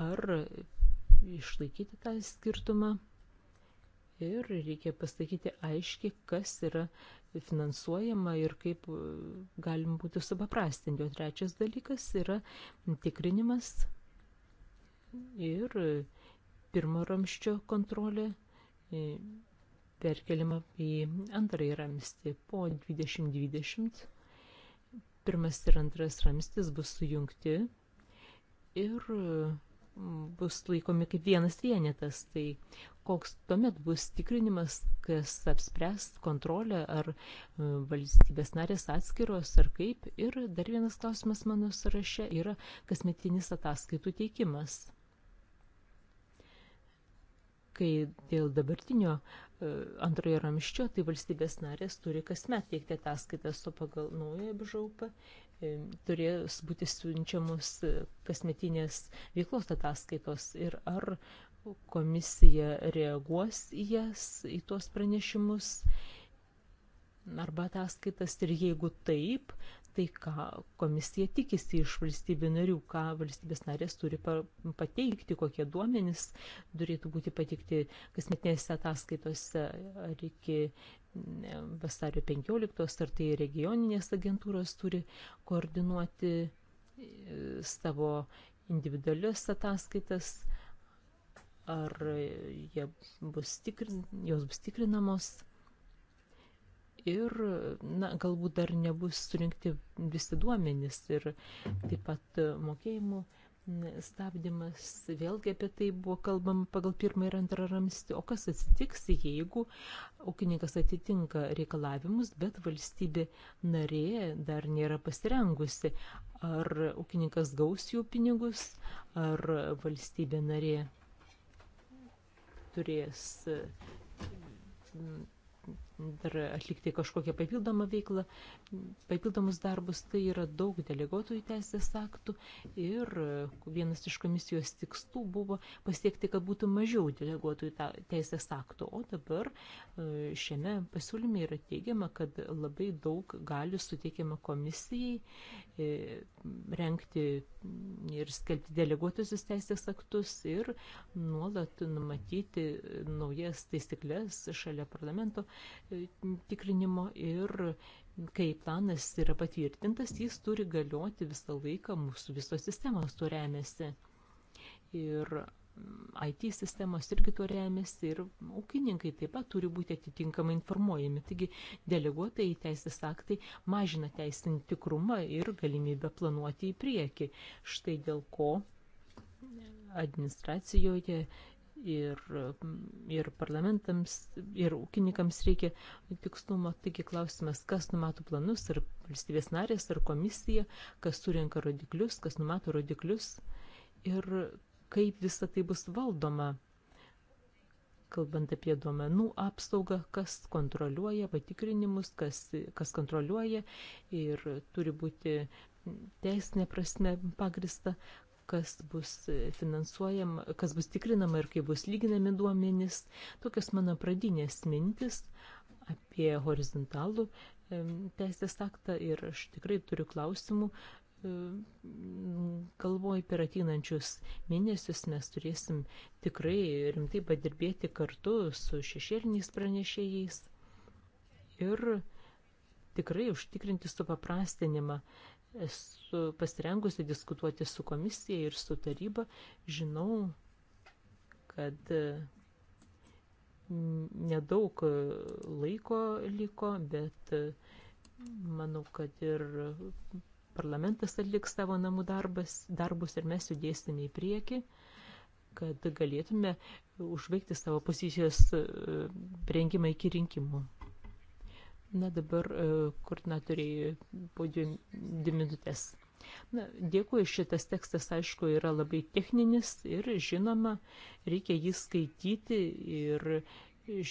ar išlaikyti tą skirtumą. Ir reikia pasakyti aiškiai, kas yra finansuojama ir kaip e, galima būtų supaprastinti. O trečias dalykas yra tikrinimas ir pirmo ramščio kontrolė e, perkeliama į antrąjį ramstį po 2020 Pirmas ir antras ramstis bus sujungti ir mm, bus laikomi kaip vienas vienetas. Tai koks tuomet bus tikrinimas, kas apspręs kontrolę, ar e, valstybės narės atskiros, ar kaip. Ir dar vienas klausimas mano sąraše yra kasmetinis ataskaitų teikimas kai dėl dabartinio e, antrojo ramščio, tai valstybės narės turi kasmet teikti ataskaitas, o pagal naują apžaupą e, turės būti siunčiamus e, kasmetinės veiklos ataskaitos ir ar komisija reaguos į jas, į tuos pranešimus arba ataskaitas ir jeigu taip, tai, ką komisija tikisi iš valstybių narių, ką valstybės narės turi pateikti, kokie duomenys turėtų būti pateikti kasmetinėse ataskaitose ar iki vasario 15, ar tai regioninės agentūros turi koordinuoti e, savo individualius ataskaitas ar bus tikrin, jos bus tikrinamos ir, na, galbūt dar nebus surinkti visi duomenys ir taip pat mokėjimų stabdymas, vėlgi apie tai buvo kalbama pagal pirmą ir antrą ramstį, o kas atsitiks, jeigu ūkininkas atitinka reikalavimus, bet valstybė narė dar nėra pasirengusi, ar ūkininkas gaus jų pinigus, ar valstybė narė turės dar atlikti kažkokią papildomą veiklą, papildomus darbus, tai yra daug deleguotojų teisės aktų ir vienas iš komisijos tikslų buvo pasiekti, kad būtų mažiau deleguotojų teisės aktų, o dabar e, šiame pasiūlyme yra teigiama, kad labai daug galių suteikiama komisijai e, renkti ir skelbti deleguotusius teisės aktus ir nuolat numatyti naujas taisyklės šalia parlamento tikrinimo ir kai planas yra patvirtintas, jis turi galioti visą laiką, mūsų visos sistemos tuo remiasi. Ir mm, IT sistemos irgi tuo remiasi ir ūkininkai taip pat turi būti atitinkamai informuojami. Taigi deleguotai teisės aktai mažina teisinį tikrumą ir galimybę planuoti į priekį. Štai dėl ko administracijoje ir, ir parlamentams, ir ūkininkams reikia tikslumo. Taigi klausimas, kas numato planus, ar valstybės narės, ar komisija, kas surinka rodiklius, kas numato rodiklius ir kaip visa tai bus valdoma. Kalbant apie duomenų apsaugą, kas kontroliuoja patikrinimus, kas, kas kontroliuoja ir turi būti teisinė prasme pagrista, kas bus finansuojama, kas bus tikrinama ir kaip bus lyginami duomenys. Tokios mano pradinės mintis apie horizontalų teisės aktą ir aš tikrai turiu klausimų. Galvoju, per ateinančius mėnesius mes turėsim tikrai rimtai padirbėti kartu su šešėliniais pranešėjais ir tikrai užtikrinti supaprastinimą esu pasirengusi diskutuoti su komisija ir su taryba. Žinau, kad e, nedaug e, laiko liko, bet e, manau, kad ir parlamentas atliks savo namų darbas, darbus ir mes judėsime į priekį, kad galėtume užbaigti savo pozicijos rengimą iki rinkimų. Na dabar e, koordinatoriai po dvi minutės. Na, dėkui, šitas tekstas, aišku, yra labai techninis ir, žinoma, reikia jį skaityti ir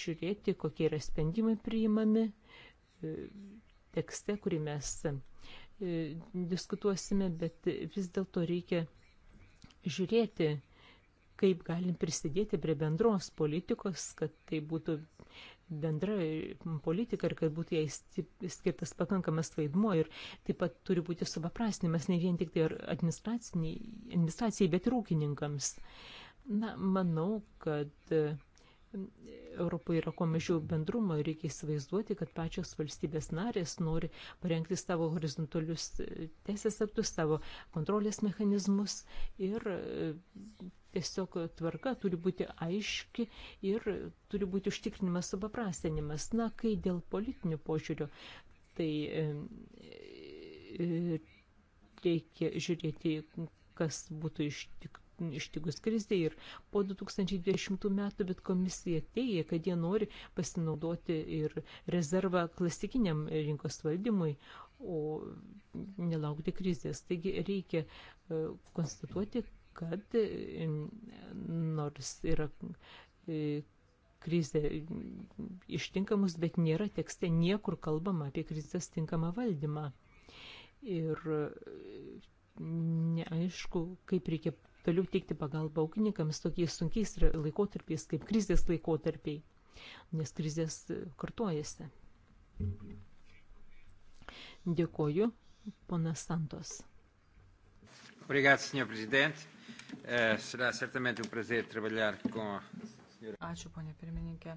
žiūrėti, kokie yra sprendimai priimami e, tekste, kurį mes e, diskutuosime, bet vis dėlto reikia žiūrėti, kaip galim prisidėti prie bendros politikos, kad tai būtų bendra politika ir kad būtų jai skirtas pakankamas vaidmuo ir taip pat turi būti supaprastinimas ne vien tik tai administracijai, bet ir ūkininkams. Na, manau, kad Europoje yra kuo mažiau bendrumo ir reikia įsivaizduoti, kad pačios valstybės narės nori parengti savo horizontalius e, teisės aktus, savo kontrolės mechanizmus ir e, tiesiog tvarka turi būti aiški ir turi būti užtikrinimas supaprastinimas. Na, kai dėl politinių požiūrių, tai e, reikia žiūrėti, kas būtų iš tik ištikus krizė ir po 2020 metų, bet komisija teigia, kad jie nori pasinaudoti ir rezervą klasikiniam rinkos valdymui, o nelaukti krizės. Taigi reikia e, konstatuoti, kad e, nors yra e, krizė ištinkamus, bet nėra tekste niekur kalbama apie krizės tinkamą valdymą. Ir neaišku, kaip reikia toliau teikti pagalbą ūkininkams tokiais sunkiais laikotarpiais kaip krizės laikotarpiai, nes krizės e, kartuojasi. Dėkoju, ponas Santos. Obrigado, senhor presidente. Uh, será certamente um prazer trabalhar com Ačiū, ponė pirmininkė.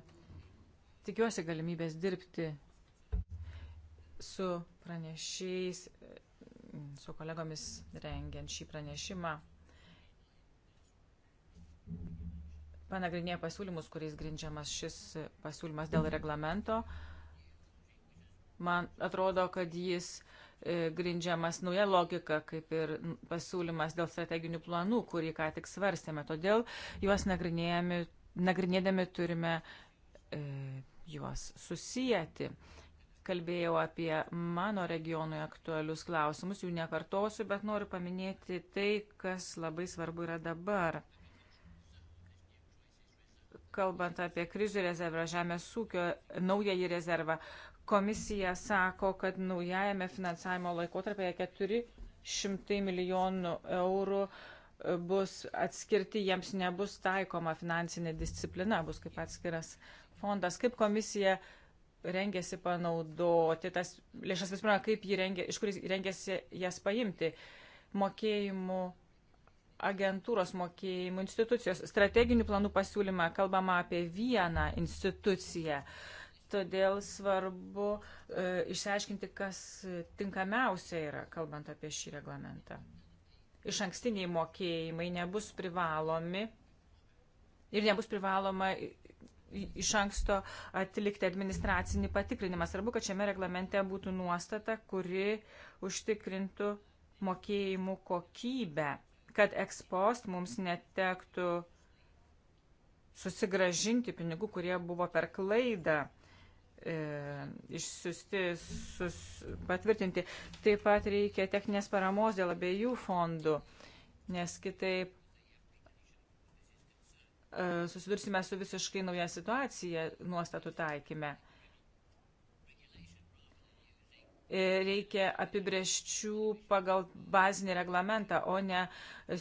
Tikiuosi galimybės dirbti su pranešiais, e, su kolegomis rengiant šį pranešimą. panagrinėję pasiūlymus, kuriais grindžiamas šis pasiūlymas dėl reglamento. Man atrodo, kad jis e, grindžiamas nauja logika, kaip ir pasiūlymas dėl strateginių planų, kurį ką tik svarstėme. Todėl juos nagrinėdami turime e, juos susijęti. Kalbėjau apie mano regionui aktualius klausimus, jų nekartosiu, bet noriu paminėti tai, kas labai svarbu yra dabar kalbant apie krizių rezervą, žemės ūkio naująjį rezervą, komisija sako, kad naujajame finansavimo laikotarpėje 400 milijonų eurų e, bus atskirti, jiems nebus taikoma finansinė disciplina, bus kaip atskiras fondas. Kaip komisija rengėsi panaudoti tas lėšas, vis pirma, kaip jį rengė, iš kur jis rengėsi jas paimti mokėjimų agentūros mokėjimų institucijos. Strateginių planų pasiūlymą kalbama apie vieną instituciją. Todėl svarbu e, išsiaiškinti, kas tinkamiausia yra, kalbant apie šį reglamentą. Iš ankstiniai mokėjimai nebus privalomi ir nebus privaloma iš anksto atlikti administracinį patikrinimą. Svarbu, kad šiame reglamente būtų nuostata, kuri užtikrintų mokėjimų kokybę kad ekspost mums netektų susigražinti pinigų, kurie buvo per klaidą e, išsiusti, sus, patvirtinti. Taip pat reikia techninės paramos dėl abiejų fondų, nes kitaip e, susidursime su visiškai nauja situacija nuostatų taikyme. E, reikia apibrėžčių pagal bazinį reglamentą, o ne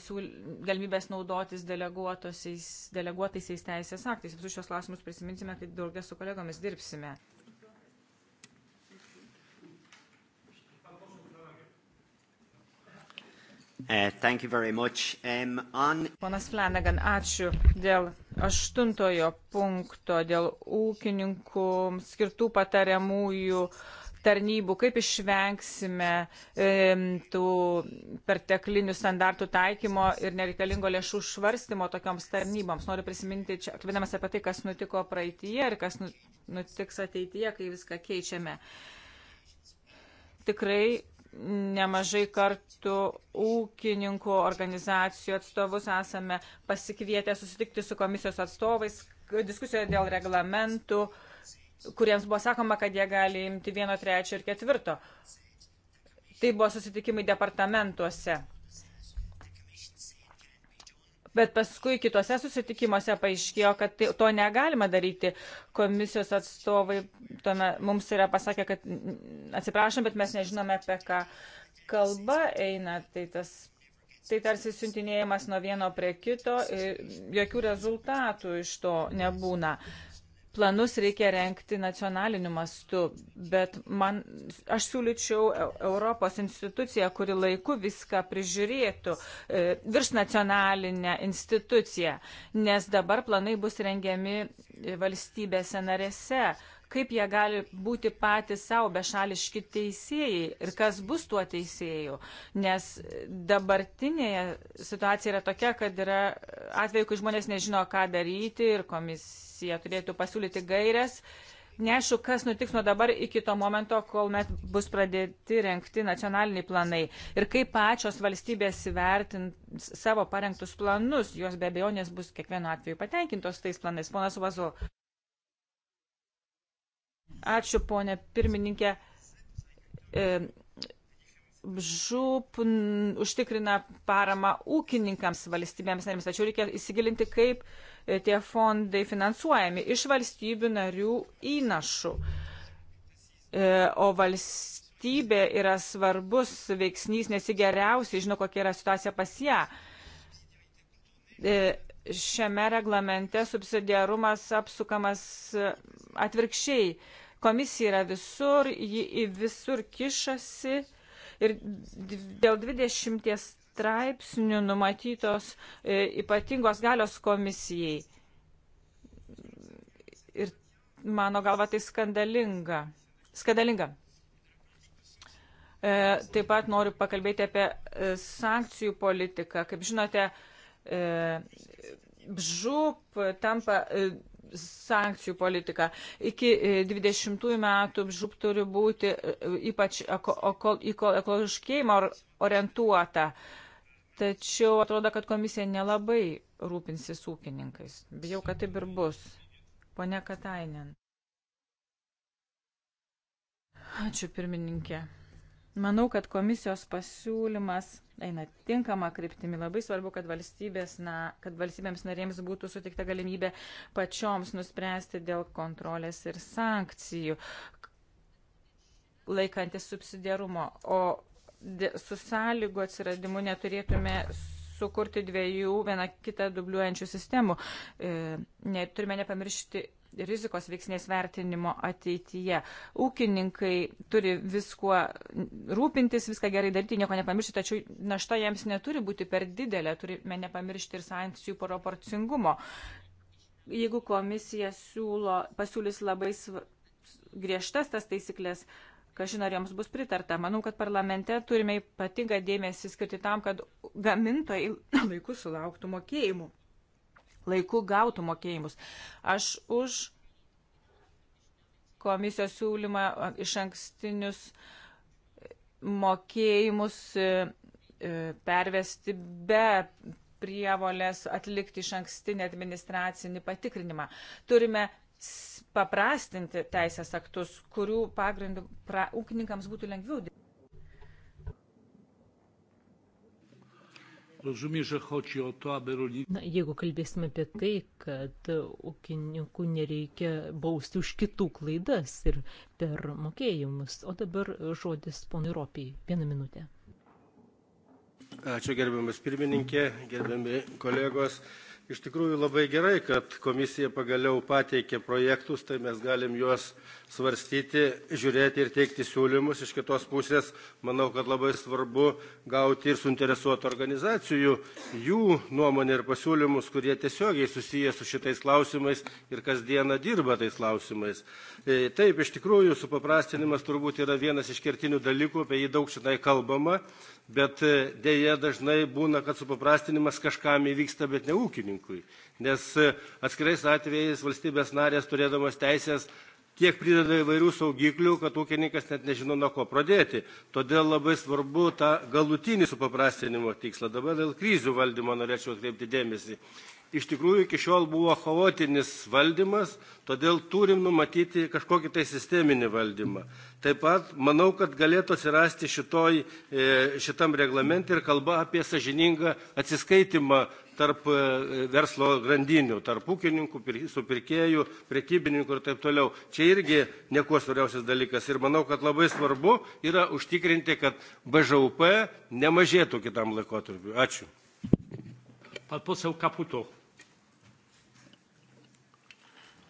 siūl... galimybės naudotis deleguotaisiais teisės aktais. Visus šios klausimus prisiminsime, kai draugė su kolegomis dirbsime. Uh, um, on... Ponas Flanagan, ačiū dėl aštuntojo punkto, dėl ūkininkų skirtų patariamųjų uh, tarnybų, kaip išvengsime e, tų perteklinių standartų taikymo ir nereikalingo lėšų švarstimo tokioms tarnyboms. Noriu prisiminti, čia kalbėdamas apie tai, kas nutiko praeitie ir kas nu, nutiks ateityje, kai viską keičiame. Tikrai nemažai kartų ūkininkų organizacijų atstovus esame pasikvietę susitikti su komisijos atstovais diskusijoje dėl reglamentų. E, kuriems buvo sakoma, kad jie gali imti vieno, trečio ir ketvirto. Tai buvo susitikimai departamentuose. Bet paskui kitose susitikimuose paaiškėjo, kad tai, to negalima daryti. Komisijos atstovai tome, mums yra pasakę, kad atsiprašom, bet mes nežinome, apie ką kalba eina. Tai, tas, tai tarsi siuntinėjimas nuo vieno prie kito ir jokių rezultatų iš to nebūna. Uh, planus reikia renkti nacionaliniu mastu, bet man, aš siūlyčiau Europos instituciją, kuri laiku viską prižiūrėtų, e, virš nacionalinę instituciją, nes dabar planai bus rengiami valstybėse narėse kaip jie gali būti patys savo bešališki teisėjai ir kas bus tuo teisėju. Nes dabartinėje situacija yra tokia, kad yra atveju, kai žmonės nežino, ką daryti ir komisija turėtų pasiūlyti gairias. Neaišku, kas nutiks nuo dabar iki to momento, kol met bus pradėti renkti nacionaliniai planai ir kaip pačios valstybės įvertins savo parengtus planus, jos be abejonės bus kiekvienu atveju patenkintos tais planais. Ponas Vazo. Ačiū, ponė pirmininkė. E, ŽUP užtikrina paramą ūkininkams valstybėms narėms, tačiau reikia įsigilinti, kaip e, tie fondai finansuojami iš valstybių narių įnašų. E, o valstybė yra svarbus veiksnys, nes ji geriausiai žino, kokia yra situacija pas ją šiame reglamente subsidiarumas apsukamas atvirkščiai. Komisija yra visur, ji į visur kišasi ir dėl 20 straipsnių numatytos e, ypatingos galios komisijai. Ir mano galva tai skandalinga. Skandalinga. E, taip pat noriu pakalbėti apie e, sankcijų politiką. Kaip žinote, BŽUP tampa sankcijų politiką. Iki 20 e, metų žup turi būti e, ypač ekologiškėjimą orientuota. Tačiau atrodo, kad komisija nelabai rūpinsis ūkininkais. Bijau, kad taip ir bus. Pone Katainen. Ačiū pirmininkė. Manau, kad komisijos pasiūlymas eina tinkama kryptimi. Labai svarbu, kad, na, kad valstybėms narėms būtų sutikta galimybė pačioms nuspręsti dėl kontrolės ir sankcijų, laikantis subsidiarumo. O su sąlygu atsiradimu neturėtume sukurti dviejų vieną kitą dubliuojančių sistemų. E, ne, turime nepamiršti rizikos veiksnės vertinimo ateityje. Ūkininkai turi viskuo rūpintis, viską gerai daryti, nieko nepamiršti, tačiau našta jiems neturi būti per didelė, turime nepamiršti ir sankcijų proporcingumo. Jeigu komisija siūlo, pasiūlys labai griežtas tas taisyklės, kažin ar joms bus pritarta. Manau, kad parlamente turime ypatingą dėmesį skirti tam, kad gamintojai laiku sulauktų mokėjimų laiku gautų mokėjimus. Aš už komisijos siūlymą iš ankstinius mokėjimus e, e, pervesti be prievolės atlikti iš ankstinį administracinį patikrinimą. Turime paprastinti teisės aktus, kurių pagrindų pra, ūkininkams būtų lengviau dirbti. Na, jeigu kalbėsime apie tai, kad ūkininkų nereikia bausti už kitų klaidas ir per mokėjimus, o dabar žodis ponui Ropijai. Vieną minutę. Ačiū gerbiamas pirmininkė, gerbiami kolegos. Iš tikrųjų labai gerai, kad komisija pagaliau pateikė projektus, tai mes galim juos svarstyti, žiūrėti ir teikti siūlymus. Iš kitos pusės, manau, kad labai svarbu gauti ir suinteresuotų organizacijų jų nuomonę ir pasiūlymus, kurie tiesiogiai susiję su šitais klausimais ir kasdieną dirba tais klausimais. E, taip, iš tikrųjų, supaprastinimas turbūt yra vienas iš kertinių dalykų, apie jį daug šitai kalbama bet e, dėja dažnai būna, kad supaprastinimas kažkam įvyksta, bet ne ūkininkui. Nes e, atskirais atvejais valstybės narės turėdamas teisės tiek prideda įvairių saugiklių, kad ūkininkas net nežino, nuo ko pradėti. Todėl labai svarbu tą galutinį supaprastinimo tikslą. Dabar dėl krizių valdymo norėčiau atkreipti dėmesį iš tikrųjų iki šiol buvo chaotinis valdymas, todėl turim numatyti kažkokį tai sisteminį valdymą. Taip pat manau, kad galėtų atsirasti šitoj, e, šitam reglamente ir kalba apie sažiningą atsiskaitimą tarp e, verslo grandinių, tarp ūkininkų, supirkėjų, prekybininkų ir taip toliau. Čia irgi nieko svarbiausias dalykas. Ir manau, kad labai svarbu yra užtikrinti, kad BŽUP nemažėtų kitam laikotarpiu. Ačiū. Pan poseł Kaputo.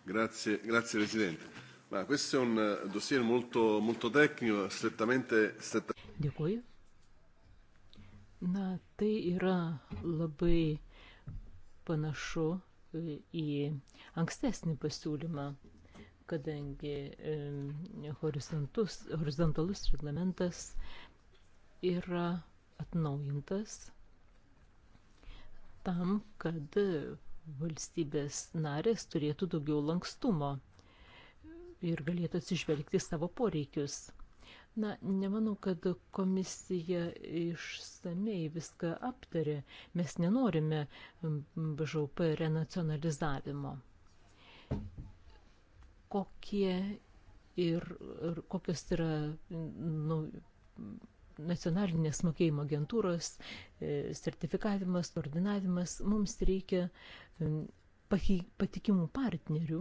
Grazie, grazie Presidente. Ma questo è un eh, dossier molto, molto tecnico, strettamente... strettamente... Dėkuoju. Na, tai yra labai panašu e, į ankstesnį pasiūlymą, kadangi e, horizontalus reglamentas yra atnaujintas tam, kad valstybės narės turėtų daugiau lankstumo ir galėtų atsižvelgti savo poreikius. Na, nemanau, kad komisija išsamei viską aptarė. Mes nenorime BŽP renacionalizavimo. Kokie ir, ir kokios yra nu, nacionalinės mokėjimo agentūros, e, sertifikavimas, koordinavimas, mums reikia e, patikimų partnerių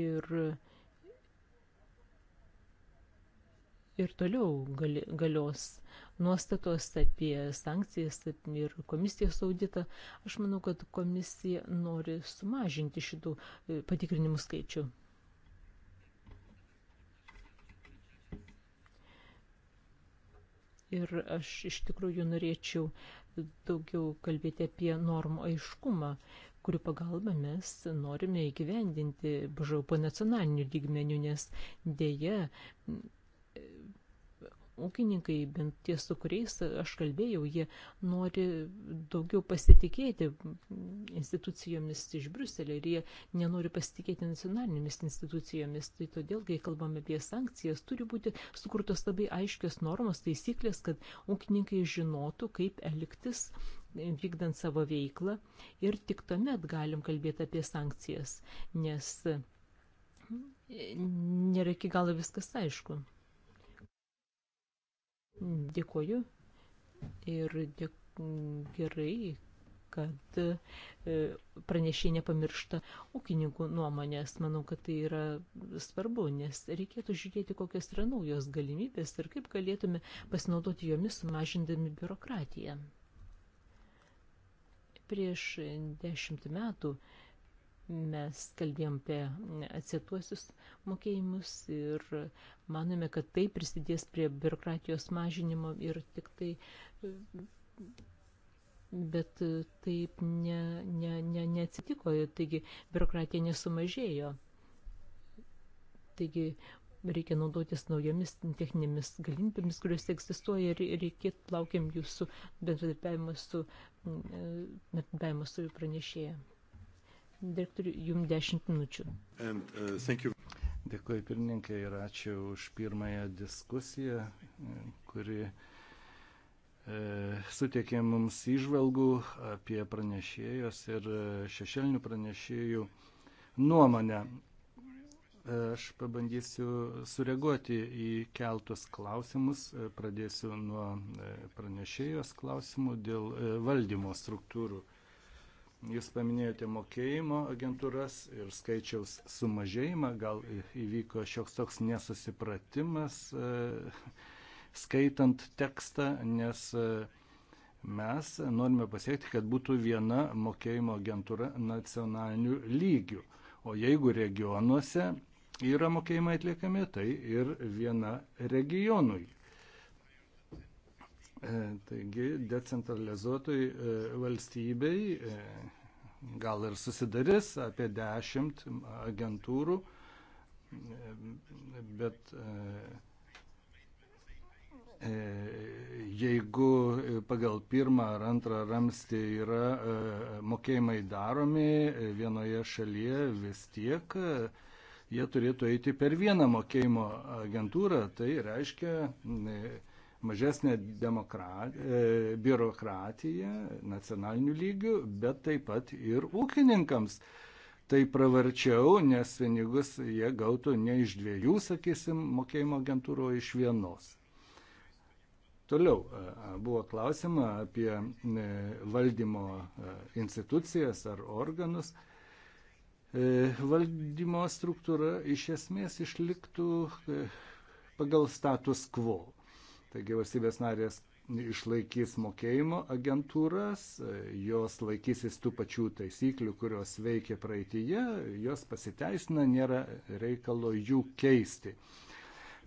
ir, ir toliau gali, galios nuostatos apie sankcijas ir komisijos auditą. Aš manau, kad komisija nori sumažinti šitų e, patikrinimų skaičių. Ir aš iš tikrųjų norėčiau daugiau kalbėti apie normų aiškumą, kurių pagalba mes norime įgyvendinti BŽP nacionalinių lygmenių, nes dėja ūkininkai, bent tie, su kuriais aš kalbėjau, jie nori daugiau pasitikėti institucijomis iš Bruselio ir jie nenori pasitikėti nacionalinėmis institucijomis. Tai todėl, kai kalbame apie sankcijas, turi būti sukurtos labai aiškios normos, taisyklės, kad ūkininkai žinotų, kaip elgtis vykdant savo veiklą ir tik tuomet galim kalbėti apie sankcijas, nes nėra iki galo viskas aišku. Mm, dėkoju ir dėk... Mm, gerai, kad e, pranešiai nepamiršta ūkininkų nuomonės. Manau, kad tai yra svarbu, nes reikėtų žiūrėti, kokios yra naujos galimybės ir kaip galėtume pasinaudoti jomis sumažindami biurokratiją. Prieš dešimt metų mes kalbėjom apie atsituosius mokėjimus ir manome, kad tai prisidės prie biurokratijos mažinimo ir tik tai, bet taip ne, ne, ne, neatsitiko, taigi biurokratija nesumažėjo. Taigi reikia naudotis naujomis techninėmis galimybėmis, kurios egzistuoja ir reikėtų laukiam jūsų bendradarbiavimo su, mm, e, su pranešėja direktoriui jums 10 minučių. And, uh, Dėkuoju pirmininkai ir ačiū už pirmąją diskusiją, kuri e, suteikė mums įžvalgų apie pranešėjos ir e, šešelinių pranešėjų nuomonę. E, aš pabandysiu sureaguoti į keltus klausimus. E, pradėsiu nuo pranešėjos klausimų dėl valdymo struktūrų. Jūs paminėjote mokėjimo agentūras ir skaičiaus sumažėjimą, gal įvyko šioks toks nesusipratimas e, skaitant tekstą, nes e, mes norime pasiekti, kad būtų viena mokėjimo agentūra nacionalinių lygių. O jeigu regionuose yra mokėjimai atliekami, tai ir viena regionui. E, taigi decentralizuotojai valstybei gal ir susidarys apie dešimt agentūrų, bet e, jeigu pagal pirmą ar antrą ramstį yra e, mokėjimai daromi vienoje šalyje, vis tiek e, jie turėtų eiti per vieną mokėjimo agentūrą, tai reiškia mažesnę e, biurokratiją nacionaliniu lygiu, bet taip pat ir ūkininkams. Tai pravarčiau, nes pinigus jie gautų ne iš dviejų, sakysim, mokėjimo agentūro, iš vienos. Toliau e, buvo klausima apie e, valdymo institucijas ar organus valdymo struktūra iš esmės išliktų pagal status quo. Taigi valstybės narės išlaikys mokėjimo agentūras, jos laikysis tų pačių taisyklių, kurios veikia praeitįje, jos pasiteisina, nėra reikalo jų keisti.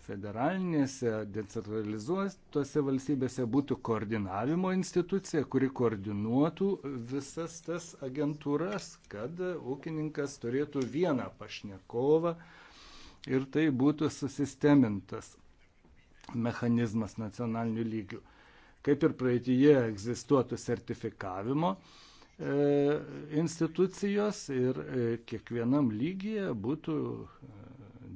Federalinėse, decentralizuotose valstybėse būtų koordinavimo institucija, kuri koordinuotų visas tas agentūras, kad ūkininkas turėtų vieną pašnekovą ir tai būtų susistemintas mechanizmas nacionaliniu lygiu. Kaip ir praeitie egzistuotų sertifikavimo e, institucijos ir e, kiekvienam lygyje būtų e,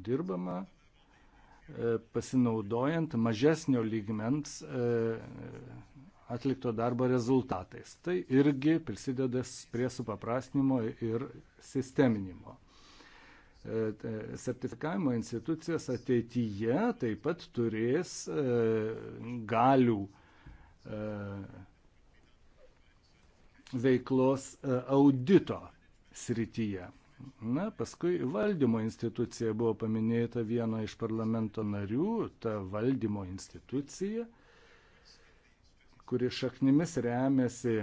dirbama e, pasinaudojant mažesnio lygmens e, atlikto darbo rezultatais. Tai irgi prisideda prie supaprastinimo ir sisteminimo. E, sertifikavimo institucijos ateityje taip pat turės e, galių e, veiklos audito srityje. Na, paskui valdymo institucija buvo paminėta vieno iš parlamento narių, ta valdymo institucija, kuri šaknimis remiasi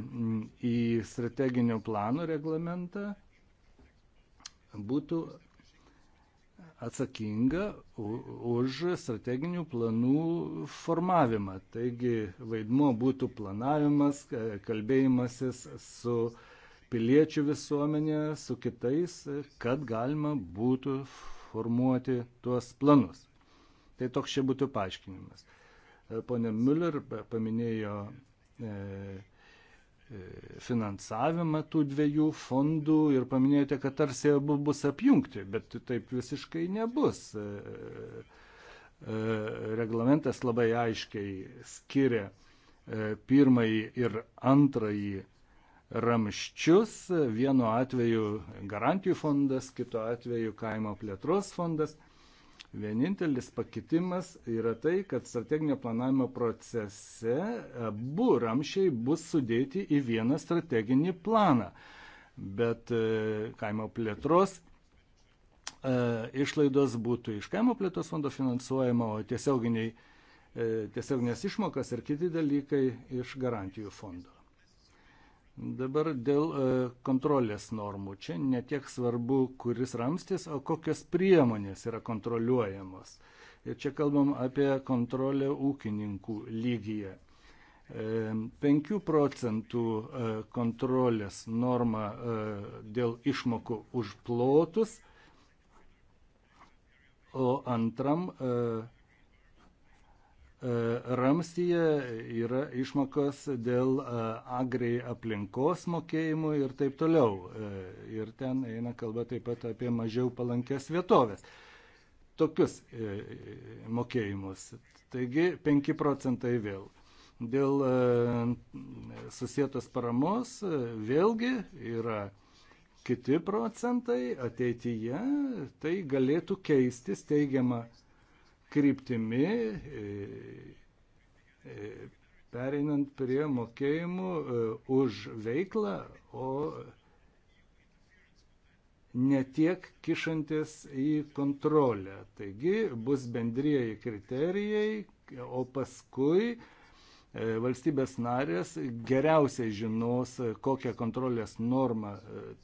į strateginio plano reglamentą, būtų atsakinga už strateginių planų formavimą. Taigi vaidmuo būtų planavimas, e, kalbėjimasis su piliečių visuomenė, su kitais, kad galima būtų formuoti tuos planus. Tai toks čia būtų paaiškinimas. E, Pone Müller paminėjo e, finansavimą tų dviejų fondų ir paminėjote, kad tarsi abu bus apjungti, bet taip visiškai nebus. E, e, reglamentas labai aiškiai skiria e, pirmąjį ir antrąjį ramščius. Vienu atveju garantijų fondas, kitu atveju kaimo plėtros fondas – Vienintelis pakitimas yra tai, kad strateginio planavimo procese abu ramšiai bus sudėti į vieną strateginį planą. Bet e, kaimo plėtros e, išlaidos būtų iš kaimo plėtos fondo finansuojama, o tiesioginiai, e, tiesioginės išmokas ir kiti dalykai iš garantijų fondo. Dabar dėl e, kontrolės normų. Čia netiek svarbu, kuris ramstis, o kokios priemonės yra kontroliuojamos. Ir čia kalbam apie kontrolę ūkininkų lygyje. 5 e, procentų e, kontrolės norma dėl išmokų už plotus, o antram E, ramstyje yra išmokos dėl e, agrai aplinkos mokėjimų ir taip toliau. E, ir ten eina kalba taip pat apie mažiau palankės vietovės. Tokius mokėjimus. Taigi 5 procentai vėl. Dėl susietos paramos vėlgi yra kiti procentai ateityje, tai galėtų keistis teigiama kryptimi, e, e, pereinant prie mokėjimų e, už veiklą, o netiek kišantis į kontrolę. Taigi bus bendrieji kriterijai, o paskui valstybės narės geriausiai žinos, kokią kontrolės normą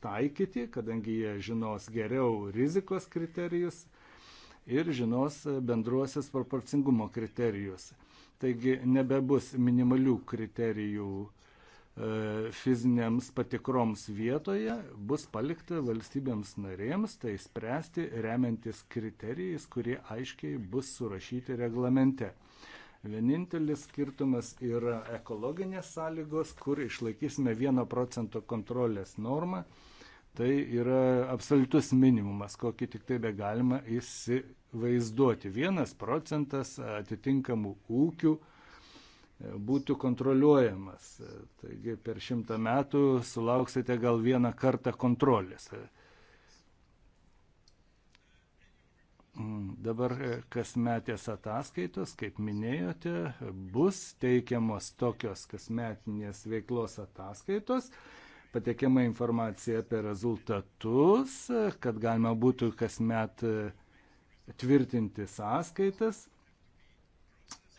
taikyti, kadangi jie žinos geriau rizikos kriterijus ir žinos bendruosius proporcingumo kriterijus. Taigi nebebus minimalių kriterijų e, fizinėms patikroms vietoje bus palikta valstybėms narėms tai spręsti remiantis kriterijais, kurie aiškiai bus surašyti reglamente. Vienintelis skirtumas yra ekologinės sąlygos, kur išlaikysime 1 procento kontrolės normą Tai yra absoliutus minimumas, kokį tik tai begalima įsivaizduoti. Vienas procentas atitinkamų ūkių būtų kontroliuojamas. Taigi per šimtą metų sulauksite gal vieną kartą kontrolės. Dabar kasmetės ataskaitos, kaip minėjote, bus teikiamos tokios kasmetinės veiklos ataskaitos patekima informacija apie rezultatus, kad galima būtų kasmet e, tvirtinti sąskaitas.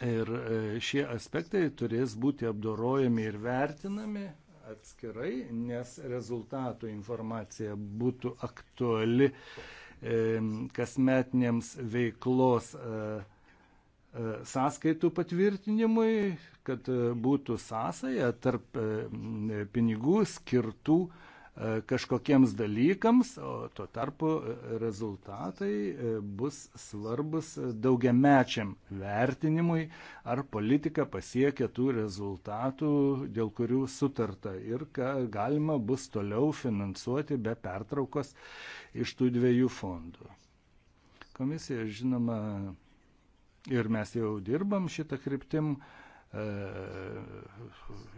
Ir e, šie aspektai turės būti apdorojami ir vertinami atskirai, nes rezultatų informacija būtų aktuali e, kasmetinėms veiklos uh, E, sąskaitų patvirtinimui, kad e, būtų sąsaja tarp e, pinigų skirtų kažkokiems dalykams, o tuo tarpu rezultatai bus svarbus daugiamečiam vertinimui, ar politika pasiekia tų rezultatų, dėl kurių sutarta ir ką galima bus toliau finansuoti be pertraukos iš tų dviejų fondų. Komisija, žinoma, ir mes jau dirbam šitą kryptim. E,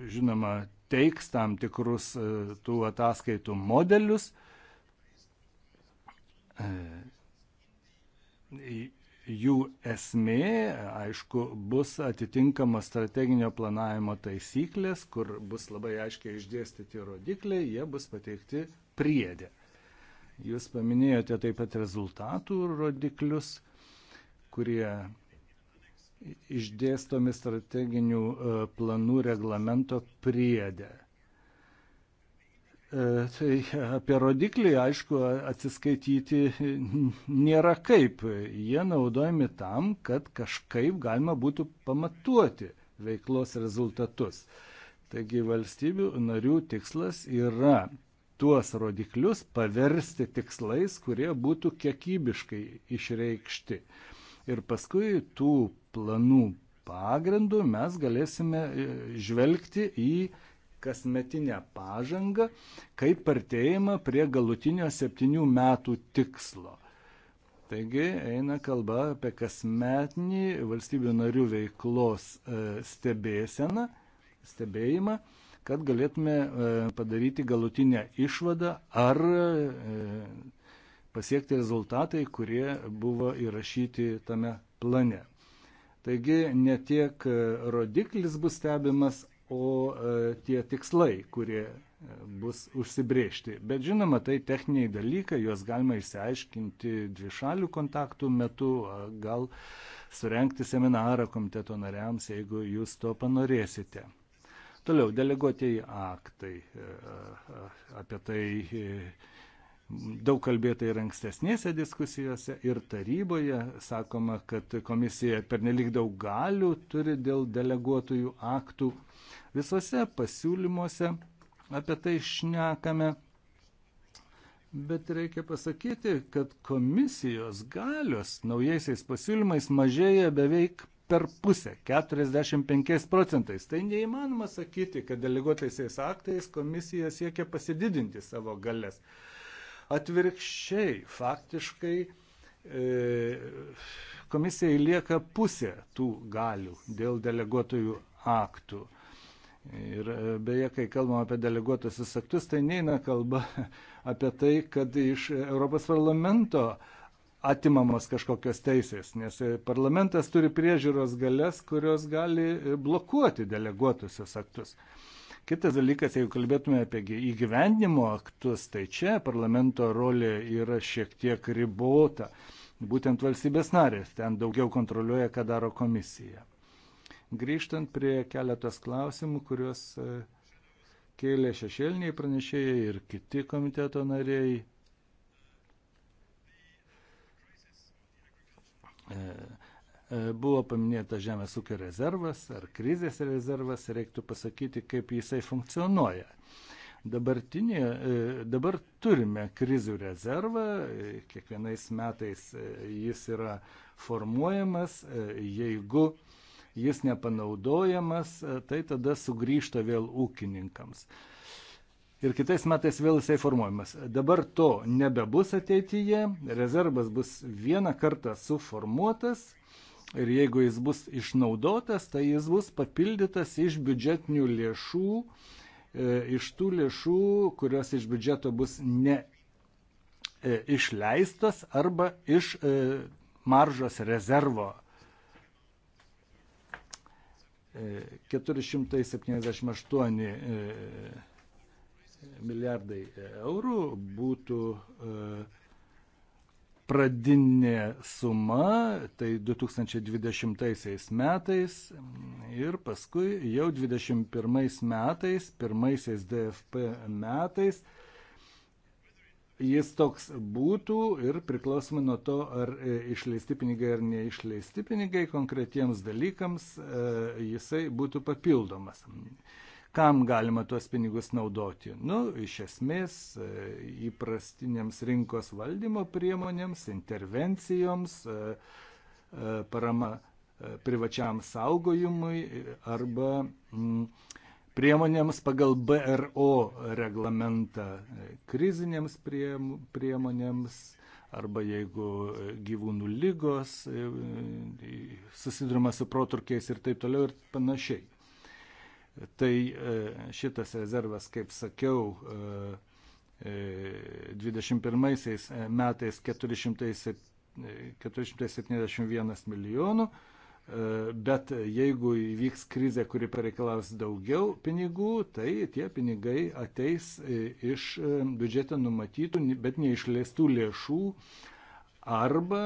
žinoma, teiks tam tikrus e, tų ataskaitų modelius. E, jų esmė, aišku, bus atitinkama strateginio planavimo taisyklės, kur bus labai aiškiai išdėstyti rodikliai, jie bus pateikti priedė. Jūs paminėjote taip pat rezultatų rodiklius, kurie išdėstomi strateginių e, planų reglamento priedė. E, tai apie rodiklį, aišku, atsiskaityti nėra kaip. Jie naudojami tam, kad kažkaip galima būtų pamatuoti veiklos rezultatus. Taigi valstybių narių tikslas yra tuos rodiklius paversti tikslais, kurie būtų kiekybiškai išreikšti. Ir paskui tų planų pagrindu mes galėsime e, žvelgti į kasmetinę pažangą, kaip partėjimą prie galutinio septynių metų tikslo. Taigi eina kalba apie kasmetinį valstybių narių veiklos e, stebėseną, stebėjimą, kad galėtume e, padaryti galutinę išvadą ar pasiekti rezultatai, kurie buvo įrašyti tame plane. Taigi ne tiek e, rodiklis bus stebimas, o e, tie tikslai, kurie e, bus užsibriežti. Bet žinoma, tai techniniai dalykai, juos galima išsiaiškinti dvišalių kontaktų metu, gal surenkti seminarą komiteto nariams, jeigu jūs to panorėsite. Toliau, deleguotieji aktai. Apie tai Daug kalbėta ir ankstesnėse diskusijose, ir taryboje sakoma, kad komisija pernelik daug galių turi dėl deleguotųjų aktų. Visose pasiūlymuose apie tai šnekame. Bet reikia pasakyti, kad komisijos galios naujaisiais pasiūlymais mažėja beveik per pusę, 45 procentais. Tai neįmanoma sakyti, kad deleguotaisiais aktais komisija siekia pasididinti savo galės. Atvirkščiai, faktiškai e, komisijai lieka pusė tų galių dėl deleguotojų aktų. Ir e, beje, kai kalbam apie deleguotusius aktus, tai neina kalba [LAUGHS] apie tai, kad iš Europos parlamento atimamos kažkokios teisės, nes parlamentas turi priežiūros galės, kurios gali blokuoti deleguotusius aktus. Kitas dalykas, jeigu kalbėtume apie įgyvendinimo aktus, tai čia parlamento rolė yra šiek tiek ribota. Būtent valstybės narės ten daugiau kontroliuoja, ką daro komisija. Grįžtant prie keletos klausimų, kuriuos e, kėlė šešėliniai pranešėjai ir kiti komiteto nariai, E, buvo paminėta žemės ūkio rezervas ar krizės rezervas, reiktų pasakyti, kaip jisai funkcionuoja. Dabartinė, e, dabar turime krizių rezervą, e, kiekvienais metais jis yra formuojamas, jeigu jis nepanaudojamas, tai tada sugrįžta vėl ūkininkams. Ir kitais metais vėl jisai formuojamas. Dabar to nebebus ateityje, rezervas bus vieną kartą suformuotas ir jeigu jis bus išnaudotas, tai jis bus papildytas iš biudžetinių lėšų, e, iš tų lėšų, kurios iš biudžeto bus ne e, išleistas arba iš e, maržos rezervo. 478 milijardai eurų būtų uh, pradinė suma, tai 2020 metais ir paskui jau 2021 metais, pirmaisiais DFP metais, jis toks būtų ir priklausomai nuo to, ar e, išleisti pinigai ar neišleisti pinigai konkretiems dalykams, e, jisai būtų papildomas kam galima tuos pinigus naudoti. Nu, iš esmės, e, įprastiniams rinkos valdymo priemonėms, intervencijoms, e, e, parama privačiam saugojimui arba mm, priemonėms pagal BRO reglamentą, krizinėms priemonėms arba jeigu gyvūnų lygos, susidurima su protrukiais ir taip toliau ir panašiai. Tai e, šitas rezervas, kaip sakiau, 21 e, e, metais 471 milijonų, bet jeigu įvyks krizė, kuri pareikalaus daugiau pinigų, tai tie pinigai ateis iš biudžeto numatytų, bet neišleistų lėšų arba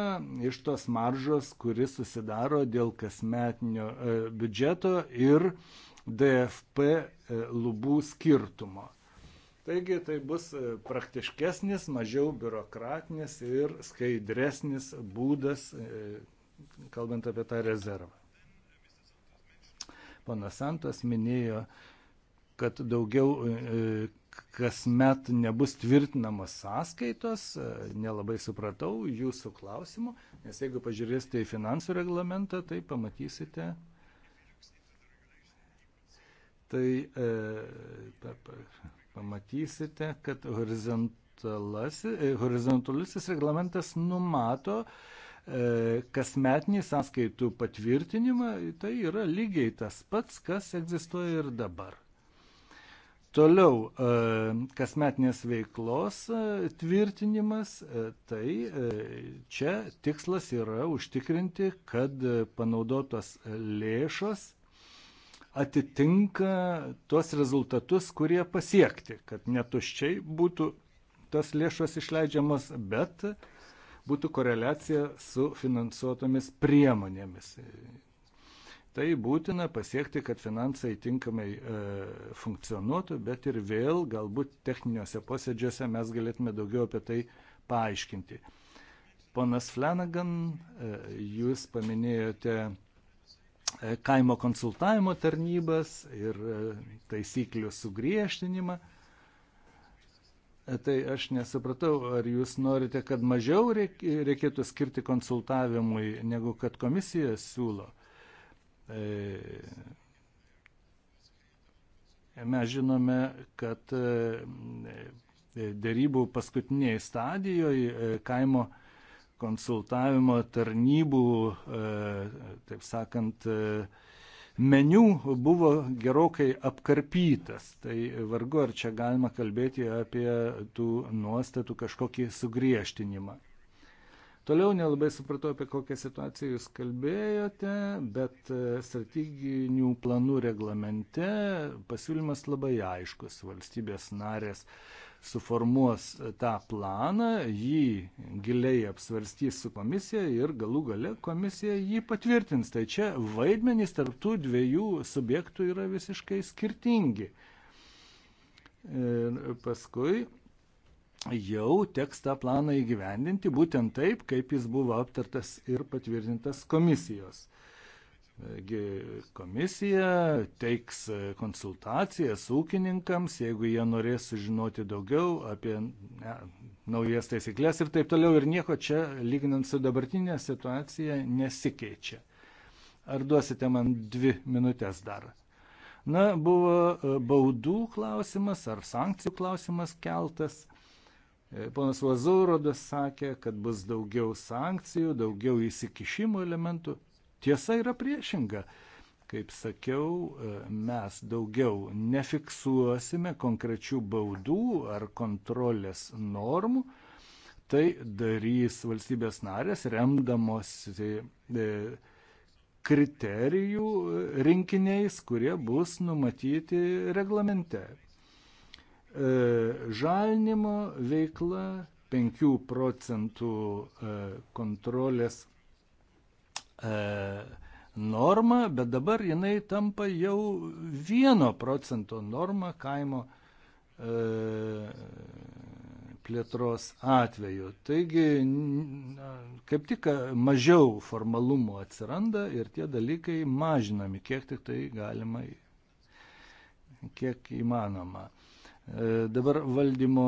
iš tos maržos, kuris susidaro dėl kasmetinio biudžeto ir DFP e, lubų skirtumo. Taigi tai bus e, praktiškesnis, mažiau biurokratinis ir skaidresnis būdas, e, kalbant apie tą rezervą. Panas Santos minėjo, kad daugiau kasmet nebus tvirtinamos sąskaitos, nelabai supratau jūsų klausimų, nes jeigu pažiūrėsite į finansų reglamentą, tai pamatysite, tai e, pamatysite, kad e, horizontalusis reglamentas numato e, kasmetinį sąskaitų patvirtinimą, tai yra lygiai tas pats, kas egzistuoja ir dabar. Toliau, e, kasmetinės veiklos e, tvirtinimas, tai čia tikslas yra užtikrinti, kad panaudotos lėšos atitinka tuos rezultatus, kurie pasiekti, kad netuščiai būtų tas lėšos išleidžiamas, bet būtų koreliacija su finansuotomis priemonėmis. Tai būtina pasiekti, kad finansai tinkamai e, funkcionuotų, bet ir vėl galbūt techniniuose posėdžiuose mes galėtume daugiau apie tai paaiškinti. Ponas Flanagan, e, jūs paminėjote E, kaimo konsultavimo tarnybas ir e, taisyklių sugriežtinimą. E, tai aš nesupratau, ar jūs norite, kad mažiau reikėtų skirti konsultavimui, negu kad komisija siūlo. Mes žinome, kad dėrybų paskutiniai stadijoje kaimo konsultavimo konsultavimo tarnybų, e, taip sakant, e, meniu buvo gerokai apkarpytas. Tai vargu ar čia galima kalbėti apie tų nuostatų kažkokį sugriežtinimą. Toliau nelabai supratau, apie kokią situaciją jūs kalbėjote, bet e, strateginių planų reglamente pasiūlymas labai aiškus. Valstybės narės suformuos tą planą, jį giliai apsvarstys su komisija ir galų gale komisija jį patvirtins. Tai čia vaidmenys tarptų dviejų subjektų yra visiškai skirtingi. Ir paskui jau teks tą planą įgyvendinti būtent taip, kaip jis buvo aptartas ir patvirtintas komisijos komisija teiks konsultacijas ūkininkams, jeigu jie norės sužinoti daugiau apie ne, naujas taisyklės ir taip toliau. Ir nieko čia, lyginant su dabartinė situacija, nesikeičia. Ar duosite man dvi minutės dar? Na, buvo e, baudų klausimas ar sankcijų klausimas keltas. E, ponas Vazaurodas sakė, kad bus daugiau sankcijų, daugiau įsikišimo elementų. Tiesa yra priešinga. Kaip sakiau, e, mes daugiau nefiksuosime konkrečių baudų ar kontrolės normų, tai darys valstybės narės remdamosi e, kriterijų e, rinkiniais, kurie bus numatyti reglamente. Žalinimo veikla 5 procentų kontrolės E, norma, bet dabar jinai tampa jau vieno procento norma kaimo e, plėtros atveju. Taigi, kaip tik e, mažiau formalumų atsiranda ir tie dalykai mažinami, kiek tik tai galima, kiek įmanoma. E, dabar valdymo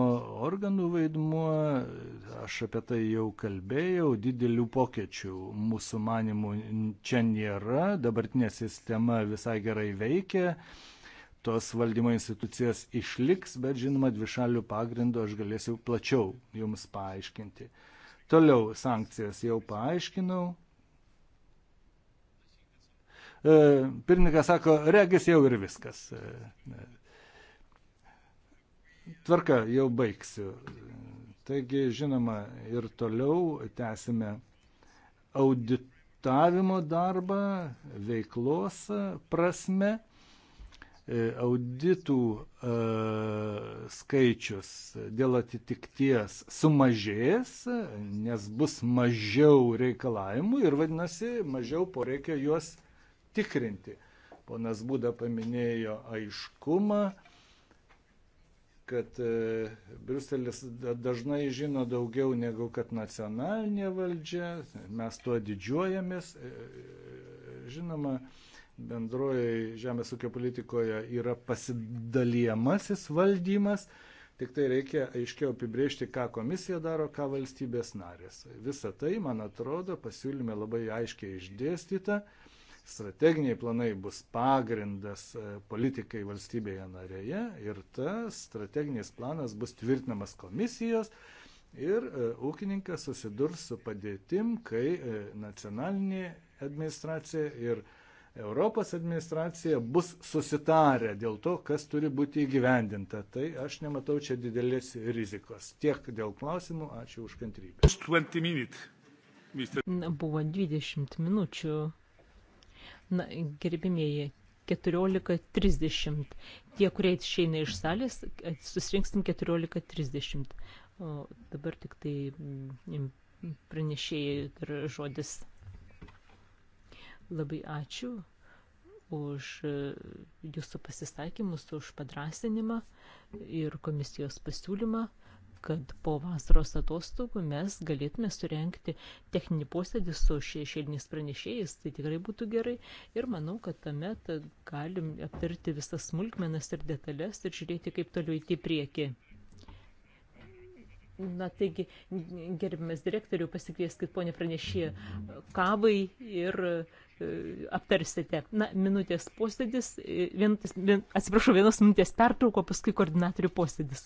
organų vaidmuo, aš apie tai jau kalbėjau, didelių pokyčių mūsų manimų čia nėra, dabartinė sistema visai gerai veikia, tos valdymo institucijas išliks, bet žinoma, dvišalių pagrindų aš galėsiu plačiau jums paaiškinti. Toliau sankcijas jau paaiškinau. E, pirmininkas sako, regis jau ir viskas. E, Tvarka, jau baigsiu. Taigi, žinoma, ir toliau tęsime auditavimo darbą veiklos prasme e, auditų e, skaičius dėl atitikties sumažės, nes bus mažiau reikalavimų ir vadinasi, mažiau poreikia juos tikrinti. Ponas Būda paminėjo aiškumą, kad e, Bruselis dažnai žino daugiau negu kad nacionalinė valdžia, mes tuo didžiuojamės. E, e, žinoma, bendroje žemės ūkio politikoje yra pasidalijamasis valdymas, tik tai reikia aiškiau apibriežti, ką komisija daro, ką valstybės narės. Visą tai, man atrodo, pasiūlyme labai aiškiai išdėstyta strateginiai planai bus pagrindas e, politikai valstybėje narėje ir tas strateginis planas bus tvirtinamas komisijos ir e, ūkininkas susidurs su padėtim, kai e, nacionalinė administracija ir Europos administracija bus susitarę dėl to, kas turi būti įgyvendinta. Tai aš nematau čia didelės rizikos. Tiek dėl klausimų, ačiū už kantrybę. Buvo 20 minučių Na, gerbimieji, 14.30. Tie, kurie išeina iš salės, susirinksim 14.30. O dabar tik tai mm, pranešėjai ir žodis. Labai ačiū už e, jūsų pasisakymus, už padrasinimą ir komisijos pasiūlymą kad po vasaros atostogų mes galėtume surenkti techninį posėdį su šešėliniais pranešėjais, tai tikrai būtų gerai. Ir manau, kad tame galim aptarti visas smulkmenas ir detalės ir žiūrėti, kaip toliau įti priekį. Na taigi, gerbimas direktorių, pasikvieskit ponė pranešėją kavai ir e, aptarsite. Na, minutės posėdis, e, vien, vien, atsiprašau, vienos minutės pertrauko, paskui koordinatorių posėdis.